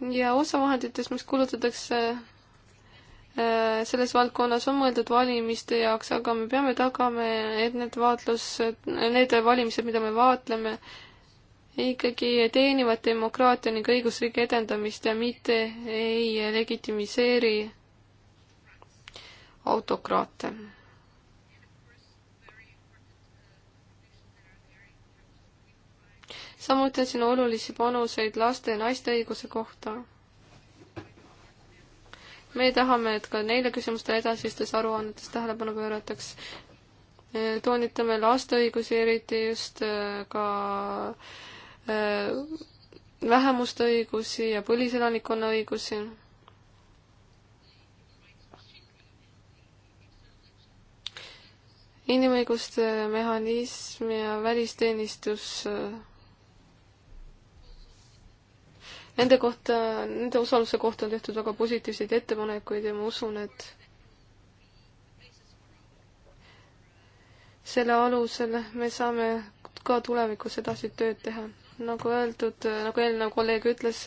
ja osa vahenditest, mis kulutatakse äh, selles valdkonnas on mõeldud valimiste jaoks, aga me peame tagama, et need vaatlused, need valimised, mida me vaatleme, ikkagi teenivad demokraatia ning õigusriigi edendamist ja mitte ei legitimiseeri autokraate samuti on siin olulisi panuseid laste ja naiste õiguse kohta. me tahame, et ka neile küsimustele edasistes aruannetes tähelepanu pöörataks. toonitame laste õigusi, eriti just äh, ka äh, vähemuste õigusi ja põliselanikkonna õigusi inimõiguste mehhanism ja välisteenistus äh, Nende kohta, nende osaluse kohta on tehtud väga positiivseid ettepanekuid ja ma usun, et selle alusel me saame ka tulevikus edasi tööd teha. nagu öeldud, nagu eelnev kolleeg ütles,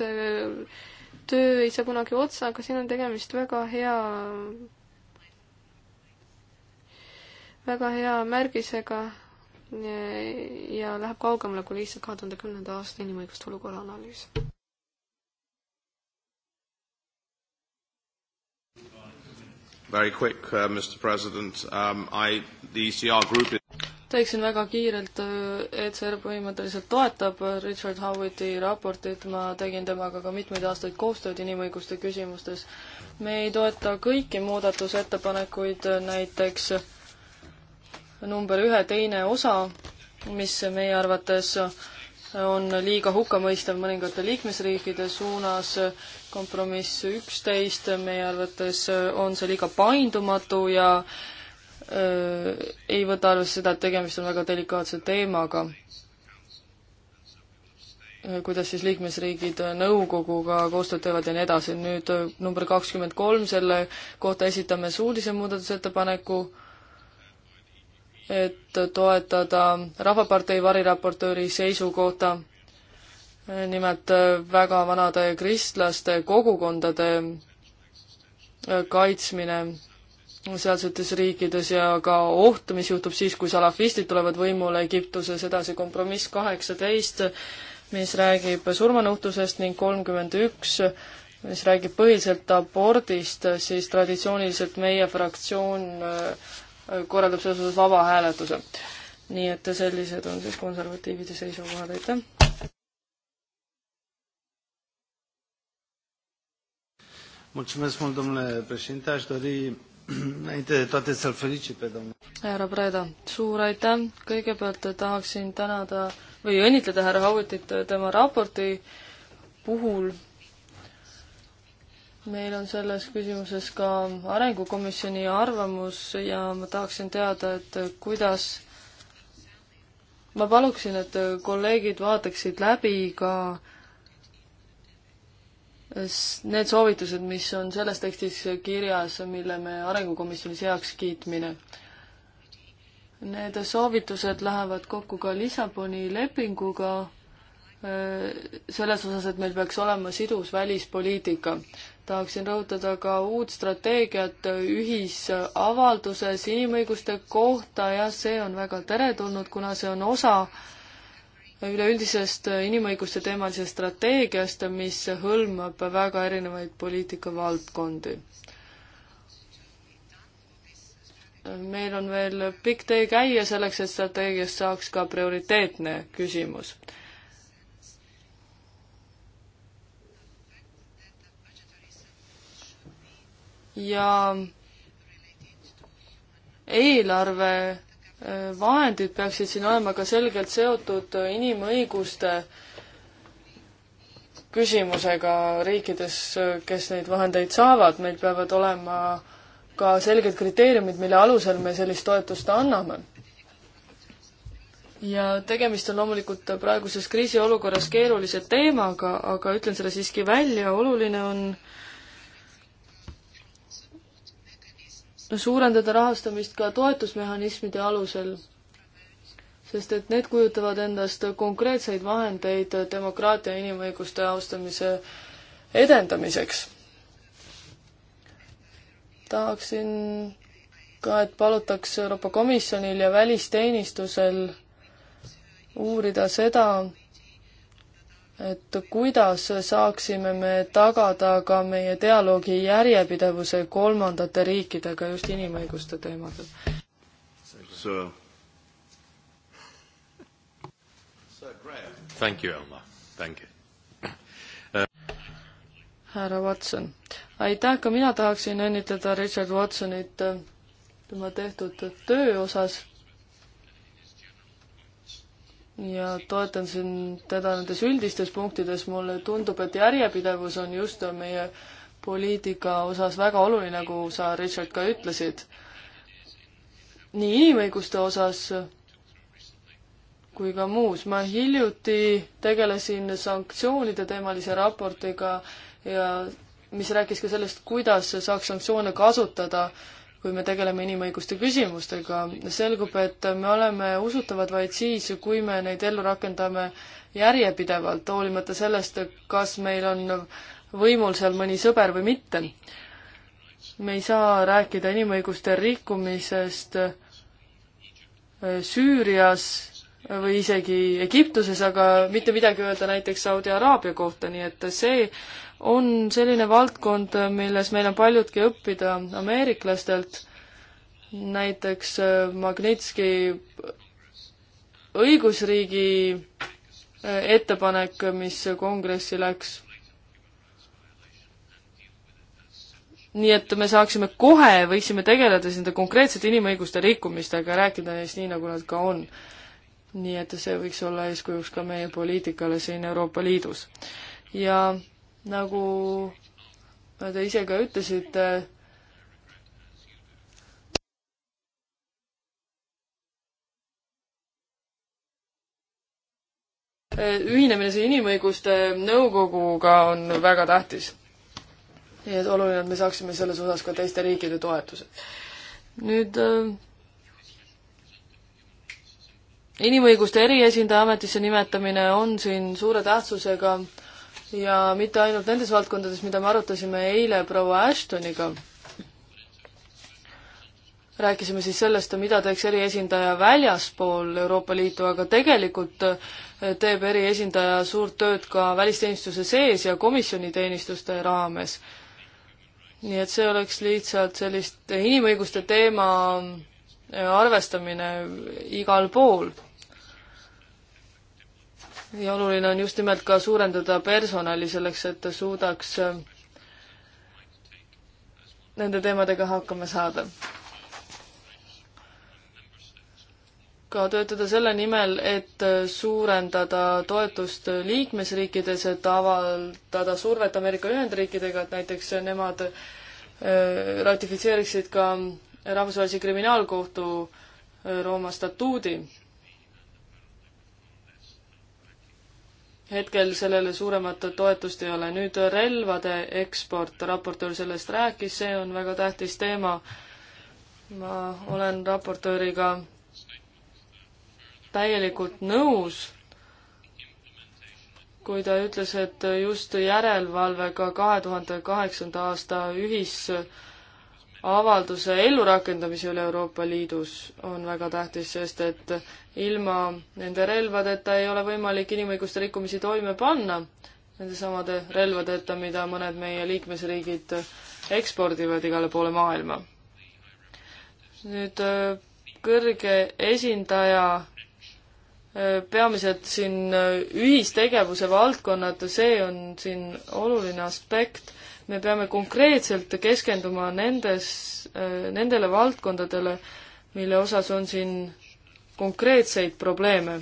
töö ei saa kunagi otsa, aga siin on tegemist väga hea, väga hea märgisega ja, ja läheb kaugemale kui lihtsalt kahe tuhande kümnenda aasta inimõiguste olukorra analüüs. Very quick uh,, Mr President um,. I, the ECR group is... teeksin väga kiirelt, uh, ECR põhimõtteliselt toetab uh, Richard Howitti raportit, ma tegin temaga ka mitmeid aastaid koostööd inimõiguste küsimustes. me ei toeta kõiki muudatusettepanekuid, uh, näiteks number ühe teine osa, mis meie arvates on liiga hukkamõistev mõningate liikmesriikide suunas kompromiss üksteist, meie arvates äh, on see liiga paindumatu ja öö, äh, ei võta arvesse seda, et tegemist on väga delikaatse teemaga. Äh, kuidas siis liikmesriigid nõukoguga koostööd teevad ja nii edasi. nüüd number kakskümmend kolm, selle kohta esitame suulise muudatusettepaneku, et toetada Rahvapartei variraportööri seisukohta nimelt äh, väga vanade kristlaste kogukondade äh, kaitsmine sealsetes riikides ja ka oht, mis juhtub siis, kui salafistid tulevad võimule Egiptuses, edasi kompromiss kaheksateist, mis räägib surmanuhtlusest ning kolmkümmend üks, mis räägib põhiliselt abordist, siis traditsiooniliselt meie fraktsioon äh, korraldab selles osas vaba hääletuse. nii et sellised on siis konservatiivide seisukohad, aitäh! Mulțumesc mult, domnule președinte. Aș dori Înainte de toate să-l felicit pe domnul. härra Preda, suur aitäh, kõigepealt tahaksin tänada või õnnitleda härra Hauitit tema raporti puhul. meil on selles küsimuses ka Arengukomisjoni arvamus ja ma tahaksin teada, et kuidas, ma paluksin, et kolleegid vaataksid läbi ka äh, need soovitused, mis on selles tekstis kirjas, mille me Arengukomisjonis heaks kiitmine. Need soovitused lähevad kokku ka Lissaboni lepinguga äh, selles osas, et meil peaks olema sidus välispoliitika. tahaksin rõhutada ka uut strateegiat ühisavalduses inimõiguste kohta, jah, see on väga teretulnud, kuna see on osa äh, üleüldisest inimõiguste teemalisest strateegiast, mis hõlmab väga erinevaid poliitikavaldkondi. meil on veel pikk tee käia selleks, et strateegiast saaks ka prioriteetne küsimus ja eelarve vahendid peaksid siin olema ka selgelt seotud inimõiguste küsimusega riikides, kes neid vahendeid saavad, meil peavad olema ka selged kriteeriumid, mille alusel me sellist toetust anname. ja tegemist on loomulikult praeguses kriisiolukorras keerulise teemaga, aga ütlen selle siiski välja, oluline on äh, suurendada rahastamist ka toetusmehhanismide alusel, sest et need kujutavad endast konkreetseid vahendeid demokraatia ja inimõiguste austamise edendamiseks. tahaksin ka, et palutaks Euroopa Komisjonil ja välisteenistusel uurida seda, et kuidas saaksime me tagada ka meie dialoogi järjepidevuse kolmandate riikidega just inimõiguste teemadel? Uh, härra Watson, aitäh, ka mina tahaksin õnnitleda Richard Watsonit tema tehtud töö osas ja toetan siin teda nendes üldistes punktides, mulle tundub, et järjepidevus on just meie poliitika osas väga oluline, nagu sa, Richard, ka ütlesid. nii inimõiguste osas kui ka muus. ma hiljuti tegelesin sanktsioonide teemalise raportiga ja mis rääkis ka sellest, kuidas saaks sanktsioone kasutada äh, kui me tegeleme inimõiguste küsimustega. selgub, et me oleme usutavad vaid siis, kui me neid ellu rakendame järjepidevalt, hoolimata sellest, kas meil on võimul seal mõni sõber või mitte. me ei saa rääkida inimõiguste rikkumisest eh, Süürias või isegi Egiptuses, aga mitte midagi öelda näiteks Saudi Araabia kohta, nii et see on selline valdkond, milles meil on paljudki õppida ameeriklastelt, näiteks äh, Magnitski õigusriigi äh, ettepanek, mis kongressi läks. nii et me saaksime kohe, võiksime tegeleda siis nende konkreetsete inimõiguste rikkumistega, rääkida neist nii, nagu nad ka on. nii et see võiks olla eeskujuks ka meie poliitikale siin Euroopa Liidus. ja nagu te ise ka ütlesite, ühinemine selle inimõiguste nõukoguga on väga tähtis. nii et oluline, et me saaksime selles osas ka teiste riikide toetuse. nüüd äh, inimõiguste eriesindaja ametisse nimetamine on siin suure tähtsusega äh, ja mitte ainult nendes valdkondades, mida me arutasime eile proua Ashtoniga. rääkisime siis sellest, mida teeks eriesindaja väljaspool Euroopa Liitu, aga tegelikult eh, teeb eriesindaja suurt tööd ka välisteenistuse sees ja komisjoni teenistuste raames. nii et see oleks lihtsalt sellist inimõiguste teema eh, arvestamine igal pool ja oluline on just nimelt ka suurendada personali selleks, et ta suudaks äh, nende teemadega hakkama saada. ka töötada selle nimel, et äh, suurendada toetust liikmesriikides, et avaldada survet Ameerika Ühendriikidega, et näiteks nemad äh, ratifitseeriksid ka rahvusvahelise kriminaalkohtu Rooma statuudi hetkel sellele suuremat toetust ei ole. nüüd relvade eksport, raportöör sellest rääkis, see on väga tähtis teema. ma olen raportööriga täielikult nõus, kui ta ütles, et just järelevalvega kahe tuhande kaheksanda aasta ühis- avalduse ellurakendamise üle Euroopa Liidus on väga tähtis, sest et ilma nende relvadeta ei ole võimalik inimõiguste rikkumisi toime panna, nendesamade relvadeta, mida mõned meie liikmesriigid ekspordivad igale poole maailma. nüüd äh, kõrge esindaja äh, peamiselt siin äh, ühistegevuse valdkonnad, see on siin oluline aspekt me peame konkreetselt keskenduma nendes, nendele valdkondadele, mille osas on siin konkreetseid probleeme.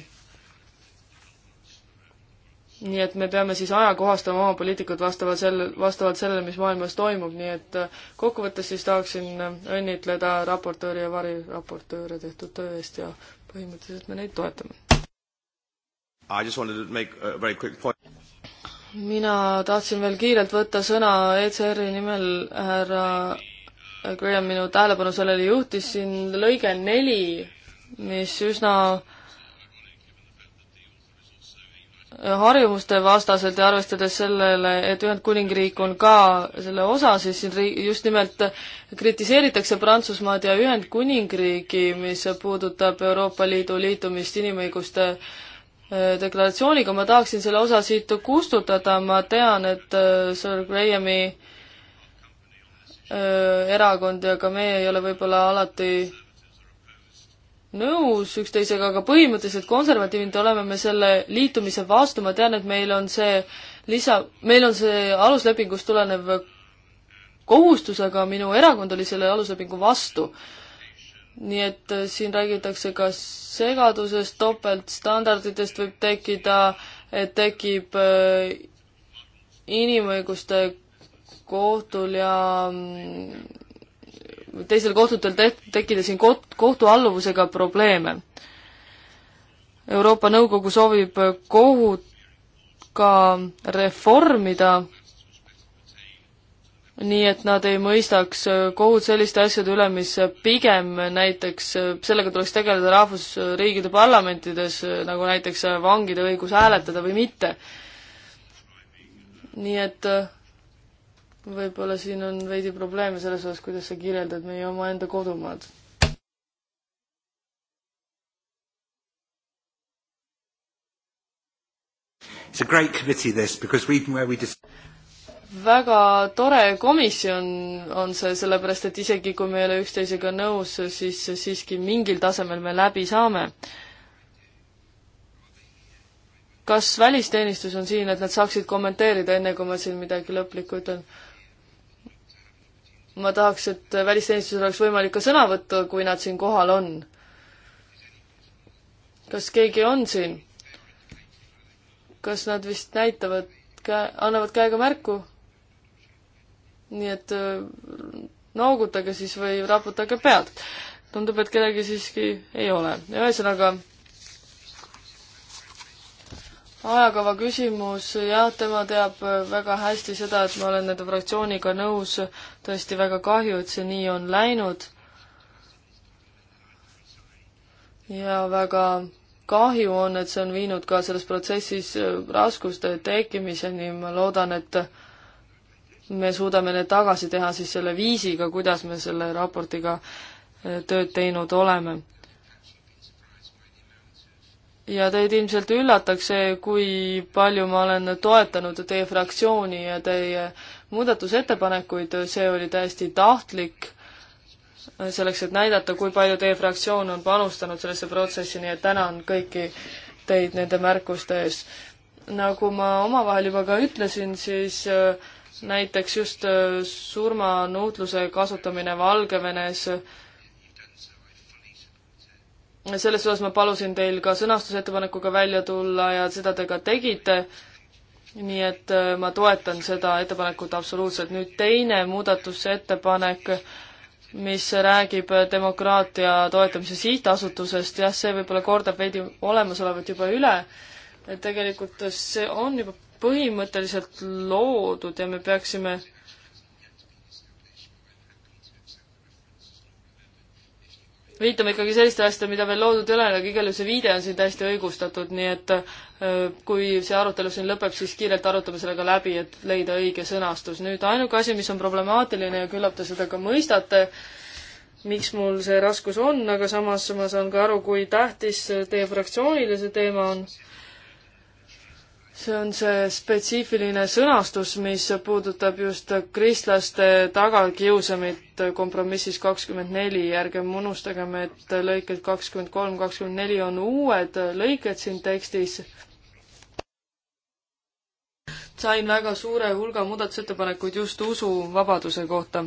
nii et me peame siis ajakohastama oma poliitikud vastavalt sellele, vastavalt sellele, mis maailmas toimub, nii et kokkuvõttes siis tahaksin õnnitleda raportööri ja variraportööre tehtud töö eest ja põhimõtteliselt me neid toetame. I just wanted to make a very quick point mina tahtsin veel kiirelt võtta sõna ECR-i nimel, härra Graham minu tähelepanu sellele juhtis, siin lõige neli, mis üsna harjumuste vastaselt ja arvestades sellele, et Ühendkuningriik on ka selle osa, siis siin just nimelt kritiseeritakse Prantsusmaad ja Ühendkuningriigi, mis puudutab Euroopa Liidu liitumist inimõiguste äh, Äh, deklaratsiooniga, ma tahaksin selle osa siit kustutada, ma tean, et äh, Sir Graham'i äh, erakond ja ka meie ei ole võib-olla alati nõus üksteisega, aga põhimõtteliselt konservatiivid oleme me selle liitumise vastu, ma tean, et meil on see lisa, meil on see aluslepingust tulenev kohustus, aga minu erakond oli selle aluslepingu vastu nii et äh, siin räägitakse ka segadusest, topeltstandarditest võib tekkida, et tekib äh, inimõiguste kohtul ja mm, teistel kohtutel te-, tekkida siin koht-, kohtualluvusega probleeme. Euroopa Nõukogu soovib kohut ka reformida nii et nad ei mõistaks äh, kohut selliste asjade üle, mis äh, pigem näiteks, äh, sellega tuleks tegeleda rahvusriigide parlamentides, nagu näiteks vangide õigus hääletada või mitte. nii et võib-olla siin on veidi probleeme selles osas, kuidas sa kirjeldad meie omaenda kodumaad It's a great committee this because even where we dis- väga tore komisjon on see, sellepärast et isegi kui me ei ole üksteisega nõus, siis siiski mingil tasemel me läbi saame. kas välisteenistus on siin, et nad saaksid kommenteerida, enne kui ma siin midagi lõplikku ütlen? ma tahaks, et välisteenistusel oleks võimalik ka sõna võtta, kui nad siin kohal on. kas keegi on siin? kas nad vist näitavad käe, annavad käega märku? nii et äh, noogutage siis või raputage pead. tundub, et kedagi siiski ei ole. ühesõnaga, ajakava küsimus, jah, tema teab äh, väga hästi seda, et ma olen nende fraktsiooniga nõus, tõesti väga kahju, et see nii on läinud. ja väga kahju on, et see on viinud ka selles protsessis äh, raskuste tekkimiseni, ma loodan, et me suudame need tagasi teha siis selle viisiga, kuidas me selle raportiga äh, tööd teinud oleme. ja teid ilmselt üllataks see, kui palju ma olen toetanud teie fraktsiooni ja teie muudatusettepanekuid, see oli täiesti tahtlik, äh, selleks, et näidata, kui palju teie fraktsioon on panustanud sellesse protsessi, nii et tänan kõiki teid nende märkuste eest. nagu ma omavahel juba ka ütlesin, siis äh, näiteks just äh, surmanuhtluse kasutamine Valgevenes. selles osas ma palusin teil ka sõnastusettepanekuga välja tulla ja seda te ka tegite. nii et äh, ma toetan seda ettepanekut absoluutselt. nüüd teine muudatusettepanek, mis räägib demokraatia toetamise sihtasutusest, jah, see võib-olla kordab veidi olemasolevat juba üle et tegelikult see on juba põhimõtteliselt loodud ja me peaksime viitame ikkagi sellistele asjadele, mida veel loodud ei ole, aga igal juhul see viide on siin täiesti õigustatud, nii et äh, kui see arutelu siin lõpeb, siis kiirelt arutame selle ka läbi, et leida õige sõnastus. nüüd ainuke asi, mis on problemaatiline ja küllap te seda ka mõistate, miks mul see raskus on, aga samas ma saan ka aru, kui tähtis teie fraktsioonile see teema on see on see spetsiifiline sõnastus, mis puudutab just kristlaste tagakiusamit kompromissis kakskümmend neli, ärgem unustagem, et lõiked kakskümmend kolm, kakskümmend neli on uued lõiked siin tekstis. sain väga suure hulga muudatusettepanekuid just usuvabaduse kohta.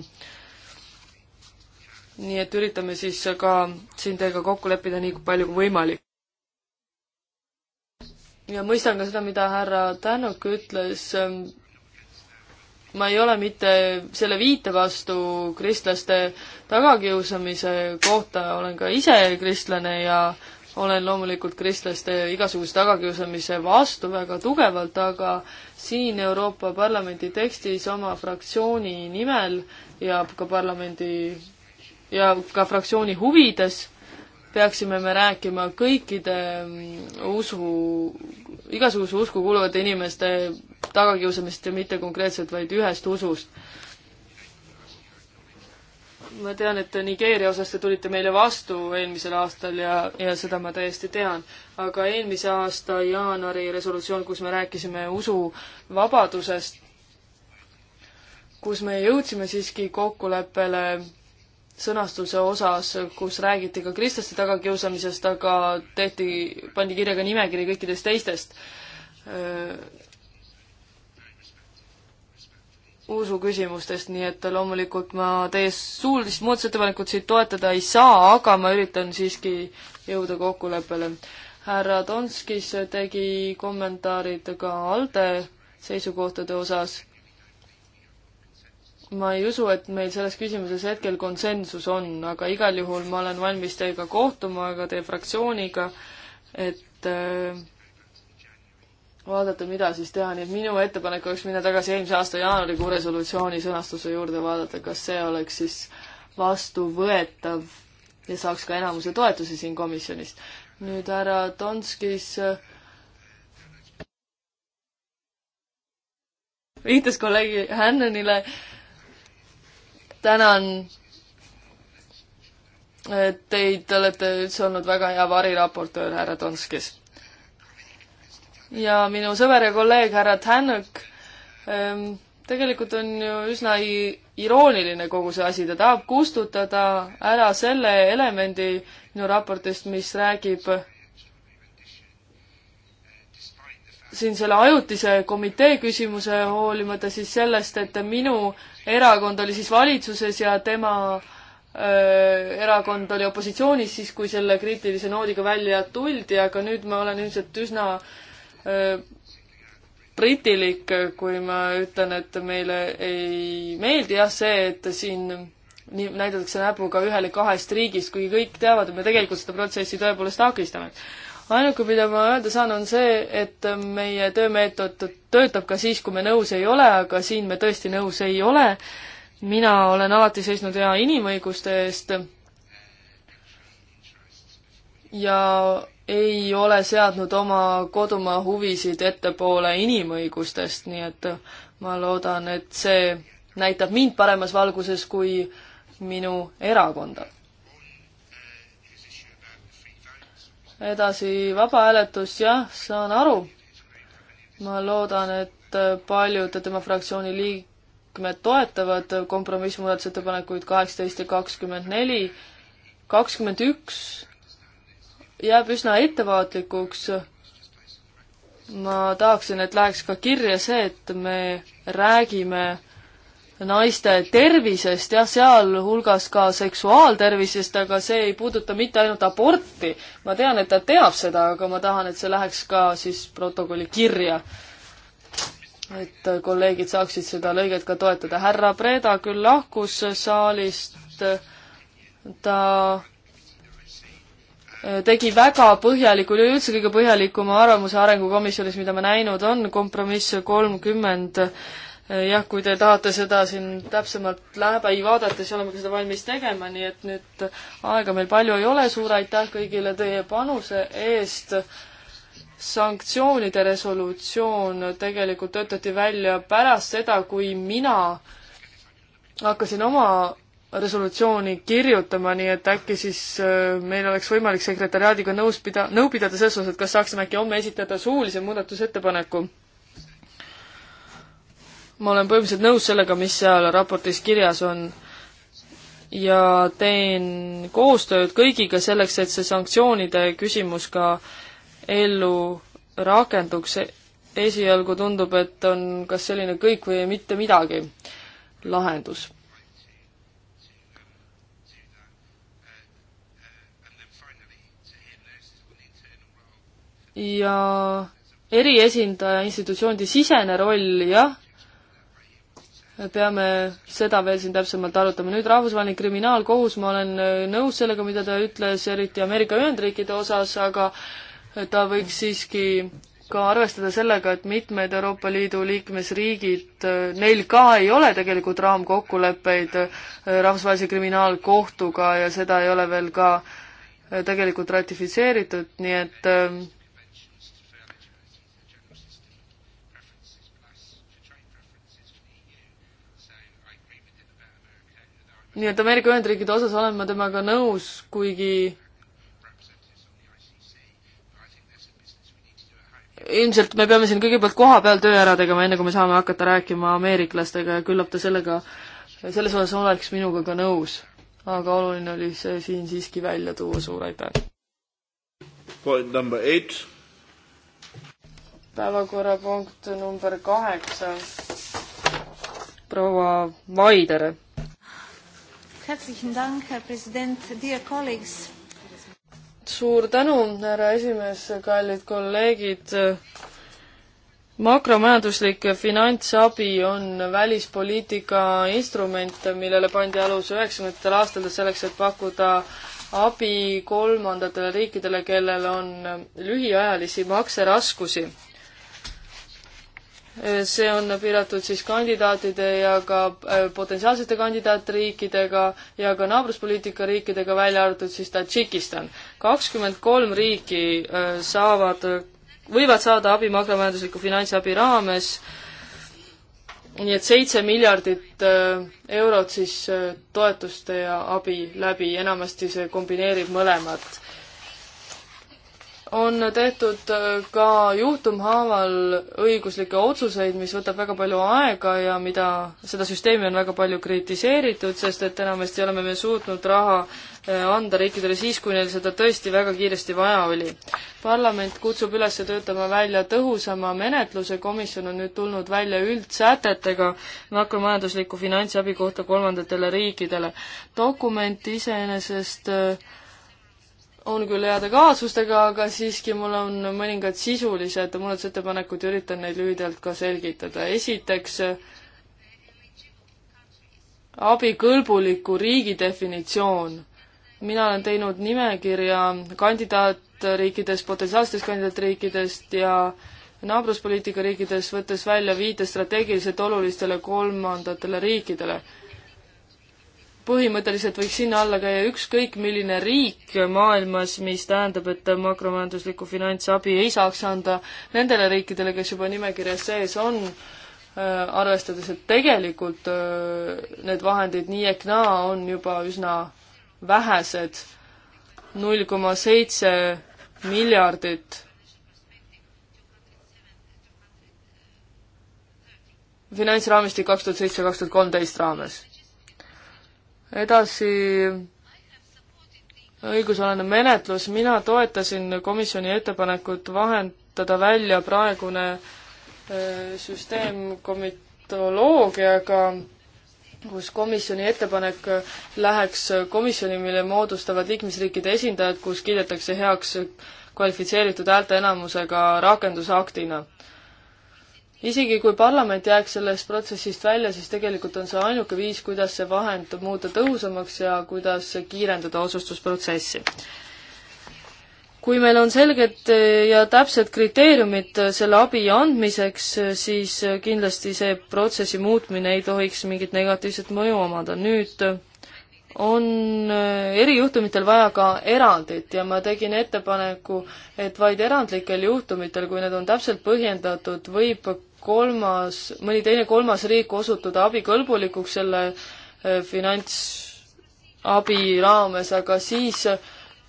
nii et üritame siis ka siin teiega kokku leppida nii palju kui võimalik ja mõistan ka seda, mida härra Tänuk ütles, ma ei ole mitte selle viite vastu kristlaste tagakiusamise kohta, olen ka ise kristlane ja olen loomulikult kristlaste igasuguse tagakiusamise vastu väga tugevalt, aga siin Euroopa Parlamendi tekstis oma fraktsiooni nimel ja ka parlamendi ja ka fraktsiooni huvides peaksime me rääkima kõikide mm, usu, igasuguse usku kuuluvate inimeste tagakiusamist ja mitte konkreetselt vaid ühest usust. ma tean, et Nigeeria osas te tulite meile vastu eelmisel aastal ja, ja seda ma täiesti tean, aga eelmise aasta jaanuari resolutsioon, kus me rääkisime usuvabadusest, kus me jõudsime siiski kokkuleppele sõnastuse osas, kus räägiti ka kristlaste tagakiusamisest, aga tehti, pandi kirja ka nimekiri kõikidest teistest öö, usuküsimustest, nii et loomulikult ma teie suulist muudatusettepanekut siit toetada ei saa, aga ma üritan siiski jõuda kokkuleppele. härra Donskis tegi kommentaarid ka ALDE seisukohtade osas ma ei usu, et meil selles küsimuses hetkel konsensus on, aga igal juhul ma olen valmis teiega kohtuma, ka teie fraktsiooniga, et äh, vaadata, mida siis teha, nii et minu ettepanek oleks minna tagasi eelmise aasta jaanuarikuu resolutsiooni sõnastuse juurde, vaadata, kas see oleks siis vastuvõetav ja saaks ka enamuse toetuse siin komisjonis. nüüd härra Tonskis äh, viitas kolleeg Hännonile tänan teid, te olete üldse olnud väga hea variraportöör, härra Donskis. ja minu sõber ja kolleeg härra Tänak ähm,, tegelikult on ju üsna irooniline kogu see asi, ta tahab kustutada ära selle elemendi minu raportist, mis räägib siin selle ajutise komitee küsimuse hoolimata siis sellest, et minu erakond oli siis valitsuses ja tema öö, erakond oli opositsioonis siis, kui selle kriitilise noodiga välja tuldi, aga nüüd ma olen ilmselt üsna öö, britilik, kui ma ütlen, et meile ei meeldi jah see, et siin nii näidatakse näpuga ühele kahest riigist, kuigi kõik teavad, et me tegelikult seda protsessi tõepoolest takistame ainuke, mida ma öelda saan, on see, et meie töömeetod töötab ka siis, kui me nõus ei ole, aga siin me tõesti nõus ei ole. mina olen alati seisnud hea inimõiguste eest ja ei ole seadnud oma kodumaa huvisid ettepoole inimõigustest, nii et ma loodan, et see näitab mind paremas valguses kui minu erakonda edasi vaba hääletus, jah, saan aru. ma loodan, et paljud tema fraktsiooni liikmed toetavad kompromissmuudatusettepanekuid kaheksateist ja kakskümmend neli. kakskümmend üks jääb üsna ettevaatlikuks. ma tahaksin, et läheks ka kirja see, et me räägime naiste tervisest, jah, sealhulgas ka seksuaaltervisest, aga see ei puuduta mitte ainult aborti. ma tean, et ta teab seda, aga ma tahan, et see läheks ka siis protokolli kirja. et kolleegid saaksid seda lõiget ka toetada. härra Breda küll lahkus saalist, ta tegi väga põhjaliku, üleüldse kõige põhjalikuma arvamuse Arengukomisjonis, mida me näinud on, kompromiss kolmkümmend 30 Äh, jah, kui te tahate seda siin täpsemalt läbi vaadata, siis oleme ka seda valmis tegema, nii et nüüd aega meil palju ei ole, suur aitäh kõigile teie panuse eest. sanktsioonide resolutsioon tegelikult töötati välja pärast seda, kui mina hakkasin oma resolutsiooni kirjutama, nii et äkki siis äh, meil oleks võimalik sekretäriaadiga nõus pida-, nõu pidada selles osas, et kas saaksime äkki homme esitada suulise muudatusettepaneku ma olen põhimõtteliselt nõus sellega, mis seal raportis kirjas on ja teen koostööd kõigiga selleks, et see sanktsioonide küsimus ka ellu rakenduks. esialgu tundub, et on kas selline kõik või mitte midagi lahendus. ja eriesindaja institutsioonide sisene roll, jah peame seda veel siin täpsemalt arutama. nüüd Rahvusvaheline Kriminaalkohus, ma olen äh, nõus sellega, mida ta ütles, eriti Ameerika Ühendriikide osas, aga ta võiks siiski ka arvestada sellega, et mitmed Euroopa Liidu liikmesriigid, äh, neil ka ei ole tegelikult raamkokkuleppeid äh, Rahvusvahelise Kriminaalkohtuga ja seda ei ole veel ka tegelikult ratifitseeritud, nii et nii et Ameerika Ühendriikide osas olen ma temaga nõus, kuigi ilmselt me peame siin kõigepealt koha peal töö ära tegema, enne kui me saame hakata rääkima ameeriklastega ja küllap ta sellega, selles osas oleks minuga ka nõus. aga oluline oli see siin siiski välja tuua, suur aitäh! Point number eight. päevakorrapunkt number kaheksa. proua Vaider herzlichen Dank, Herr President, dear colleagues. suur tänu, härra esimees, kallid kolleegid. makromajanduslik finantsabi on välispoliitika instrument, millele pandi alus üheksakümnendatel aastatel selleks, et pakkuda abi kolmandatele riikidele, kellel on lühiajalisi makseraskusi see on piiratud siis kandidaatide ja ka äh, potentsiaalsete kandidaatriikidega ja ka naabruspoliitika riikidega, välja arvatud siis Tadžikistan. kakskümmend kolm riiki äh, saavad, võivad saada abi makromajandusliku finantsabi raames, nii et seitse miljardit äh, eurot siis toetuste ja abi läbi, enamasti see kombineerib mõlemat on tehtud äh, ka juhtumhaaval õiguslikke otsuseid, mis võtab väga palju aega ja mida, seda süsteemi on väga palju kritiseeritud, sest et enamasti oleme me suutnud raha äh, anda riikidele siis, kui neil seda tõesti väga kiiresti vaja oli. parlament kutsub üles töötama välja tõhusama menetluse, komisjon on nüüd tulnud välja üldsätetega makromajandusliku finantsabi kohta kolmandatele riikidele. dokument iseenesest äh, on küll heade kaasustega, aga siiski mul on mõningad sisulised muudatusettepanekud ja üritan neid lühidalt ka selgitada. esiteks, abikõlbuliku riigi definitsioon. mina olen teinud nimekirja kandidaatriikidest, potentsiaalsetest kandidaatriikidest ja naabruspoliitika riikides, võttes välja viite strateegiliselt olulistele kolmandatele riikidele põhimõtteliselt võiks sinna alla käia ükskõik milline riik maailmas, mis tähendab, et makromajanduslikku finantsabi ei saaks anda nendele riikidele, kes juba nimekirjas sees on, äh, arvestades, et tegelikult äh, need vahendid nii ehk naa on juba üsna vähesed, null koma seitse miljardit finantsraamistik kaks tuhat seitse, kaks tuhat kolmteist raames edasi õigusalane menetlus, mina toetasin komisjoni ettepanekut vahendada välja praegune äh, süsteem komitoloogiaga, kus komisjoni ettepanek läheks komisjoni, mille moodustavad liikmesriikide esindajad, kus kiidetakse heaks kvalifitseeritud häälteenamusega rakendusaktina isegi kui parlament jääks sellest protsessist välja, siis tegelikult on see ainuke viis, kuidas see vahend muuta tõhusamaks ja kuidas kiirendada otsustusprotsessi. kui meil on selged eh, ja täpsed kriteeriumid eh, selle abi andmiseks, eh, siis kindlasti see protsessi muutmine ei tohiks mingit negatiivset mõju omada. nüüd on erijuhtumitel vaja ka erandit ja ma tegin ettepaneku, et vaid erandlikel juhtumitel, kui need on täpselt põhjendatud, võib kolmas, mõni teine kolmas riik osutuda abikõlbulikuks selle eh, finantsabi raames, aga siis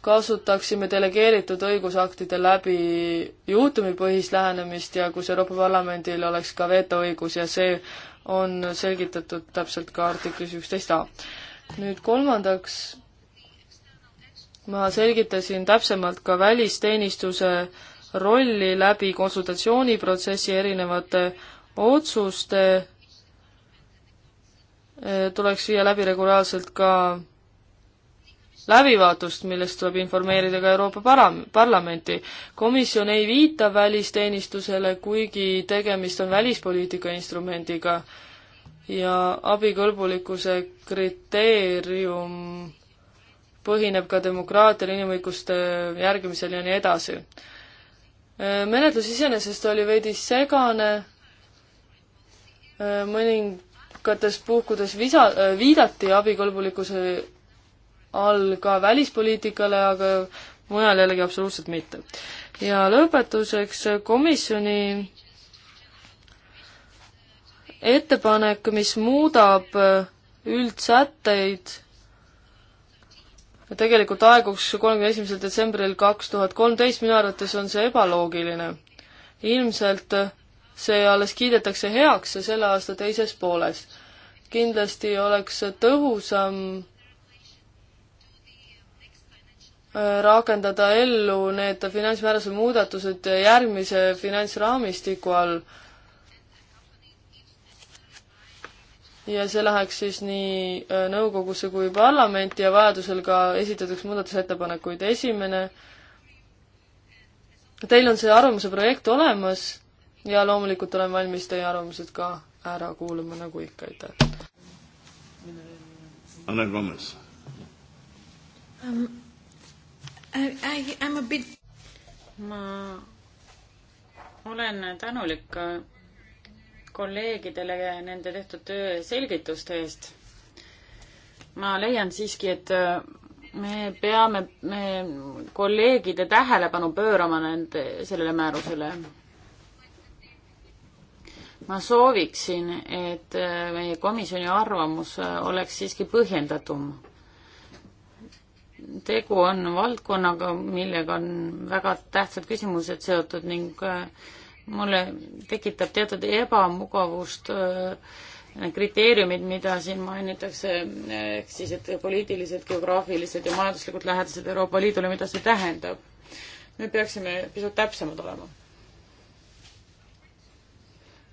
kasutaksime delegeeritud õigusaktide läbi juhtumipõhist lähenemist ja kus Euroopa Parlamendil oleks ka vetoõigus ja see on selgitatud täpselt ka artiklis üksteist A. nüüd kolmandaks ma selgitasin täpsemalt ka välisteenistuse äh, rolli läbi konsultatsiooniprotsessi erinevate otsuste eh, tuleks viia läbi regulaarselt ka läbivaatust, millest tuleb informeerida ka Euroopa para-, Parlamenti. komisjon ei viita välisteenistusele, kuigi tegemist on välispoliitika instrumendiga ja abikõlbulikkuse kriteerium põhineb ka demokraatial, inimõiguste järgimisel ja nii edasi. Äh, menetlus iseenesest oli veidi segane, äh, mõningates puhkudes visa, äh, viidati abikõlbulikkuse all ka välispoliitikale, aga mujal jällegi absoluutselt mitte. ja lõpetuseks komisjoni ettepanek, mis muudab üldsätteid tegelikult aeguks kolmekümne esimesel detsembril kaks tuhat kolmteist, minu arvates on see ebaloogiline. ilmselt see alles kiidetakse heaks selle aasta teises pooles. kindlasti oleks tõhusam äh, rakendada ellu need finantsmääruse muudatused järgmise finantsraamistiku all ja see läheks siis nii äh, nõukogusse kui parlamenti ja vajadusel ka esitatakse muudatusettepanekuid. esimene, teil on see arvamuse projekt olemas ja loomulikult olen valmis teie arvamused ka ära kuulama, nagu ikka, aitäh. Anne Gomes. Um, ma olen tänulik kolleegidele nende tehtud töö selgituste eest. ma leian siiski, et äh, me peame me kolleegide tähelepanu pöörama nende, sellele määrusele. ma sooviksin, et äh, meie komisjoni arvamus äh, oleks siiski põhjendatum. tegu on valdkonnaga, millega on väga tähtsad küsimused seotud ning äh, mulle tekitab teatud ebamugavust need äh, kriteeriumid, mida siin mainitakse, ehk siis, et poliitilised, geograafilised ja majanduslikult lähedased Euroopa Liidule, mida see tähendab. me peaksime pisut täpsemad olema.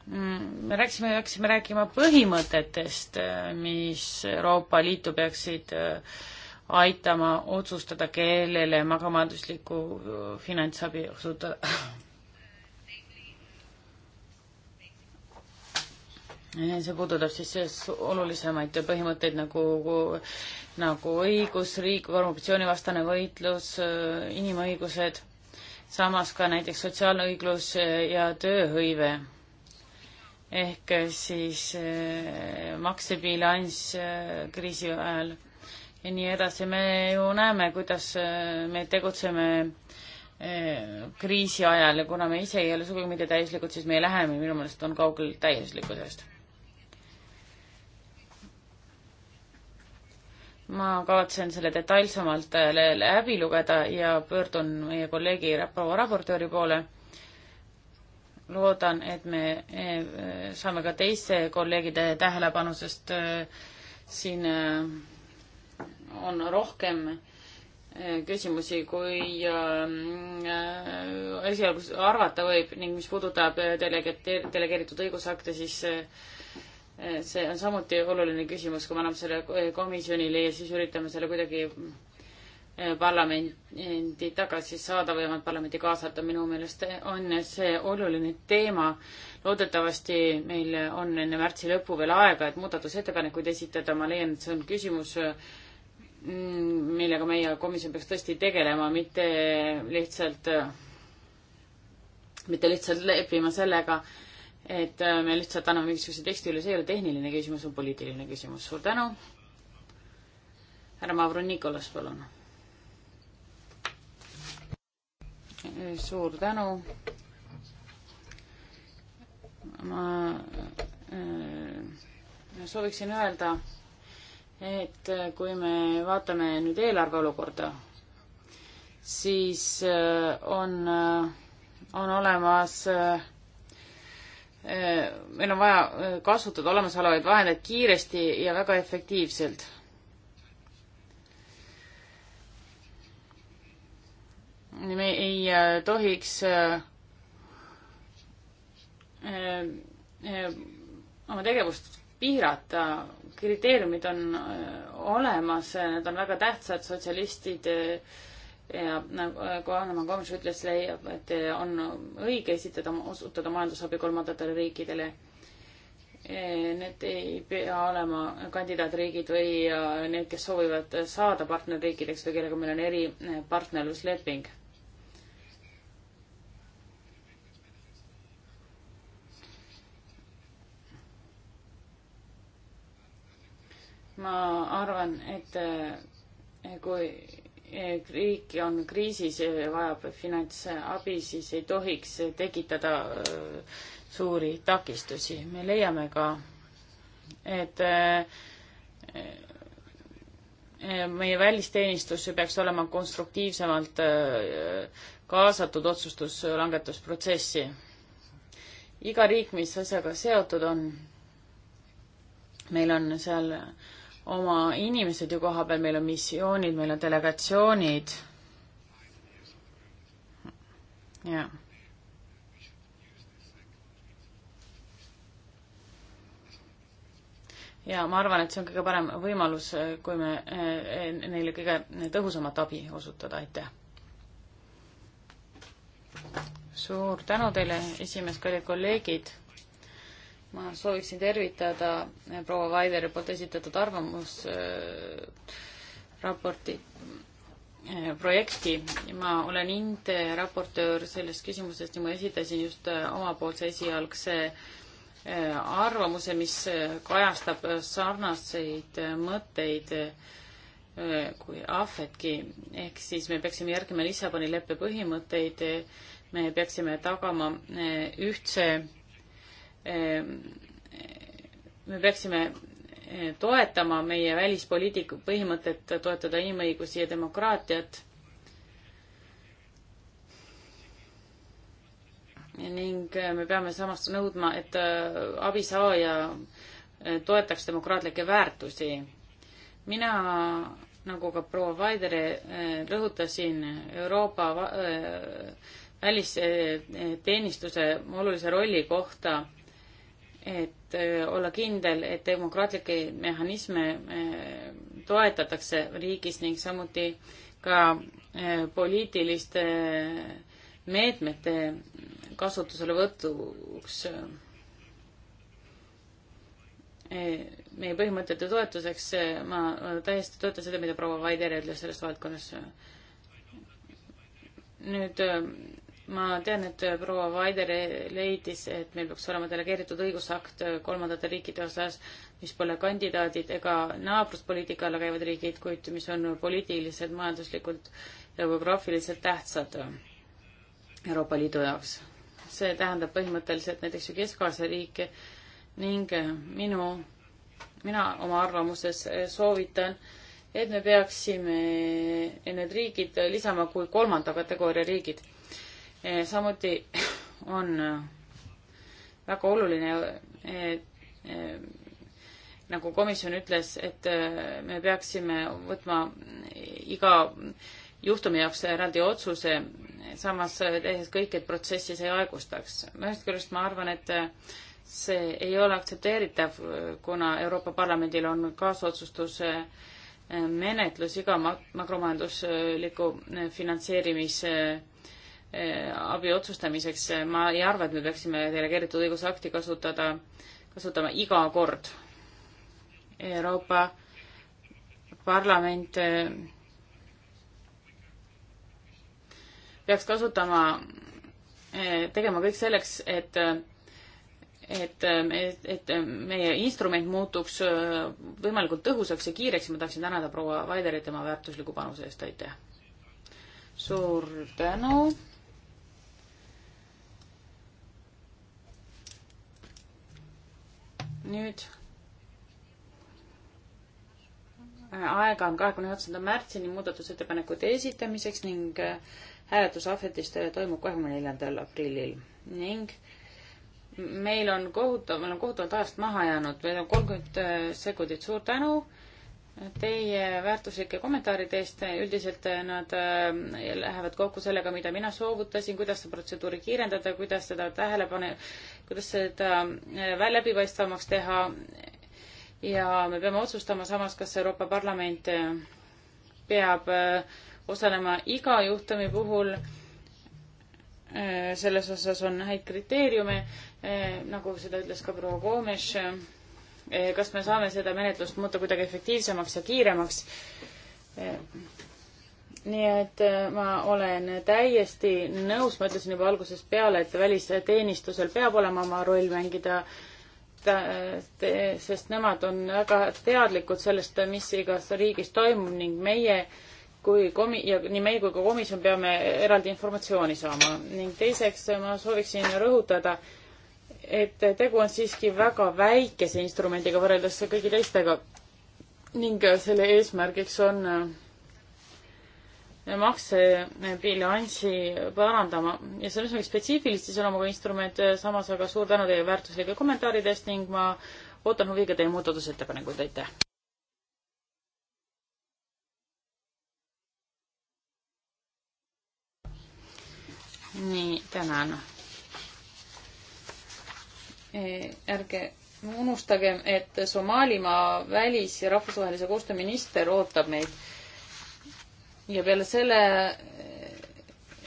Mm, me rääkisime, hakkasime rääkima põhimõtetest, äh, mis Euroopa Liitu peaksid äh, aitama otsustada, kellele magamajanduslikku finantsabi osutada see puudutab siis olulisemaid põhimõtteid nagu, nagu õigusriik, korruptsioonivastane võitlus, inimõigused, samas ka näiteks sotsiaalne õiglus ja tööhõive. ehk siis eh, maksebilanss eh, kriisi ajal ja nii edasi. me ju näeme, kuidas eh, me tegutseme kriisi ajal ja kuna me ise ei ole sugugi mitte täiuslikud, siis meie lähenemine minu meelest on kaugel täiuslikkusest ma kavatsen selle detailsemalt äh, läbi lugeda ja pöördun meie kolleegi proua raportööri poole. loodan, et me äh, saame ka teiste kolleegide tähelepanu, sest äh, siin on rohkem küsimusi, kui esialgu arvata võib ning mis puudutab delegeeritud õigusakte, siis Eh, see on samuti oluline küsimus, kui me anname selle eh, komisjonile ja siis üritame selle kuidagi eh, parlamendi tagasi saada, võimalik parlamendi kaasata, minu meelest on see oluline teema. loodetavasti meil on enne märtsi lõppu veel aega, et muudatusettepanekuid esitada, ma leian, et see on küsimus, millega meie komisjon peaks tõesti tegelema, mitte lihtsalt, mitte lihtsalt leppima sellega, et äh, me lihtsalt anname mingisuguse teksti üle, see ei ole tehniline küsimus, on poliitiline küsimus. suur tänu. härra Mavro Nikolas, palun. suur tänu. ma äh, sooviksin öelda, et äh, kui me vaatame nüüd eelarve olukorda, siis äh, on äh,, on olemas äh, meil on vaja äh, kasutada olemasolevaid vahendeid kiiresti ja väga efektiivselt. me ei äh, tohiks äh, oma tegevust piirata, kriteeriumid on olemas, need on väga tähtsad, sotsialistid äh, ja nagu äh, Kohanemaa komisjon ütles, leiab, et äh, on õige esitada, osutada majandusabi kolmandatele riikidele. Äh, need ei pea olema kandidaatriigid või need, kes soovivad saada partnerriikideks või kellega meil on eripartnerlusleping. ma arvan, et kui riik on kriisis ja vajab finantsabi, siis ei tohiks tekitada äh, suuri takistusi. me leiame ka, et äh, äh, meie välisteenistus peaks olema konstruktiivsemalt kaasatud otsustuslangetusprotsessi. iga riik, mis asjaga seotud on, meil on seal äh, oma inimesed ju koha peal, meil on missioonid, meil on delegatsioonid. jah. ja ma arvan, et see on kõige parem võimalus, kui me eh, neile kõige tõhusamat abi osutada, aitäh. suur tänu teile, esimees, kallid kolleegid ma sooviksin tervitada eh, proua Vaideri poolt esitatud arvamusraporti eh, äh, eh, projekti. ma olen INTE raportöör selles küsimuses ja ma esitasin just omapoolse esialgse äh, arvamuse, mis kajastab sarnaseid mõtteid äh, kui ahvetki, ehk siis me peaksime järgima Lissaboni leppe põhimõtteid, me peaksime tagama ühtse Ehm, me peaksime eh, toetama meie välispoliitika põhimõtet toetada inimõigusi ja demokraatiat ning eh, me peame samas nõudma, et eh, abisaaja toetaks demokraatlikke väärtusi. mina, nagu ka proua Vaidere, rõhutasin Euroopa välisteenistuse olulise rolli kohta et äh, olla kindel, et demokraatlikke mehhanisme äh, toetatakse riigis ning samuti ka äh, poliitiliste meetmete kasutuselevõtuks. meie põhimõtete toetuseks ma täiesti toetan seda, mida proua Vaider ütles selles valdkonnas. nüüd ma tean, et proua Vaider leidis, et meil peaks olema delegeeritud õigusakt kolmandate riikide osas, mis pole kandidaadid ega naabruspoliitika alla käivad riigid, kuid mis on poliitiliselt, majanduslikult ja geograafiliselt tähtsad Euroopa Liidu jaoks. see tähendab põhimõtteliselt näiteks ju Kesk-Aasia riike ning minu, mina oma arvamuses soovitan, et me peaksime need riigid lisama kui kolmanda kategooria riigid Eh, samuti on eh, väga oluline, eh, nagu komisjon ütles, et me peaksime võtma iga juhtumi jaoks eraldi otsuse, samas tehes kõik, et protsessi see aeglustaks. ühest küljest ma arvan, et see ei ole aktsepteeritav, kuna Euroopa Parlamendil on kaasotsustuse menetlus iga makromajandusliku finantseerimise Eh, abi otsustamiseks. ma ei arva, et me peaksime delegeeritud õigusakti kasutada, kasutama iga kord. Euroopa Parlament eh, peaks kasutama, eh, tegema kõik selleks, et et, et, et meie instrument muutuks võimalikult tõhusaks ja kiireks ja ma tahaksin tänada proua Vaiderit tema väärtusliku panuse eest, aitäh! suur tänu! nüüd äh, aega on kahekümne üheksanda märtsini muudatusettepanekute esitamiseks ning äh, hääletus ahvetis äh, toimub kahekümne neljandal aprillil ning meil on kohutav, meil on kohutavalt ajast maha jäänud, meil on kolmkümmend sekundit, suur tänu teie väärtuslike kommentaaride eest, üldiselt eh, nad eh, lähevad kokku sellega, mida mina soovutasin, kuidas seda protseduuri kiirendada, kuidas seda tähelepanu, kuidas seda eh, läbipaistvamaks teha ja me peame otsustama samas, kas Euroopa Parlament peab osalema iga juhtumi puhul. selles osas on häid kriteeriume, nagu seda ütles ka proua Koomes Eh, kas me saame seda menetlust muuta kuidagi efektiivsemaks ja kiiremaks. Eh, nii et eh, ma olen täiesti nõus, ma ütlesin juba algusest peale, et välisteenistusel peab olema oma roll mängida, sest nemad on väga teadlikud sellest, mis igas riigis toimub ning meie kui komi- ja nii meie kui ka komisjon peame eraldi informatsiooni saama ning teiseks ma sooviksin rõhutada, et tegu on siiski väga väikese instrumendiga võrreldes kõigi teistega ning selle eesmärgiks on äh, maksebilansi parandama ja see on üsnagi spetsiifilist iseloomuga instrument, äh, samas aga suur tänu teie väärtuslike kommentaaride eest ning ma ootan huviga teie muudatusettepanekuid, aitäh! nii, tänan Eh, ärge unustagem, et Somaalimaa välis- ja rahvusvahelise koostöö minister ootab meid. ja peale selle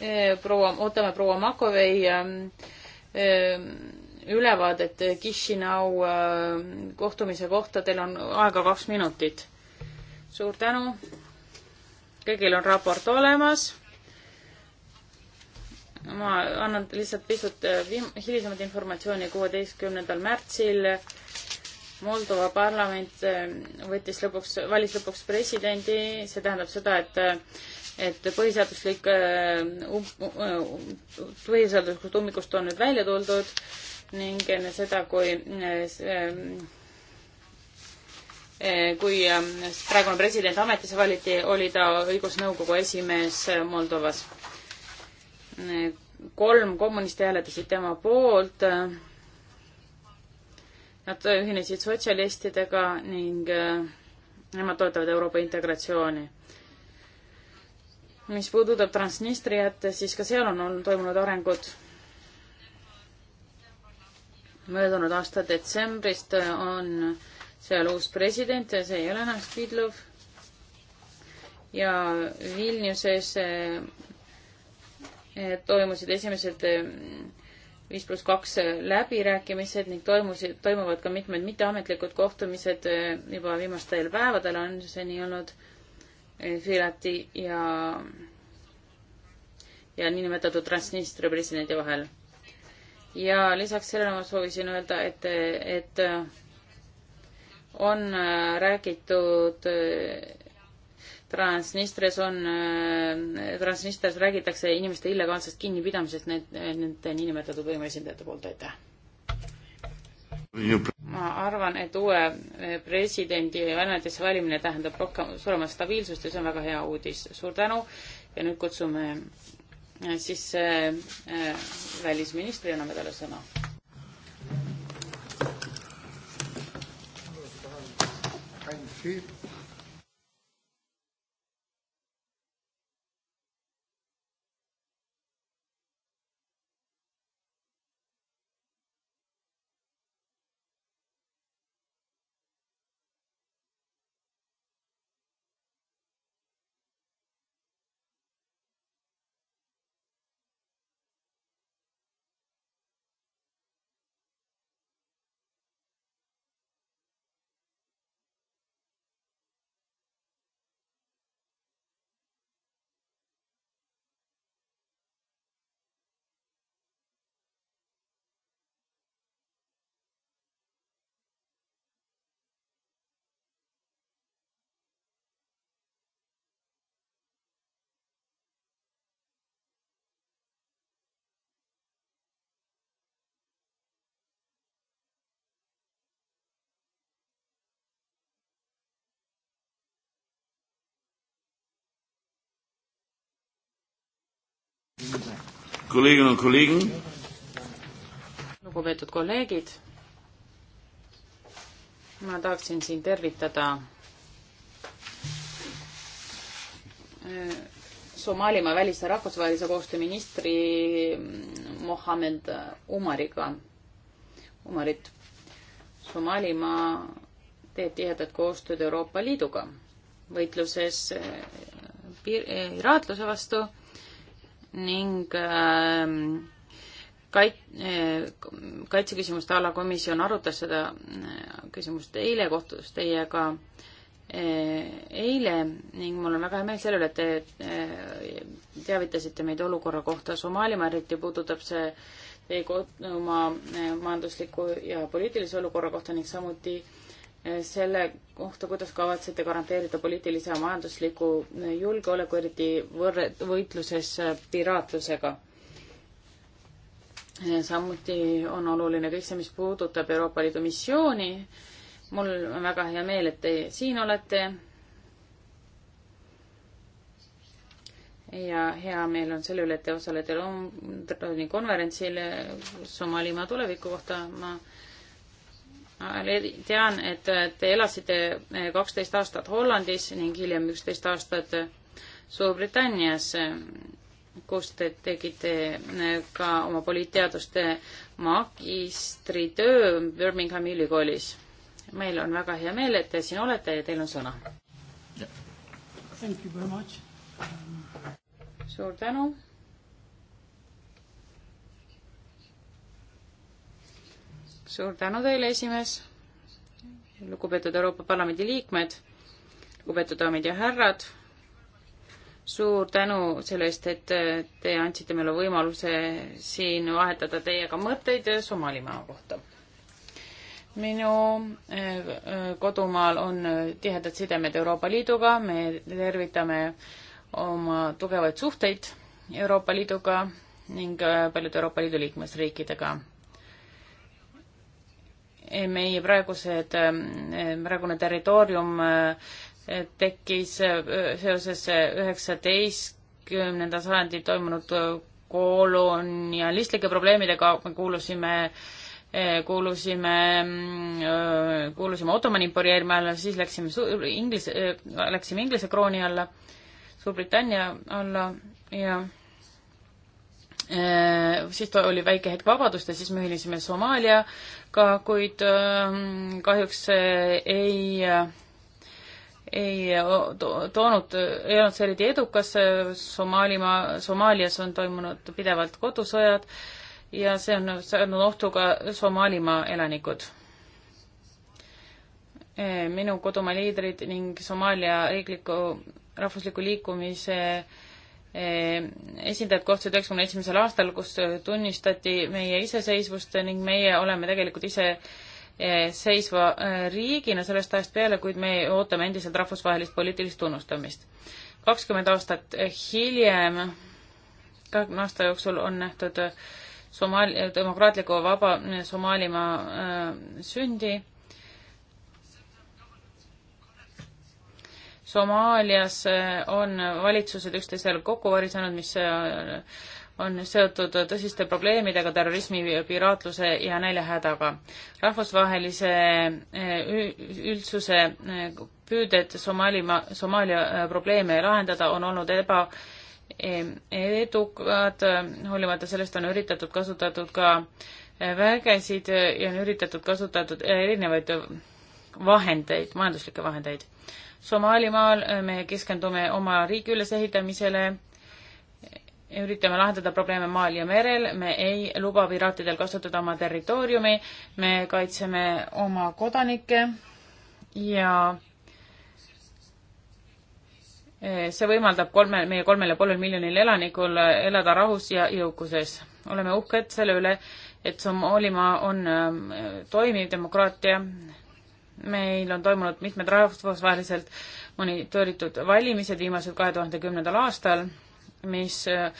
eh, proua, ootame proua Makovei eh, ülevaadet Kishinau kohtumise kohta, teil on aega kaks minutit. suur tänu. kõigil on raport olemas ma annan lihtsalt pisut äh, hilisemat informatsiooni, kuueteistkümnendal märtsil Moldova parlament äh, võttis lõpuks, valis lõpuks presidendi, see tähendab seda, et äh, et põhiseaduslik um,, põhiseaduslikust ummikust on nüüd välja tuldud ning enne seda, kui ähm, kui ähm, praegune president ametisse valiti, oli ta õigusnõukogu esimees Moldovas kolm kommunisti hääletasid tema poolt. Nad ühinesid sotsialistidega ning äh, nemad toetavad Euroopa integratsiooni. mis puudutab Transnistriat, siis ka seal on olnud, toimunud arengud. möödunud aasta detsembrist on seal uus president ja see ei ole enam Spidlov ja Vilniuses äh, toimusid esimesed viis pluss kaks läbirääkimised ning toimusid, toimuvad ka mitmed mitteametlikud kohtumised juba viimastel päevadel on seni olnud Filati ja, ja niinimetatud Transnistria presidendi vahel. ja lisaks sellele ma soovisin öelda, et, et on äh, räägitud Transnistrias on, äh, Transnistrias räägitakse inimeste illegaalsest kinnipidamisest need, nende niinimetatud võimuesindajate poolt, aitäh. ma arvan, et uue äh, presidendi ametisse valimine tähendab rohkem, suuremat stabiilsust ja see on väga hea uudis. suur tänu ja nüüd kutsume äh, siis äh, välisministri, anname talle sõna. Thank you. Kolleeginnen und Kollegen. lugupeetud kolleegid, ma tahaksin siin tervitada äh, Somaalimaa välise rahvusvahelise koostöö ministri mm, Mohammed Umariga, Umarit. Somaalimaa teeb tihedat koostööd Euroopa Liiduga võitluses äh, piraatluse äh, vastu ning ähm, kait-, äh, kaitseküsimuste alakomisjon arutas seda äh, küsimust eile, kohtus teiega äh, eile ning mul on väga hea meel selle üle, et te teavitasite meid olukorra kohta Somaalimaa, eriti puudutab see teie oma majandusliku ja poliitilise olukorra kohta ning samuti selle kohta, kuidas kavatsete garanteerida poliitilise ja majandusliku julgeoleku, eriti võrre-, võitluses piraatlusega. samuti on oluline kõik see, mis puudutab Euroopa Liidu missiooni. mul on väga hea meel, et teie siin olete. ja hea meel on selle üle, et te osalete Londoni konverentsil Somaalimaa tuleviku kohta. ma tean, et te elasite eh, kaksteist aastat Hollandis ning hiljem üksteist aastat eh, Suurbritannias, eh, kus te tegite ka oma poliitteaduste magistritöö Birminghami ülikoolis. meil on väga hea meel, et te siin olete ja teil on sõna. suur tänu suur tänu teile, esimees. lugupeetud Euroopa Parlamendi liikmed, lugupeetud daamid ja härrad, suur tänu selle eest, et te andsite meile võimaluse siin vahetada teiega mõtteid Somalimaa kohta. minu eh, kodumaal on tihedad sidemed Euroopa Liiduga, me tervitame oma tugevaid suhteid Euroopa Liiduga ning eh, paljude Euroopa Liidu liikmesriikidega meie praegused, ähm, ähm, praegune territoorium äh, tekkis äh, seoses äh, üheksateistkümnenda sajandil toimunud kolonialistlike probleemidega, me kuulusime kuulusime, mm, kuulusime Ottomani impeeriumi alla, siis läksime Inglise, läksime Inglise krooni alla, Suurbritannia alla ja Äh, siis oli väike hetk vabadust ja siis me ühinesime Somaaliaga, kuid ähm, kahjuks ei ei toonud, ei olnud see eriti edukas, Somaalimaa, Somaalias on toimunud pidevalt kodusõjad ja see on seadnud ohtu ka Somaalimaa elanikud. Äh, minu kodumaa liidrid ning Somaalia riikliku, rahvusliku liikumise äh, esindajad kohtusid üheksakümne esimesel aastal, kus tunnistati meie iseseisvust ning meie oleme tegelikult ise e, seisva e, riigina sellest ajast peale, kuid me ootame endiselt rahvusvahelist poliitilist tunnustamist. kakskümmend aastat hiljem, kahekümne aasta jooksul on nähtud Somaali, demokraatliku vaba Somaalimaa e, sündi Somaalias eh, on valitsused üksteisel kokku varisenud, mis eh, on seotud tõsiste probleemidega, terrorismi, piraatluse ja näljahädaga. rahvusvahelise eh, üldsuse püüded Somaalimaa, Somaalia probleeme lahendada on olnud eba edukad, hoolimata sellest on üritatud kasutatud ka vägesid ja on üritatud kasutatud erinevaid vahendeid, majanduslikke vahendeid. Somaalimaal äh, me keskendume oma riigi ülesehitamisele, üritame lahendada probleeme maal ja merel, me ei luba piraatidel kasutada oma territooriumi, me kaitseme oma kodanikke ja äh, see võimaldab kolme, meie kolmele poolel miljonil elanikul äh, elada rahus ja jõukuses. oleme uhked selle üle, et Somaalimaa on toimiv demokraatia meil on toimunud mitmed rahvusvaheliselt monitooritud valimised viimased kahe tuhande kümnendal aastal, mis äh,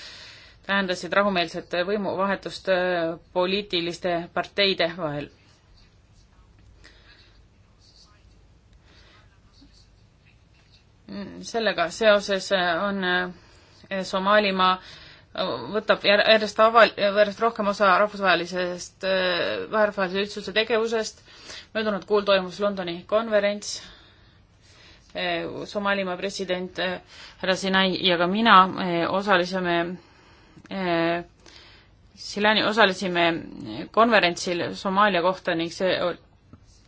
tähendasid rahumeelset võimuvahetust äh, poliitiliste parteide vahel. Mm, sellega seoses äh, on Somaalimaa võtab järjest aval-, järjest rohkem osa rahvusvahelisest, rahvusvahelise üldsuse tegevusest. möödunud kuul toimus Londoni konverents. Somaalimaa president härra Sinai ja ka mina osalesime, Silani osalesime konverentsil Somaalia kohta ning see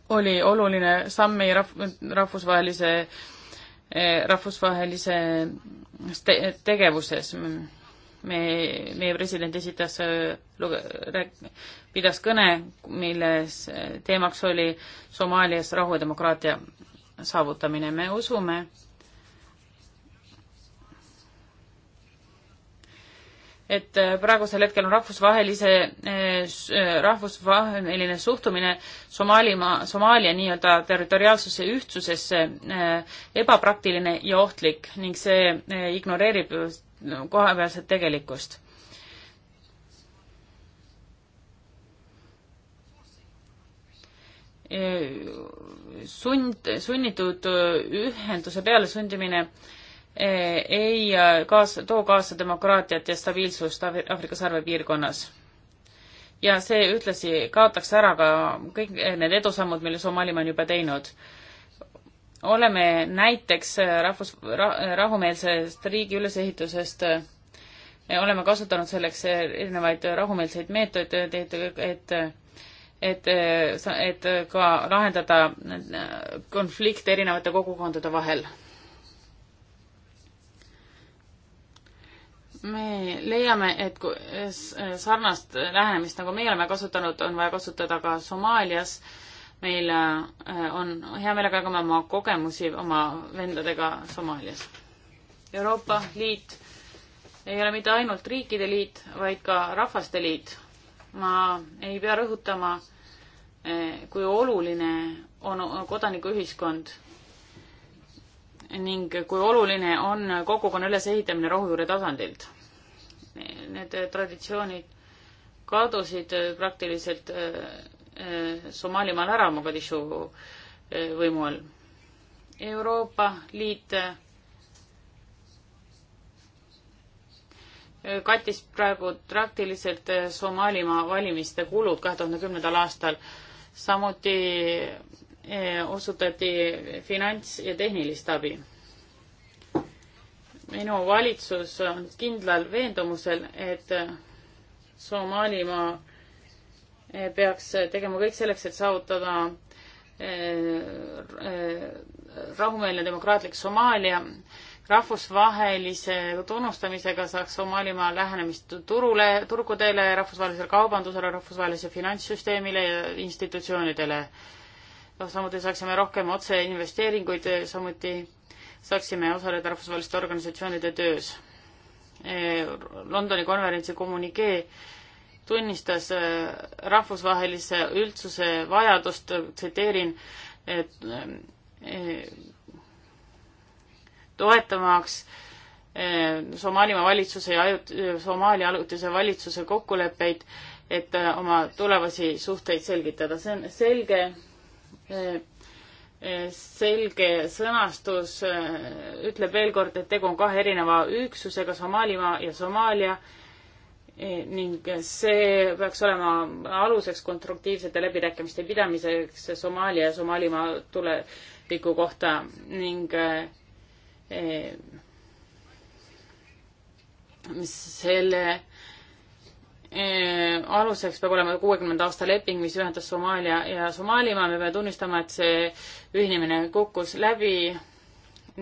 oli oluline samm meie rahv-, rahvusvahelise, rahvusvahelise tegevuses me, meie president esitas, äh, pidas kõne, milles äh, teemaks oli Somaalias rahu ja demokraatia saavutamine. me usume, et äh, praegusel hetkel on rahvusvahelise, rahvusvaheline suhtumine Somaalimaa, Somaalia nii-öelda territoriaalsuse ühtsusesse ebapraktiline ja ohtlik ning see ignoreerib Nagu kohapealset tegelikkust. sund, sunnitud ühenduse peale sundimine eh, ei eh, kaasa, too kaasa demokraatiat ja stabiilsust Aafrika sarve piirkonnas. ja see ühtlasi kaotaks ära ka kõik need edusammud, mille Somalimaa on juba teinud oleme näiteks rahvus ra,, rahumeelsest riigi ülesehitusest, eh, oleme kasutanud selleks erinevaid rahumeelseid meetodeid, et, et et, et ka lahendada eh, konflikte erinevate kogukondade vahel. me leiame, et kui sarnast lähenemist, nagu meie oleme kasutanud, on vaja kasutada ka Somaalias äh, meil äh, on hea meelega jagame oma kogemusi oma vendadega Somaalias. Euroopa Liit ei ole mitte ainult riikide liit, vaid ka rahvaste liit. ma ei pea rõhutama, äh, kui oluline on kodanikuühiskond ning kui oluline on kogukonna ülesehitamine rohujuure tasandilt. Need traditsioonid kadusid praktiliselt äh, Eh, Somaalimaal ära Mogadishu eh, võimu all. Euroopa Liit eh, kattis praegu praktiliselt Somaalimaa valimiste kulud kahe tuhande kümnendal aastal. samuti osutati finants- ja tehnilist abi. minu valitsus on kindlal veendumusel, et Somaalimaa Eh, peaks eh, tegema kõik selleks, et saavutada eh, rahumeelne demokraatlik Somaalia. rahvusvahelise tunnustamisega saaks Somaalimaa lähenemist turule, turgudele, rahvusvahelisele kaubandusele, rahvusvahelisele finantssüsteemile ja institutsioonidele. samuti saaksime rohkem otseinvesteeringuid, samuti saaksime osaleda rahvusvaheliste organisatsioonide töös. Londoni konverentsi kommünikee tunnistas äh, rahvusvahelise üldsuse vajadust, tsiteerin, et äh, toetamaks äh, Somaalimaa valitsuse ja ajut-, Somaalia ajutise valitsuse kokkuleppeid, et oma tulevasi suhteid selgitada. see on selge, selge sõnastus ütleb veel kord, et tegu on kahe erineva üksusega, Somaalimaa ja Somaalia E, ning see peaks olema aluseks konstruktiivsete läbirääkimiste pidamiseks Somaalia ja Somaalimaa tuleviku kohta ning e, selle e, aluseks peab olema kuuekümnenda aasta leping, mis ühendas Somaalia ja Somaalimaa, me peame tunnistama, et see ühinemine kukkus läbi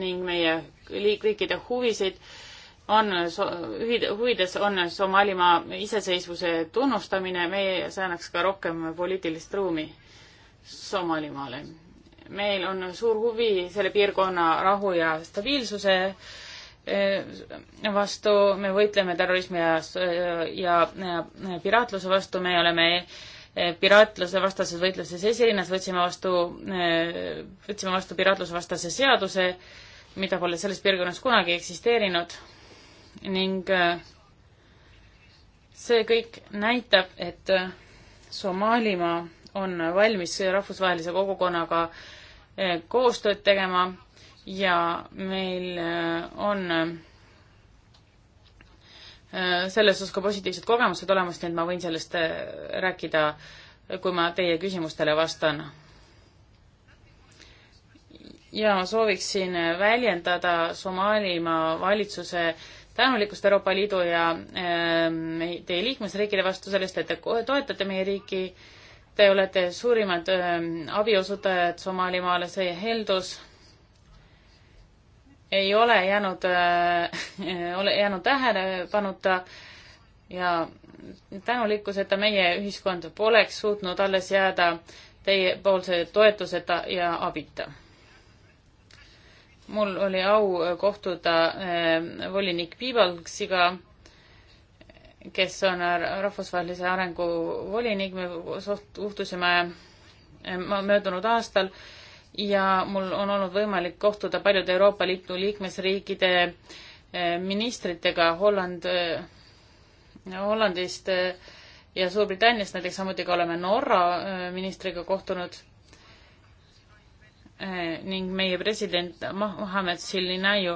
ning meie liikriikide huvisid on huvides on Somaalimaa iseseisvuse tunnustamine, meie, see annaks ka rohkem poliitilist ruumi Somaalimaale. meil on suur huvi selle piirkonna rahu ja stabiilsuse eh, vastu, me võitleme terrorismi ja, ja, ja piraatluse vastu, me oleme eh, piraatluse vastases võitluses esirinnas, võtsime vastu, eh, võtsime vastu piraatluse vastase seaduse, mida pole selles piirkonnas kunagi eksisteerinud ning äh, see kõik näitab, et äh, Somaalimaa on valmis rahvusvahelise kogukonnaga äh, koostööd tegema ja meil on selles osas ka positiivsed kogemused olemas, nii et ma võin sellest rääkida, kui ma teie küsimustele vastan. ja ma sooviksin väljendada Somaalimaa valitsuse tänulikkust Euroopa Liidu ja ähm, teie liikmesriikide vastu sellest, et te toetate meie riiki. Te olete suurimad ähm, abiosutajad Somaalimaale, see heldus ei ole jäänud, äh, ole jäänud tähelepanuta ja tänulikkuseta meie ühiskond poleks suutnud alles jääda teiepoolse toetuseta ja abita mul oli au äh, kohtuda äh, volinik Piibalksiga, kes on rahvusvahelise arengu volinik, me suhtusime äh, möödunud aastal ja mul on olnud võimalik kohtuda paljude Euroopa Liidu liikmesriikide ministritega Holland, Hollandist ja Suurbritanniast näiteks, samuti ka oleme Norra ministriga kohtunud Eh, ning meie president Mohammed Silinaiu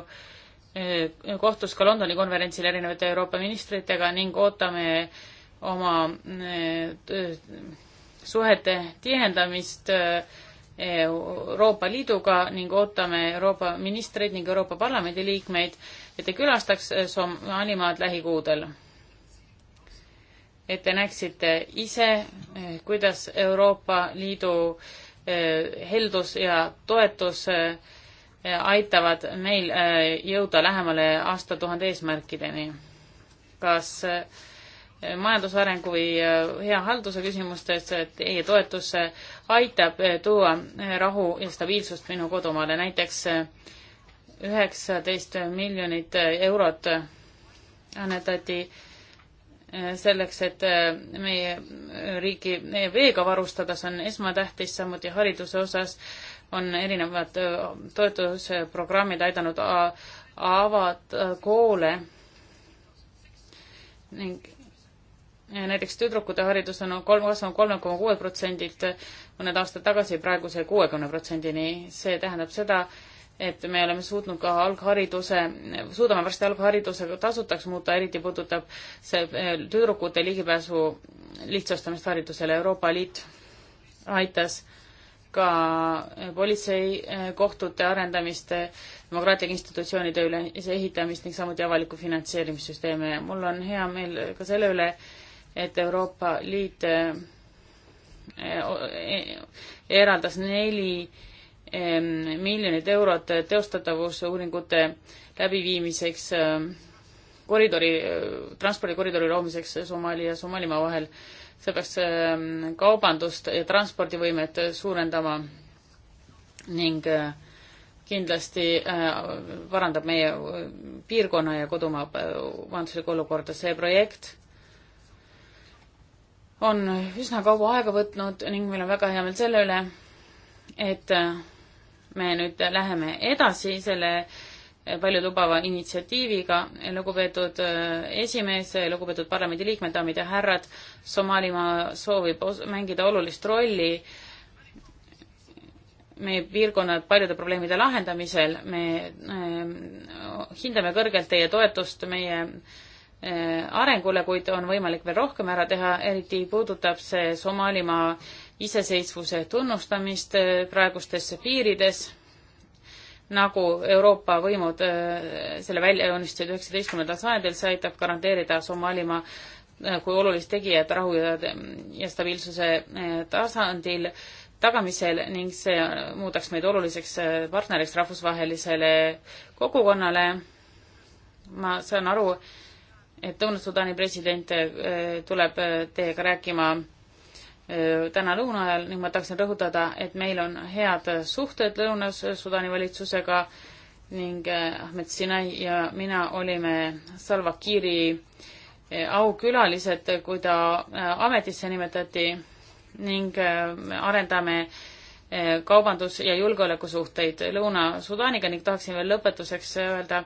eh, kohtus ka Londoni konverentsil erinevate Euroopa ministritega ning ootame oma eh, suhete tihendamist Euroopa Liiduga ning ootame Euroopa ministreid ning Euroopa Parlamendi liikmeid, et te külastaks Somaalimaad lähikuudel. et te näeksite ise, kuidas Euroopa Liidu äh, Eh, heldus ja toetus eh, aitavad meil eh, jõuda lähemale aastatuhande eesmärkideni. kas majandusarengu või hea halduse küsimustes teie toetus aitab tuua rahu ja stabiilsust minu kodumaale, näiteks üheksateist miljonit eurot annetati selleks, et äh, meie äh, riigi meie veega varustada, see on esmatähtis, samuti hariduse osas on erinevad äh, toetusprogrammid aidanud avada koole ning näiteks tüdrukute haridus on kolm, kasvanud kolme koma kuue protsendilt mõned aastad tagasi praeguse kuuekümne protsendini. see tähendab seda, et me oleme suutnud ka alghariduse, suudame varsti alghariduse tasutaks muuta, eriti puudutab see eh, tüdrukute ligipääsu lihtsustamist haridusele. Euroopa Liit aitas ka eh, politseikohtute arendamist, demokraatlike institutsioonide üle ehitamist ning samuti avaliku finantseerimissüsteeme. mul on hea meel ka selle üle, et Euroopa Liit eh, eraldas neli miljonit eurot teostatavusuuringute läbiviimiseks ähm, koridori, äh, transpordikoridori loomiseks Somaalia ja Somaalimaa vahel. see peaks ähm, kaubandust ja transpordivõimet suurendama ning äh, kindlasti äh, parandab meie piirkonna ja kodumaa majanduslikku olukorda. see projekt on üsna kaua aega võtnud ning meil on väga hea meel selle üle, et me nüüd läheme edasi selle paljulubava initsiatiiviga, lugupeetud äh, esimees, lugupeetud parlamendiliikmed, daamid ja härrad, Somaalimaa soovib mängida olulist rolli meie piirkonna paljude probleemide lahendamisel, me äh, hindame kõrgelt teie toetust meie äh, arengule, kuid on võimalik veel rohkem ära teha, eriti puudutab see Somaalimaa äh, iseseisvuse tunnustamist äh, praegustes piirides, nagu Euroopa võimud äh, selle välja joonistasid üheksateistkümnendal sajandil, see aitab garanteerida Somaalimaa äh, kui olulist tegijat rahu ja, ja stabiilsuse tasandil tagamisel ning see muudaks meid oluliseks partneriks rahvusvahelisele kogukonnale. ma saan aru, et Lõuna-Sudaani president tuleb teiega rääkima täna lõuna ajal ning ma tahaksin rõhutada, et meil on head suhted lõunas Sudaani valitsusega ning äh, Ahmed Sinai ja mina olime Salva Kiiri äh, aukülalised, kui ta äh, ametisse nimetati ning me arendame kaubandus- ja julgeolekusuhteid Lõuna-Sudaaniga ning tahaksin veel lõpetuseks öelda,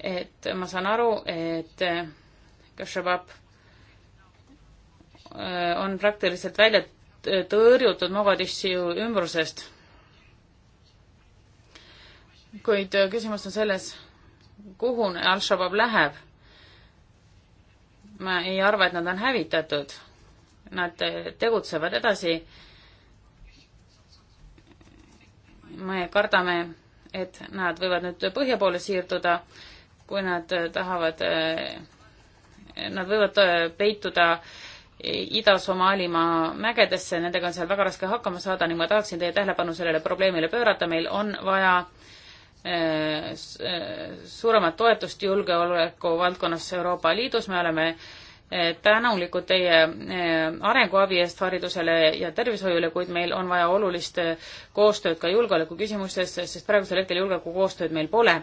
et ma saan aru, et Kashabab Äh, on praktiliselt välja tõrjutud Mogadishu ümbrusest. kuid äh, küsimus on selles, kuhu Al-Shabaab läheb. ma ei arva, et nad on hävitatud. Nad äh, tegutsevad edasi. me kardame, et nad võivad nüüd põhja poole siirduda, kui nad tahavad, nad võivad peituda äh, Ida-Somaalimaa mägedesse, nendega on seal väga raske hakkama saada ning ma tahaksin teie tähelepanu sellele probleemile pöörata, meil on vaja äh, äh, suuremat toetust julgeoleku valdkonnas Euroopa Liidus, me oleme äh, tänulikud teie arenguabi eest haridusele ja tervishoiule, kuid meil on vaja olulist koostööd ka julgeolekuküsimustes, sest praegusel hetkel julgeolekukoostööd meil pole.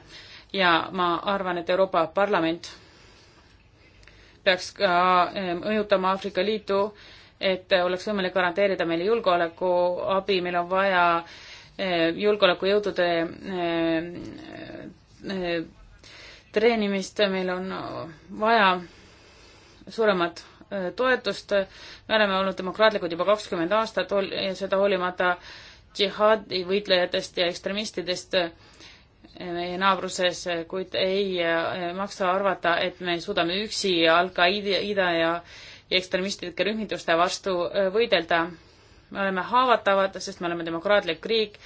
ja ma arvan, et Euroopa Parlament peaks ka mõjutama Aafrika Liitu, et oleks võimalik garanteerida meile julgeolekuabi, meil on vaja julgeolekujõudude treenimist, meil on vaja suuremat e, toetust, me oleme olnud demokraatlikud juba kakskümmend aastat, seda hoolimata džihaadi võitlejatest ja ekstremistidest meie naabruses, kuid ei eh, maksa arvata, et me suudame üksi Al-Qaeda ja ekstremistlike rühmituste vastu eh, võidelda. me oleme haavatavad, sest me oleme demokraatlik riik,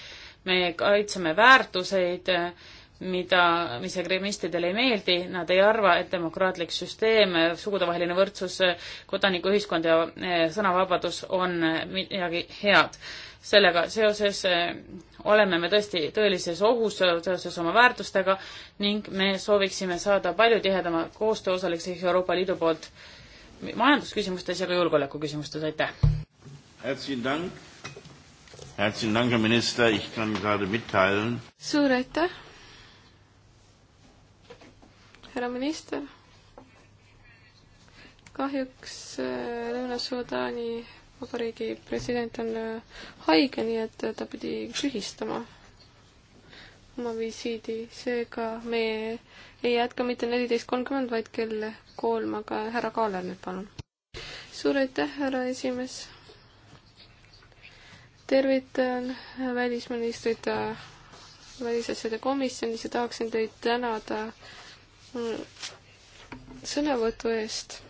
me kaitseme väärtuseid, eh, mida, mis ekstremistidele ei meeldi, nad ei arva, et demokraatlik süsteem, sugudevaheline võrdsus, kodanikuühiskond ja sõnavabadus on midagi head sellega seoses eh, oleme me tõesti tõelises ohus seoses oma väärtustega ning me sooviksime saada palju tihedama koostöö osaliseks Euroopa Liidu poolt majandusküsimustes ja ka julgeolekuküsimustes, aitäh! suur aitäh, härra minister! kahjuks äh, Lõuna-Sudaani vabariigi president on äh, haige, nii et ta pidi tühistama oma visiidi, seega me ei jätka mitte neliteist kolmkümmend, vaid kell kolm, aga härra Kaaler nüüd palun. suur aitäh, härra esimees. tervitan välisministrit äh, välisasjade komisjonis ja tahaksin teid tänada äh, sõnavõtu eest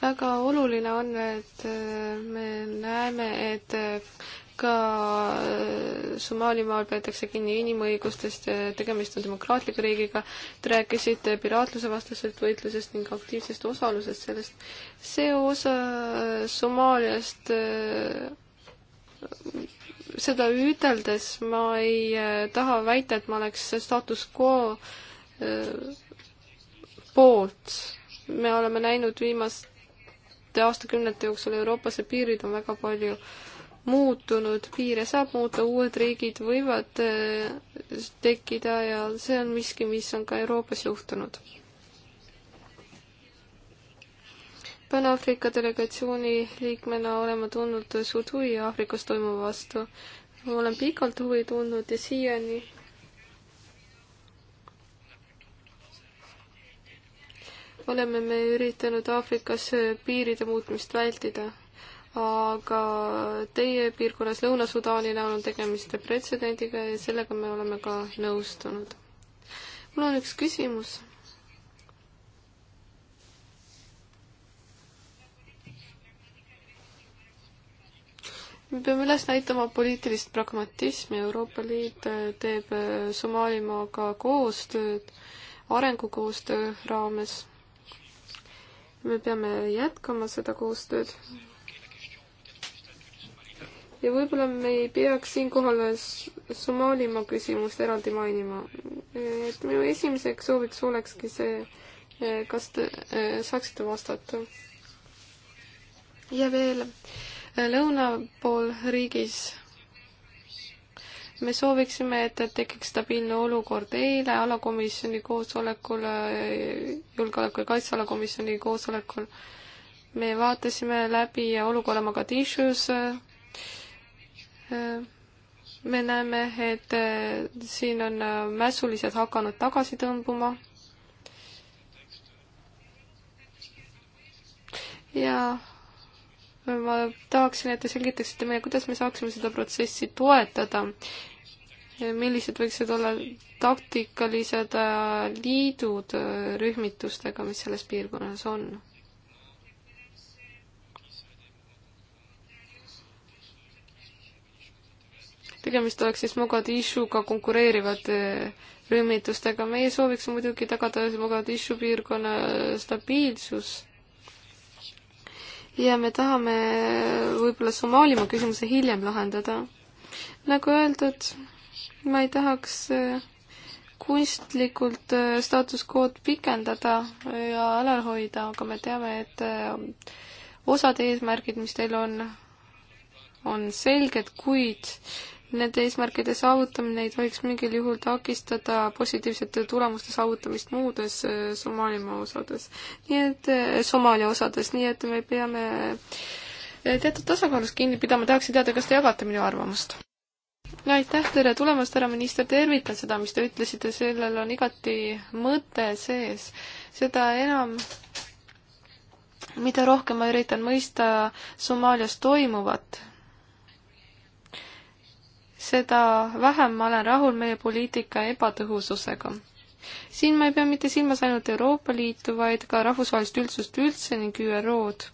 väga oluline on, et äh, me näeme, et äh, ka äh, Somaalimaal peetakse kinni inimõigustest, tegemist on demokraatliku riigiga. Te rääkisite piraatluse vastasest võitlusest ning aktiivsest osalusest sellest. see osa Somaaliast, seda üteldes ma ei taha väita, et ma oleks status quo poolt. me oleme näinud viimast aastakümnete jooksul Euroopasse piirid on väga palju muutunud, piire saab muuta, uued riigid võivad eh, tekkida ja see on miski, mis on ka Euroopas juhtunud. Pan-Aafrika delegatsiooni liikmena olen ma tundnud suurt huvi Aafrikas toimuva vastu. ma olen pikalt huvi tundnud ja siiani oleme me üritanud Aafrikas piiride muutmist vältida, aga teie piirkonnas Lõuna-Sudaani näol on tegemist pretsedendiga ja sellega me oleme ka nõustunud. mul on üks küsimus. me peame üles näitama poliitilist pragmatismi, Euroopa Liit teeb Somaalimaaga koostööd arengukoostöö raames me peame jätkama seda koostööd. ja võib-olla me ei peaks siinkohal Somaalimaa küsimust eraldi mainima. et minu esimeseks sooviks olekski see, kas te eh, saaksite vastata? ja veel eh, lõuna pool riigis me sooviksime, et tekiks stabiilne olukord. eile alakomisjoni koosolekul, julgeoleku ja kaitsealakomisjoni koosolekul me vaatasime läbi olukorra Mogadishus. me näeme, et siin on mässulised hakanud tagasi tõmbuma. ja ma tahaksin, et te selgitaksite meile, kuidas me saaksime seda protsessi toetada. millised võiksid olla taktikalised äh, liidud äh, rühmitustega, mis selles piirkonnas on? tegemist oleks siis Mogadishuga konkureerivate äh, rühmitustega. meie sooviks muidugi tagada Mogadishu piirkonna stabiilsus ja me tahame võib-olla Somaalimaa küsimuse hiljem lahendada. nagu öeldud, ma ei tahaks äh, kunstlikult äh, status quo'd pikendada ja alal hoida, aga me teame, et äh, osad eesmärgid, mis teil on, on selged, kuid Nende eesmärkide saavutamine ei tohiks mingil juhul takistada positiivsete tulemuste saavutamist muudes äh, Somaalimaa osades, nii et äh, Somaalia osades, nii et me peame äh, teatud tasakaalust kinni pidama, tahaksin teada, kas te jagate minu arvamust? aitäh, tere tulemast, härra minister, tervitan seda, mis te ütlesite, sellel on igati mõte sees. seda enam, mida rohkem ma üritan mõista Somaalias toimuvat, seda vähem ma olen rahul meie poliitika ebatõhususega. siin ma ei pea mitte silmas ainult Euroopa Liitu, vaid ka rahvusvahelist üldsust üldse ning ÜRO-d.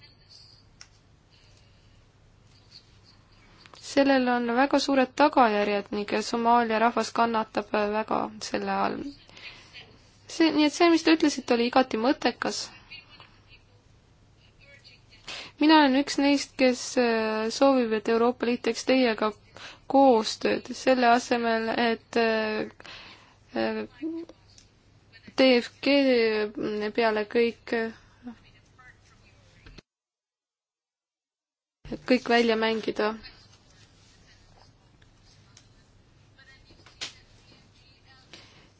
sellel on väga suured tagajärjed ning Somaalia rahvas kannatab väga selle all. see, nii et see, mis te ütlesite, oli igati mõttekas. mina olen üks neist, kes soovib, et Euroopa Liit teeks teiega koostööd, selle asemel, et äh, TFG peale kõik, kõik välja mängida.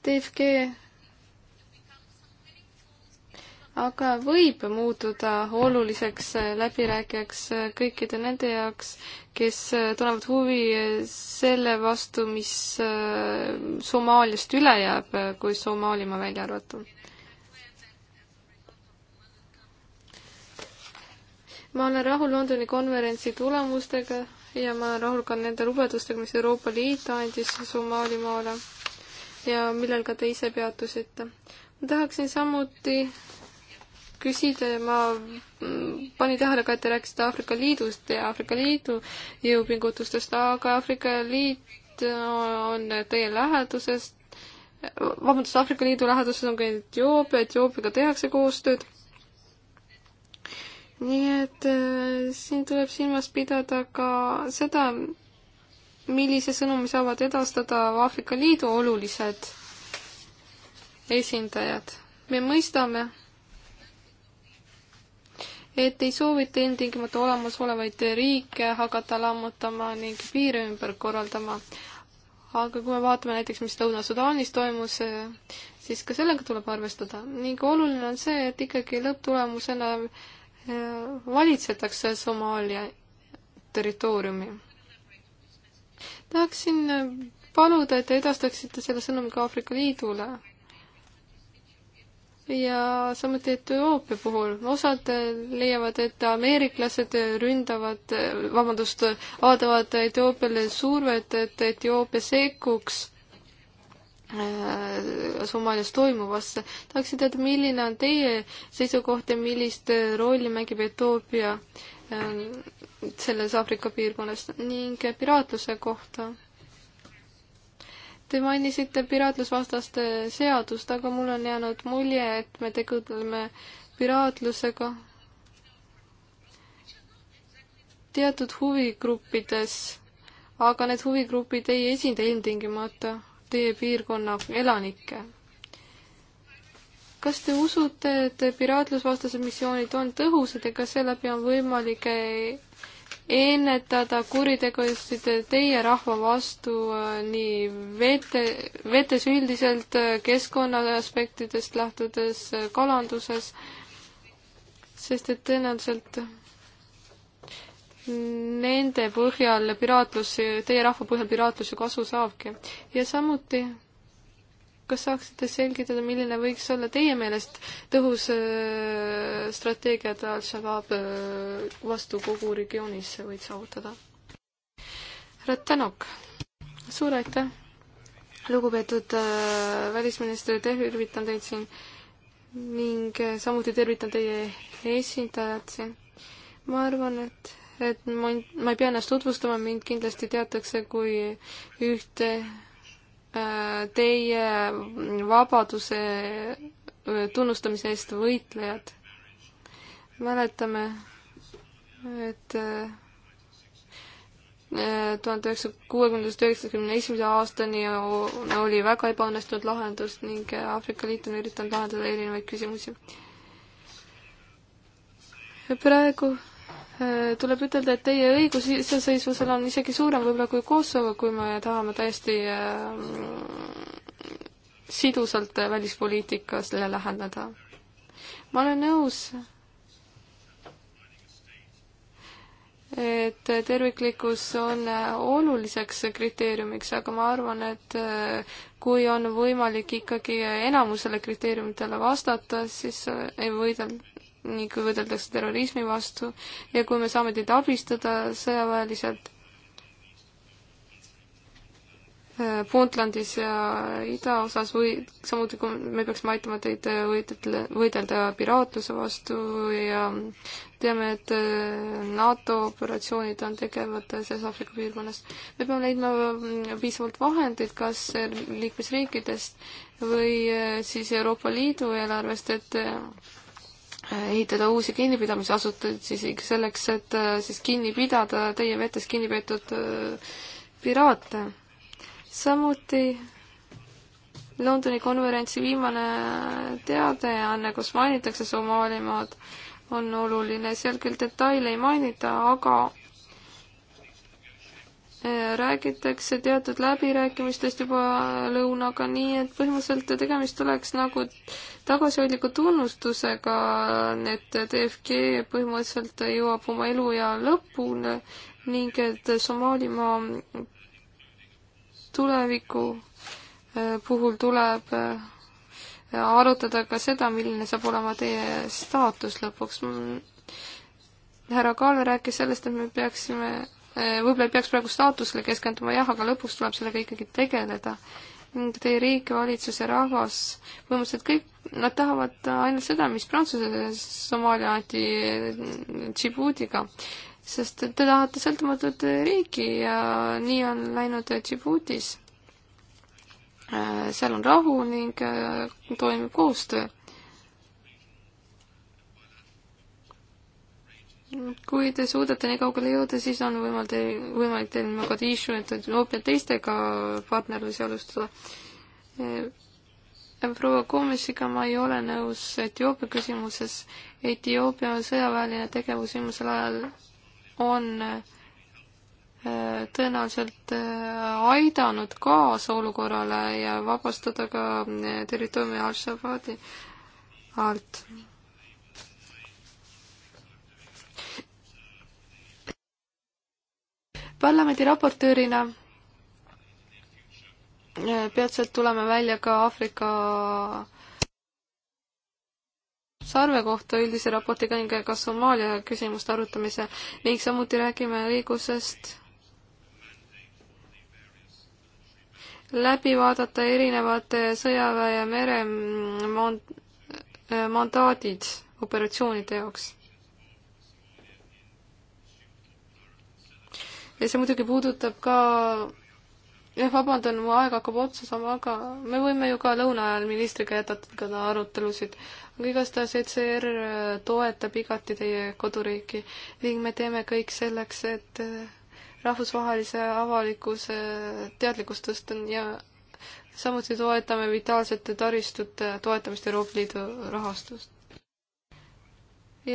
TFG aga võib muutuda oluliseks läbirääkijaks kõikide nende jaoks, kes tunnevad huvi selle vastu, mis äh, Somaaliast üle jääb, kui Somaalimaa välja arvata. ma olen rahul Londoni konverentsi tulemustega ja ma olen rahul ka nende lubadustega, mis Euroopa Liit andis Somaalimaale ja millel ka te ise peatusite. ma tahaksin samuti küsida ja ma mm, panin tähele ka, et te rääkisite Aafrika Liidust ja Aafrika Liidu jõupingutustest, aga Aafrika Liit äh, on teie läheduses, vabandust, Aafrika Liidu läheduses on ka Etioopia, Etioopiaga tehakse koostööd. nii et äh, siin tuleb silmas pidada ka seda, millise sõnumi saavad edastada Aafrika Liidu olulised esindajad. me mõistame et ei soovita ilmtingimata olemasolevaid riike hakata lammutama ning piire ümber korraldama. aga kui me vaatame näiteks, mis Lõuna-Sudaanis toimus, siis ka sellega tuleb arvestada ning oluline on see, et ikkagi lõpptulemusena eh, valitsetakse Somaalia territooriumi. tahaksin paluda, et te edastaksite selle sõnumi ka Aafrika Liidule ja samuti Etioopia puhul. osad leiavad, et ameeriklased ründavad, vabandust, avaldavad Etioopiale survet, et Etioopia sekkuks äh, Somaalias toimuvasse. tahaksin teada, milline on teie seisukoht ja millist rolli mängib Etioopia äh, selles Aafrika piirkonnas ning piraatluse kohta Te mainisite piraatlusvastaste seadust, aga mul on jäänud mulje, et me tegutleme piraatlusega teatud huvigruppides, aga need huvigrupid ei esinda ilmtingimata teie piirkonna elanikke. kas te usute, et piraatlusvastased missioonid on tõhusad ja kas seeläbi on võimalik ennetada kuritegusid teie rahva vastu äh, nii vete, vetes üldiselt, äh, keskkonna aspektidest lähtudes, äh, kalanduses, sest et tõenäoliselt nende põhjal piraatlus, teie rahva põhjal piraatlus ju kasu saabki. ja samuti kas saaksite selgitada, milline võiks olla teie meelest tõhus äh, strateegia, et Al-Shabaab äh, vastu kogu regioonis võid saavutada? härra Tänok, suur aitäh! lugupeetud äh, välisminister, tervitan teid siin ning samuti tervitan teie esindajat siin. ma arvan, et, et ma, ma ei pea ennast tutvustama, mind kindlasti teatakse kui ühte Äh, teie vabaduse äh, tunnustamise eest võitlejad. mäletame, et äh, tuhande üheksasaja kuuekümnendast üheksakümne esimese aastani oli väga ebaõnnestunud lahendus ning Aafrika Liit on üritanud lahendada erinevaid küsimusi. praegu Äh, tuleb ütelda, et teie õigus iseseisvusel on isegi suurem võib-olla kui Kosovo, kui me tahame täiesti äh, sidusalt välispoliitikasele läheneda. ma olen nõus, et terviklikkus on äh, oluliseks kriteeriumiks, aga ma arvan, et kui on võimalik ikkagi enamusele kriteeriumitele vastata, siis ei võidelda ning võideldakse terrorismi vastu ja kui me saame teid abistada sõjaväeliselt äh, Puntlandis ja idaosas või samuti kui me peaksime aitama teid äh, võidelda, võidelda piraatluse vastu ja teame, et äh, NATO operatsioonid on tegevad selles Aafrika piirkonnas. me peame leidma piisavalt vahendeid, kas liikmesriikidest või siis Euroopa Liidu eelarvest, et ehitada uusi kinnipidamisasutusi selleks, et äh, siis kinni pidada teie vetes kinni peetud äh, piraate. samuti Londoni konverentsi viimane äh, teadeanne, kus mainitakse Somaalimaad, on oluline, seal küll detaile ei mainita, aga räägitakse teatud läbirääkimistest juba lõunaga, nii et põhimõtteliselt tegemist oleks nagu tagasihoidliku tunnustusega, et DFG põhimõtteliselt jõuab oma eluea lõpuni ning et Somaalimaa tuleviku äh, puhul tuleb äh, arutada ka seda, milline saab olema teie staatus lõpuks. härra Kaal rääkis sellest, et me peaksime Äh, võib-olla ei peaks praegu staatusele keskenduma jah, aga lõpuks tuleb sellega ikkagi tegeleda. Teie riik, valitsus ja rahvas, põhimõtteliselt kõik, nad tahavad ainult seda, mis Prantsuse Somaalia anti äh, Djiboutiga, sest te tahate sõltumatut riiki ja nii on läinud Djiboutis äh, seal on rahu ning toimib koostöö. kui te suudate nii kaugele jõuda, siis on võimalik teil, võimalik teil Mogadishu, Etioopia teistega partnerlusi alustada. Ehm, proua Komisiga ma ei ole nõus Etioopia küsimuses. Etioopia sõjaväeline tegevus viimasel ajal on ehm, tõenäoliselt ehm, aidanud kaasa olukorrale ja vabastada ka territooriumi Al-Shabaadi alt. parlamendi raportöörina äh, peatselt tuleme välja ka Aafrika sarve kohta üldise raportiga ning ka Somaalia küsimuste arutamise ning samuti räägime õigusest läbi vaadata erinevate sõjaväe ja mere äh, mandaadid operatsioonide jaoks ja see muidugi puudutab ka jah, eh, vabandan, mu aeg hakkab otsa saama, aga me võime ju ka lõuna ajal ministriga jätkata arutelusid. aga igastahes ECR äh, toetab igati teie koduriiki ning me teeme kõik selleks, et äh, rahvusvahelise avalikkuse äh, teadlikkust tõsta ja samuti toetame vitaalsete taristute toetamist Euroopa Liidu rahastust.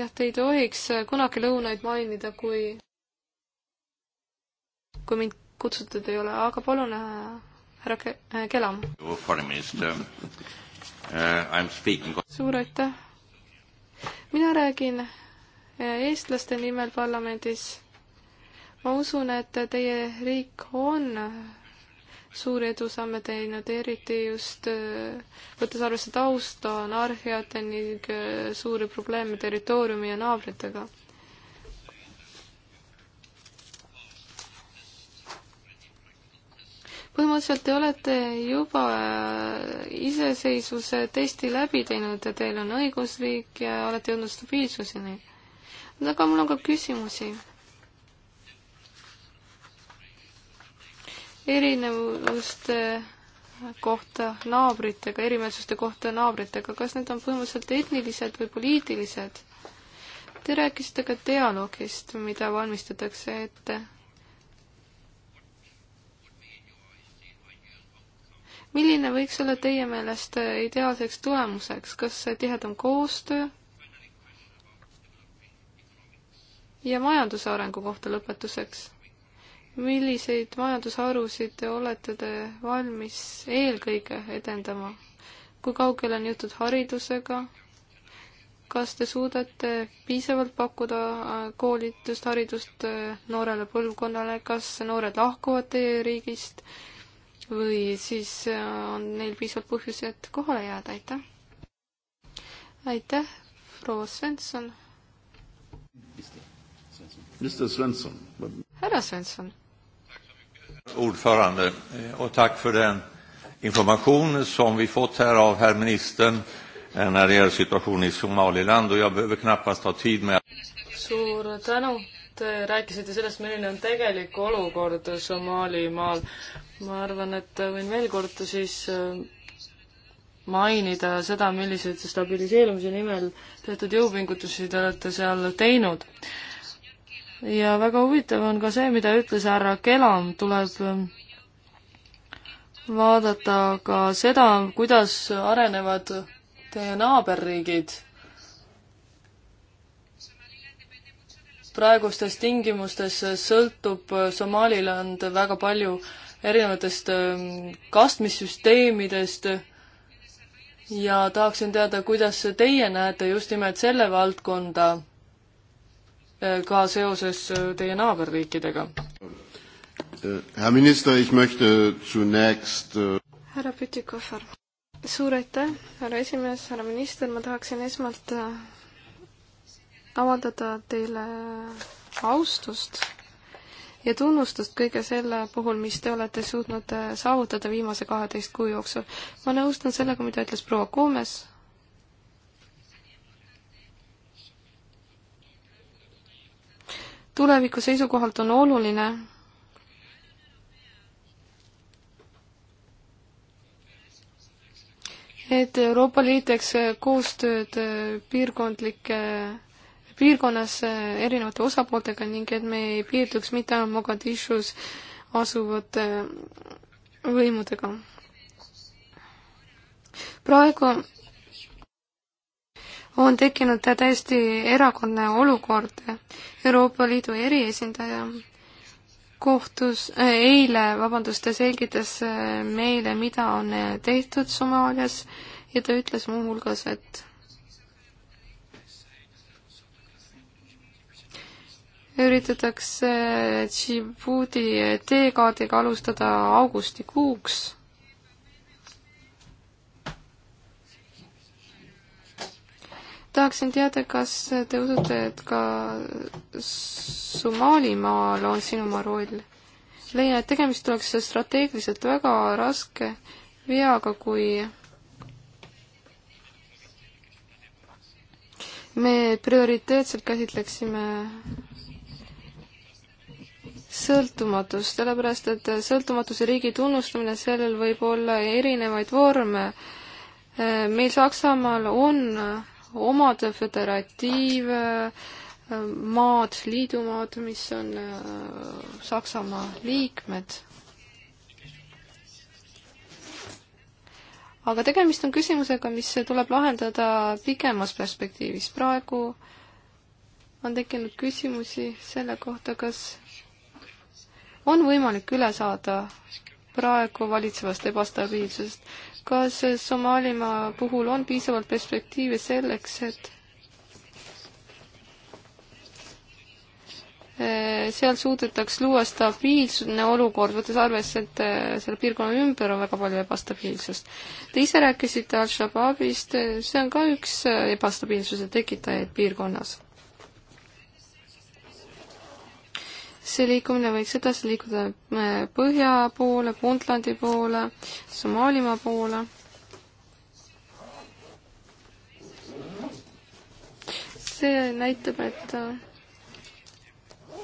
jah, te ei tohiks kunagi lõunaid mainida kui kui mind kutsutud ei ole, aga palun äh, härra Ke-, äh, Kelam. Uh, suur aitäh. mina räägin äh, eestlaste nimel parlamendis. ma usun, et teie riik on suuri edusamme teinud, eriti just võttes arvesse tausta, anarhiat ning suuri probleeme territooriumi ja naabritega põhimõtteliselt te olete juba iseseisvuse testi läbi teinud ja teil on õigusriik ja olete jõudnud stabiilsuseni. aga mul on ka küsimusi. erinevuste kohta naabritega, erimeelsuste kohta naabritega, kas need on põhimõtteliselt etnilised või poliitilised? Te rääkisite ka dialoogist, mida valmistatakse ette milline võiks olla teie meelest äh, ideaalseks tulemuseks, kas tihedam koostöö ja majanduse arengu kohta lõpetuseks? milliseid majandusharusid olete te valmis eelkõige edendama? kui kaugele on jõutud haridusega? kas te suudate piisavalt pakkuda äh, koolitust, haridust äh, noorele põlvkonnale, kas noored lahkuvad teie riigist? või siis äh, on neil piisavalt põhjused kohale jääda, aitäh. aitäh, proua Svensson. härra Svensson. ordförande eh, och tack för den information som vi fått här av herr ministern eh, när det gäller situationen i Somaliland och jag behöver knappast ha tid med. suur tänu Te rääkisite sellest, milline on tegelik olukord Somaalimaal. ma arvan, et võin veel kord siis äh, mainida seda, milliseid stabiliseerumise nimel teatud jõupingutusi te olete seal teinud. ja väga huvitav on ka see, mida ütles härra Kelam, tuleb äh, vaadata ka seda, kuidas arenevad teie naaberriigid praegustes tingimustes sõltub Somaliland väga palju erinevatest ähm, kastmissüsteemidest ja tahaksin teada, kuidas teie näete just nimelt selle valdkonda äh, ka seoses äh, teie naaberriikidega? härra minister, ich möchte zunächst äh, härra Pütikofer, suur aitäh, härra esimees, härra minister, ma tahaksin esmalt avaldada teile austust ja tunnustust kõige selle puhul, mis te olete suutnud äh, saavutada viimase kaheteist kuu jooksul. ma nõustun sellega, mida ütles proua Koomes. tuleviku seisukohalt on oluline et Euroopa Liit teeks koostööd äh, piirkondlike piirkonnas eh, erinevate osapooltega ning et me ei piirduks mitte ainult Mogadishus asuvate eh, võimudega. praegu on tekkinud täiesti erakordne olukord. Euroopa Liidu eriesindaja kohtus äh, eile, vabandust, ta selgitas meile, mida on tehtud Somaalias ja ta ütles muuhulgas, et üritatakse Djibouti teekaardiga alustada augustikuuks tahaksin teada, kas te usute, et ka Somaalimaal on sinu oma roll? leian, et tegemist oleks strateegiliselt väga raske veaga, kui me prioriteetselt käsitleksime sõltumatust, sellepärast et sõltumatuse riigi tunnustamine, sellel võib olla erinevaid vorme. meil Saksamaal on omad föderatiivmaad, liidumaad, mis on äh, Saksamaa liikmed. aga tegemist on küsimusega, mis tuleb lahendada pikemas perspektiivis. praegu on tekkinud küsimusi selle kohta, kas on võimalik üle saada praegu valitsevast ebastabiilsusest. kas Somaalimaa puhul on piisavalt perspektiivi selleks, et eh, seal suudetaks luua stabiilsune olukord, võttes arvesse, et eh, selle piirkonna ümber on väga palju ebastabiilsust. Te ise rääkisite Al-Shabaabist, eh, see on ka üks ebastabiilsuse tekitajaid piirkonnas. see liikumine võiks edasi liikuda äh, põhja poole, Puntlandi poole, Somaalimaa poole. see näitab, et äh,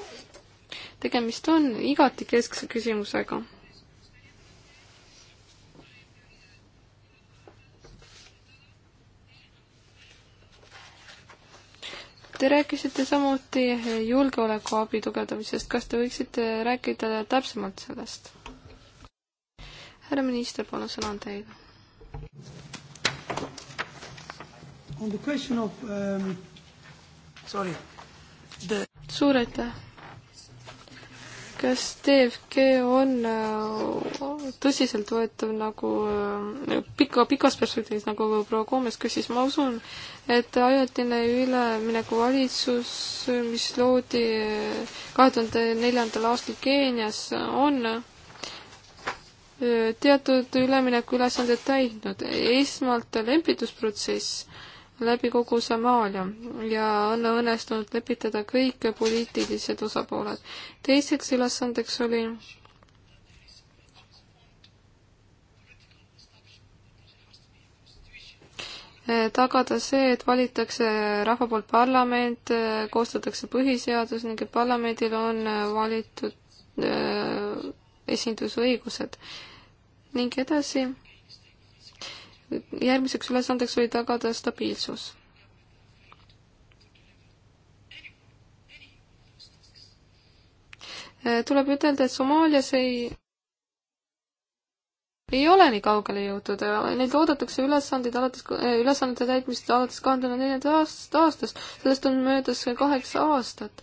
tegemist on igati keskse küsimusega Te rääkisite samuti julgeolekuabi tugevdamisest, kas te võiksite rääkida täpsemalt sellest? härra minister, palun, sõna on teiega. On the question of um,, sorry the.... suur aitäh kas TFG on äh, tõsiseltvõetav nagu äh, pika, pikas perspektiivis, nagu proua Koomes küsis, ma usun, et ajutine ülemineku valitsus, mis loodi äh, kahe tuhande neljandal aastal Keenias, on teatud ülemineku ülesanded täitnud. esmalt lepitusprotsess läbi kogu Somaalia ja on õnnestunud lepitada kõik poliitilised osapooled. teiseks ülesandeks oli tagada see, et valitakse rahva poolt parlament, koostatakse põhiseadus ning et parlamendil on valitud äh, esindusõigused. ning edasi järgmiseks ülesandeks oli tagada stabiilsus. tuleb ütelda, et Somaalias ei, ei ole nii kaugele jõutud, neilt oodatakse ülesandeid alates, ülesannete täitmist alates kahe tuhande neljanda aastast, sellest on möödas kaheksa aastat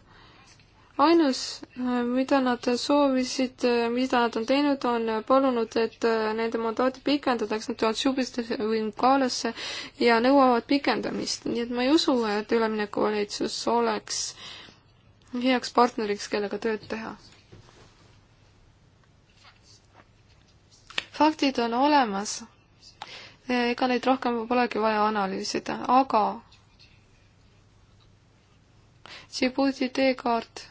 ainus, äh, mida nad soovisid, äh, mida nad on teinud, on palunud, et äh, nende mandaati pikendataks, nad tulevad Šubistesse või Mkalasse ja nõuavad pikendamist, nii et ma ei usu, et üleminekuvalitsus oleks heaks partneriks, kellega tööd teha. faktid on olemas, ega neid rohkem polegi vaja analüüsida, aga Djibouti teekaart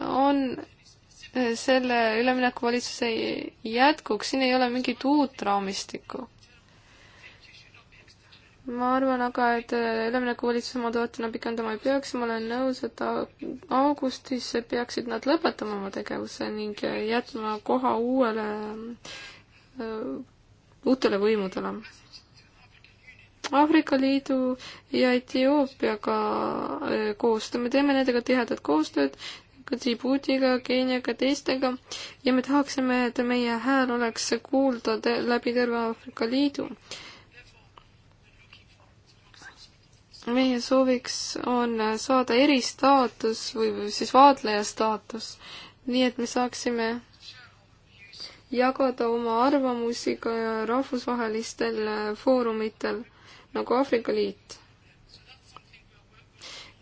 on eh, selle üleminekuvalitsuse jätkuks, siin ei ole mingit uut raamistikku. ma arvan aga, et eh, üleminekuvalitsuse mandaatena pikendama ei peaks, ma olen nõus, et augustis peaksid nad lõpetama oma tegevuse ning eh, jätma koha uuele, uutele võimudele. Aafrika Liidu ja Etioopiaga koostöö, me teeme nendega tihedat koostööd ka Djiboutiga, Keeniaga, teistega ja me tahaksime, et meie hääl oleks kuulda te läbi terve Aafrika Liidu. meie sooviks on saada eristaatus või siis vaatleja staatus, nii et me saaksime jagada oma arvamusi ka rahvusvahelistel foorumitel nagu Aafrika Liit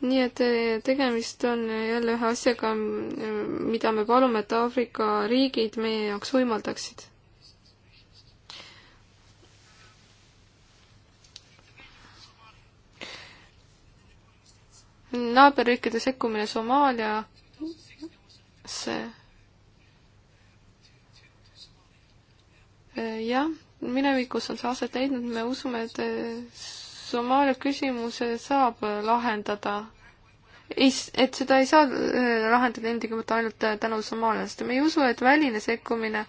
nii et eh, tegemist on jälle ühe asjaga, eh, mida me palume, et Aafrika riigid meie jaoks võimaldaksid. naaberriikide sekkumine Somaaliasse. Eh, jah, minevikus on see aset leidnud, me usume, et Somaalia küsimuse saab lahendada, et seda ei saa äh, lahendada ilmtingimata ainult äh, tänu somaallastele. me ei usu, et väline sekkumine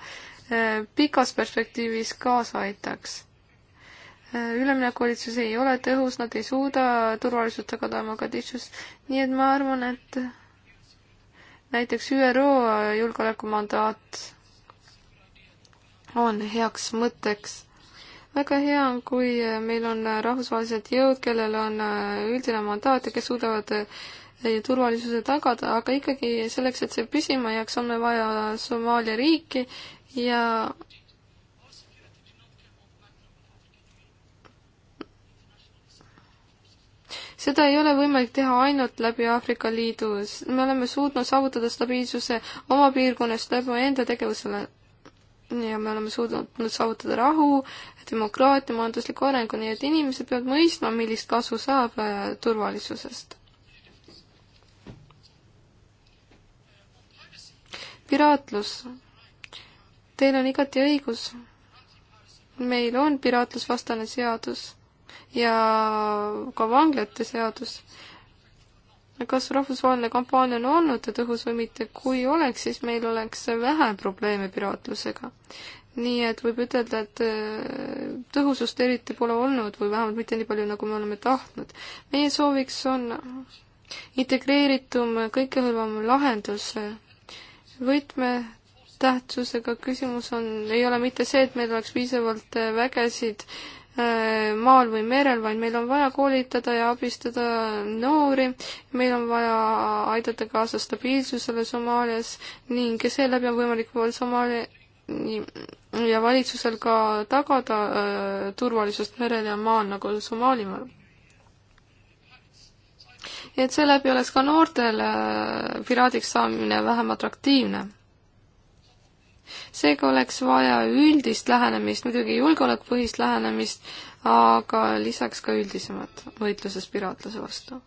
äh, pikas perspektiivis kaasa aitaks. üleminekuvalitsus ei ole tõhus, nad ei suuda turvalisust tagada Mogadishus, nii et ma arvan, et näiteks ÜRO julgeolekumandaat on heaks mõtteks väga hea on, kui äh, meil on äh, rahvusvahelised jõud, kellel on äh, üldine mandaat ja kes suudavad turvalisuse tagada, aga ikkagi selleks, et see püsima jääks, on meil vaja Somaalia riiki ja seda ei ole võimalik teha ainult läbi Aafrika Liidu, me oleme suutnud saavutada stabiilsuse oma piirkonnas läbi enda tegevusele. ja me oleme suutnud saavutada rahu, demokraatia, majandusliku arengu, nii et inimesed peavad mõistma, millist kasu saab äh, turvalisusest. piraatlus. Teil on igati õigus. meil on piraatlusvastane seadus ja ka vanglate seadus kas rahvusvaheline kampaania on olnud tõhus või mitte, kui oleks, siis meil oleks vähe probleeme piraatlusega nii et võib ütelda, et äh, tõhusust eriti pole olnud või vähemalt mitte nii palju, nagu me oleme tahtnud. meie sooviks on integreeritum, kõikehõlvam lahendus. võtmetähtsusega küsimus on, ei ole mitte see, et meil oleks piisavalt äh, vägesid äh, maal või merel, vaid meil on vaja koolitada ja abistada noori, meil on vaja aidata kaasa stabiilsusele Somaalias ning seeläbi on võimalik pool Somaalia ja valitsusel ka tagada äh, turvalisust merel ja maal nagu Somaalimaal. et seeläbi oleks ka noortele äh, piraadiks saamine vähem atraktiivne. seega oleks vaja üldist lähenemist, muidugi julgeolekupõhist lähenemist, aga lisaks ka üldisemat võitluses piraatluse vastu.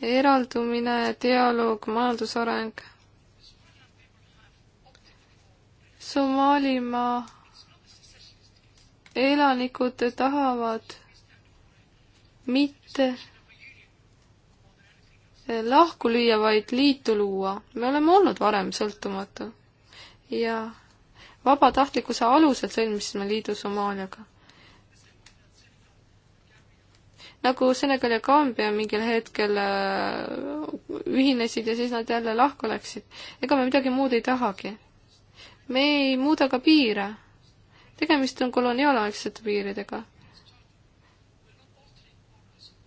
eraldumine, dialoog, majandusareng Somaalimaa elanikud tahavad mitte lahku lüüa, vaid liitu luua. me oleme olnud varem sõltumatu ja vabatahtlikkuse alusel sõlmisime liidu Somaaliaga. nagu Senegal ja Kambja mingil hetkel äh, ühinesid ja siis nad jälle lahku läksid. ega me midagi muud ei tahagi me ei muuda ka piire. tegemist on koloniaalaegsete piiridega.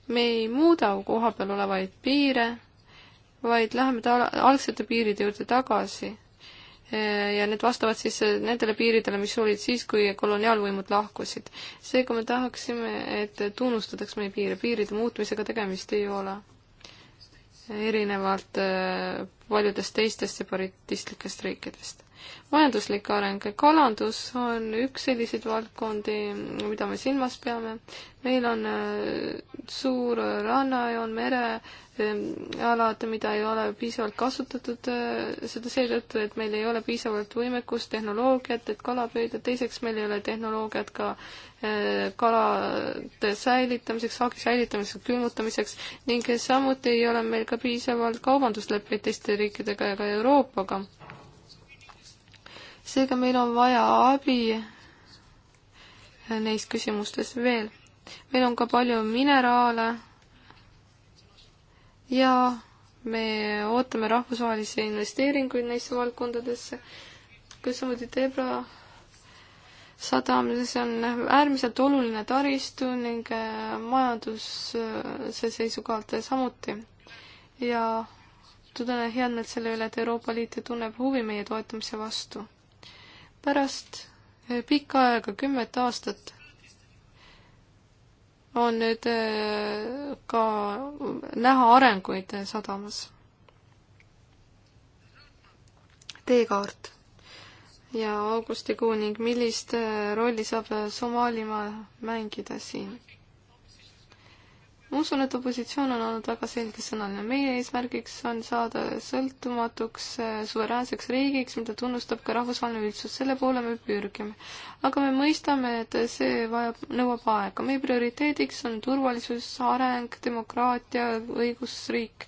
me ei muuda kohapeal olevaid piire, vaid läheme ta algsete piiride juurde tagasi. ja need vastavad siis nendele piiridele, mis olid siis, kui koloniaalvõimud lahkusid. seega me tahaksime, et tunnustataks meie piire, piiride muutmisega tegemist ei ole erinevalt äh, paljudest teistest separatistlikest riikidest majanduslik areng, kalandus on üks selliseid valdkondi, mida me silmas peame. meil on äh, suur rannajoon, merealad, ähm, mida ei ole piisavalt kasutatud, äh, seda seetõttu, et meil ei ole piisavalt võimekust, tehnoloogiat, et kala püüda, teiseks meil ei ole tehnoloogiat ka äh, kalade säilitamiseks, saagi säilitamiseks, külmutamiseks ning samuti ei ole meil ka piisavalt kaubandusleppeid teiste riikidega ja ka Euroopaga seega meil on vaja abi neis küsimustes veel. meil on ka palju mineraale ja me ootame rahvusvahelisi investeeringuid neisse valdkondadesse, kus samuti Debra sadam, see on äärmiselt oluline taristu ning äh, majanduse seisukohalt samuti. ja tunnen head meelt selle üle, et Euroopa Liit tunneb huvi meie toetamise vastu pärast eh, pikka aega, kümmet aastat, on nüüd eh, ka näha arenguid sadamas. teekaart ja augustikuu ning millist eh, rolli saab Somaalimaa mängida siin? ma usun, et opositsioon on olnud väga selgesõnaline. meie eesmärgiks on saada sõltumatuks eh, suveräänseks riigiks, mida tunnustab ka rahvusvaheline üldsus. selle poole me pürgime. aga me mõistame, et see vajab, nõuab aega. meie prioriteediks on turvalisus, areng, demokraatia, õigusriik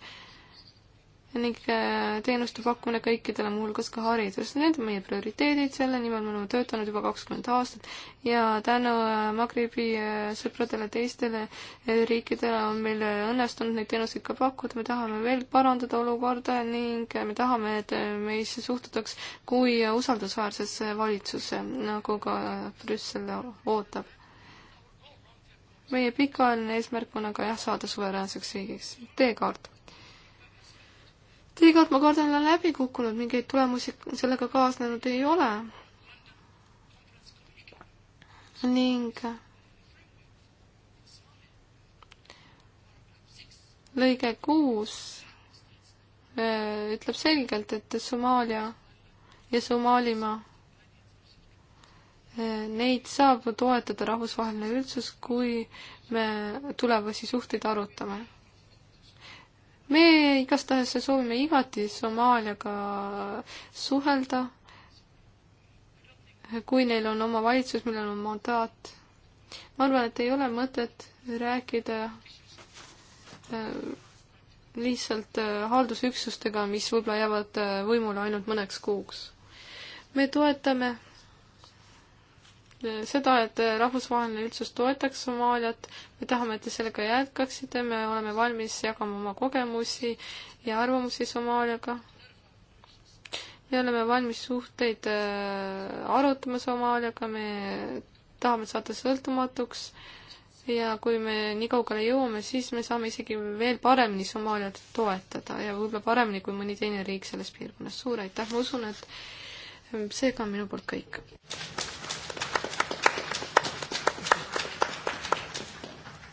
ning äh, teenuste pakkumine kõikidele, muuhulgas ka haridus. Need on meie prioriteedid, selle nimel me oleme töötanud juba kakskümmend aastat ja tänu äh, Magribi äh, sõpradele, teistele riikidele on meil õnnestunud neid teenuseid ka pakkuda, me tahame veel parandada olukorda ning me tahame, et meisse suhtutaks kui usaldusväärsesse valitsusse, nagu ka Brüssel ootab. meie pikaajaline eesmärk on aga jah, saada suveräänseks riigiks. teekaart teinekord, ma kardan, olen läbi kukkunud, mingeid tulemusi sellega kaasnenud ei ole. ning lõige kuus äh, ütleb selgelt, et Somaalia ja Somaalimaa, äh, neid saab toetada rahvusvaheline üldsus, kui me tulevasi suhteid arutame me igastahes soovime igati Somaaliaga suhelda, kui neil on oma valitsus, millel on mandaat. ma arvan, et ei ole mõtet rääkida äh, lihtsalt äh, haldusüksustega, mis võib-olla jäävad äh, võimule ainult mõneks kuuks. me toetame seda, et rahvusvaheline üldsus toetaks Somaaliat, me tahame, et te sellega jätkaksite, me oleme valmis jagama oma kogemusi ja arvamusi Somaaliaga. me oleme valmis suhteid äh, arutama Somaaliaga, me tahame saada sõltumatuks ja kui me nii kaugele jõuame, siis me saame isegi veel paremini Somaaliat toetada ja võib-olla paremini kui mõni teine riik selles piirkonnas. suur aitäh, ma usun, et ähm, seega on minu poolt kõik.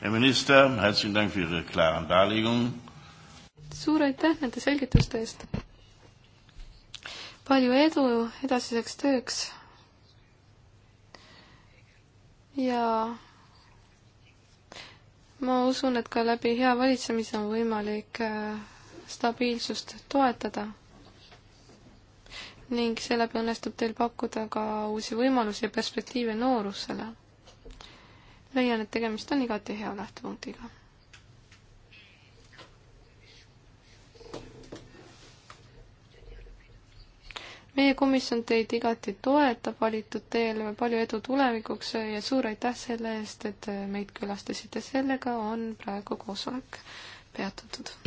Herr Minister, herzlichen Dank für Ihre klaren Darlegungen. suur aitäh nende selgituste eest. palju edu edasiseks tööks. ja ma usun, et ka läbi hea valitsemise on võimalik äh, stabiilsust toetada. ning seeläbi õnnestub teil pakkuda ka uusi võimalusi ja perspektiive noorusele leian, et tegemist on igati hea lähtepunktiga. meie komisjon teid igati toetab valitud teel, palju edu tulevikuks ja suur aitäh selle eest, et meid külastasite, sellega on praegu koosolek peatatud.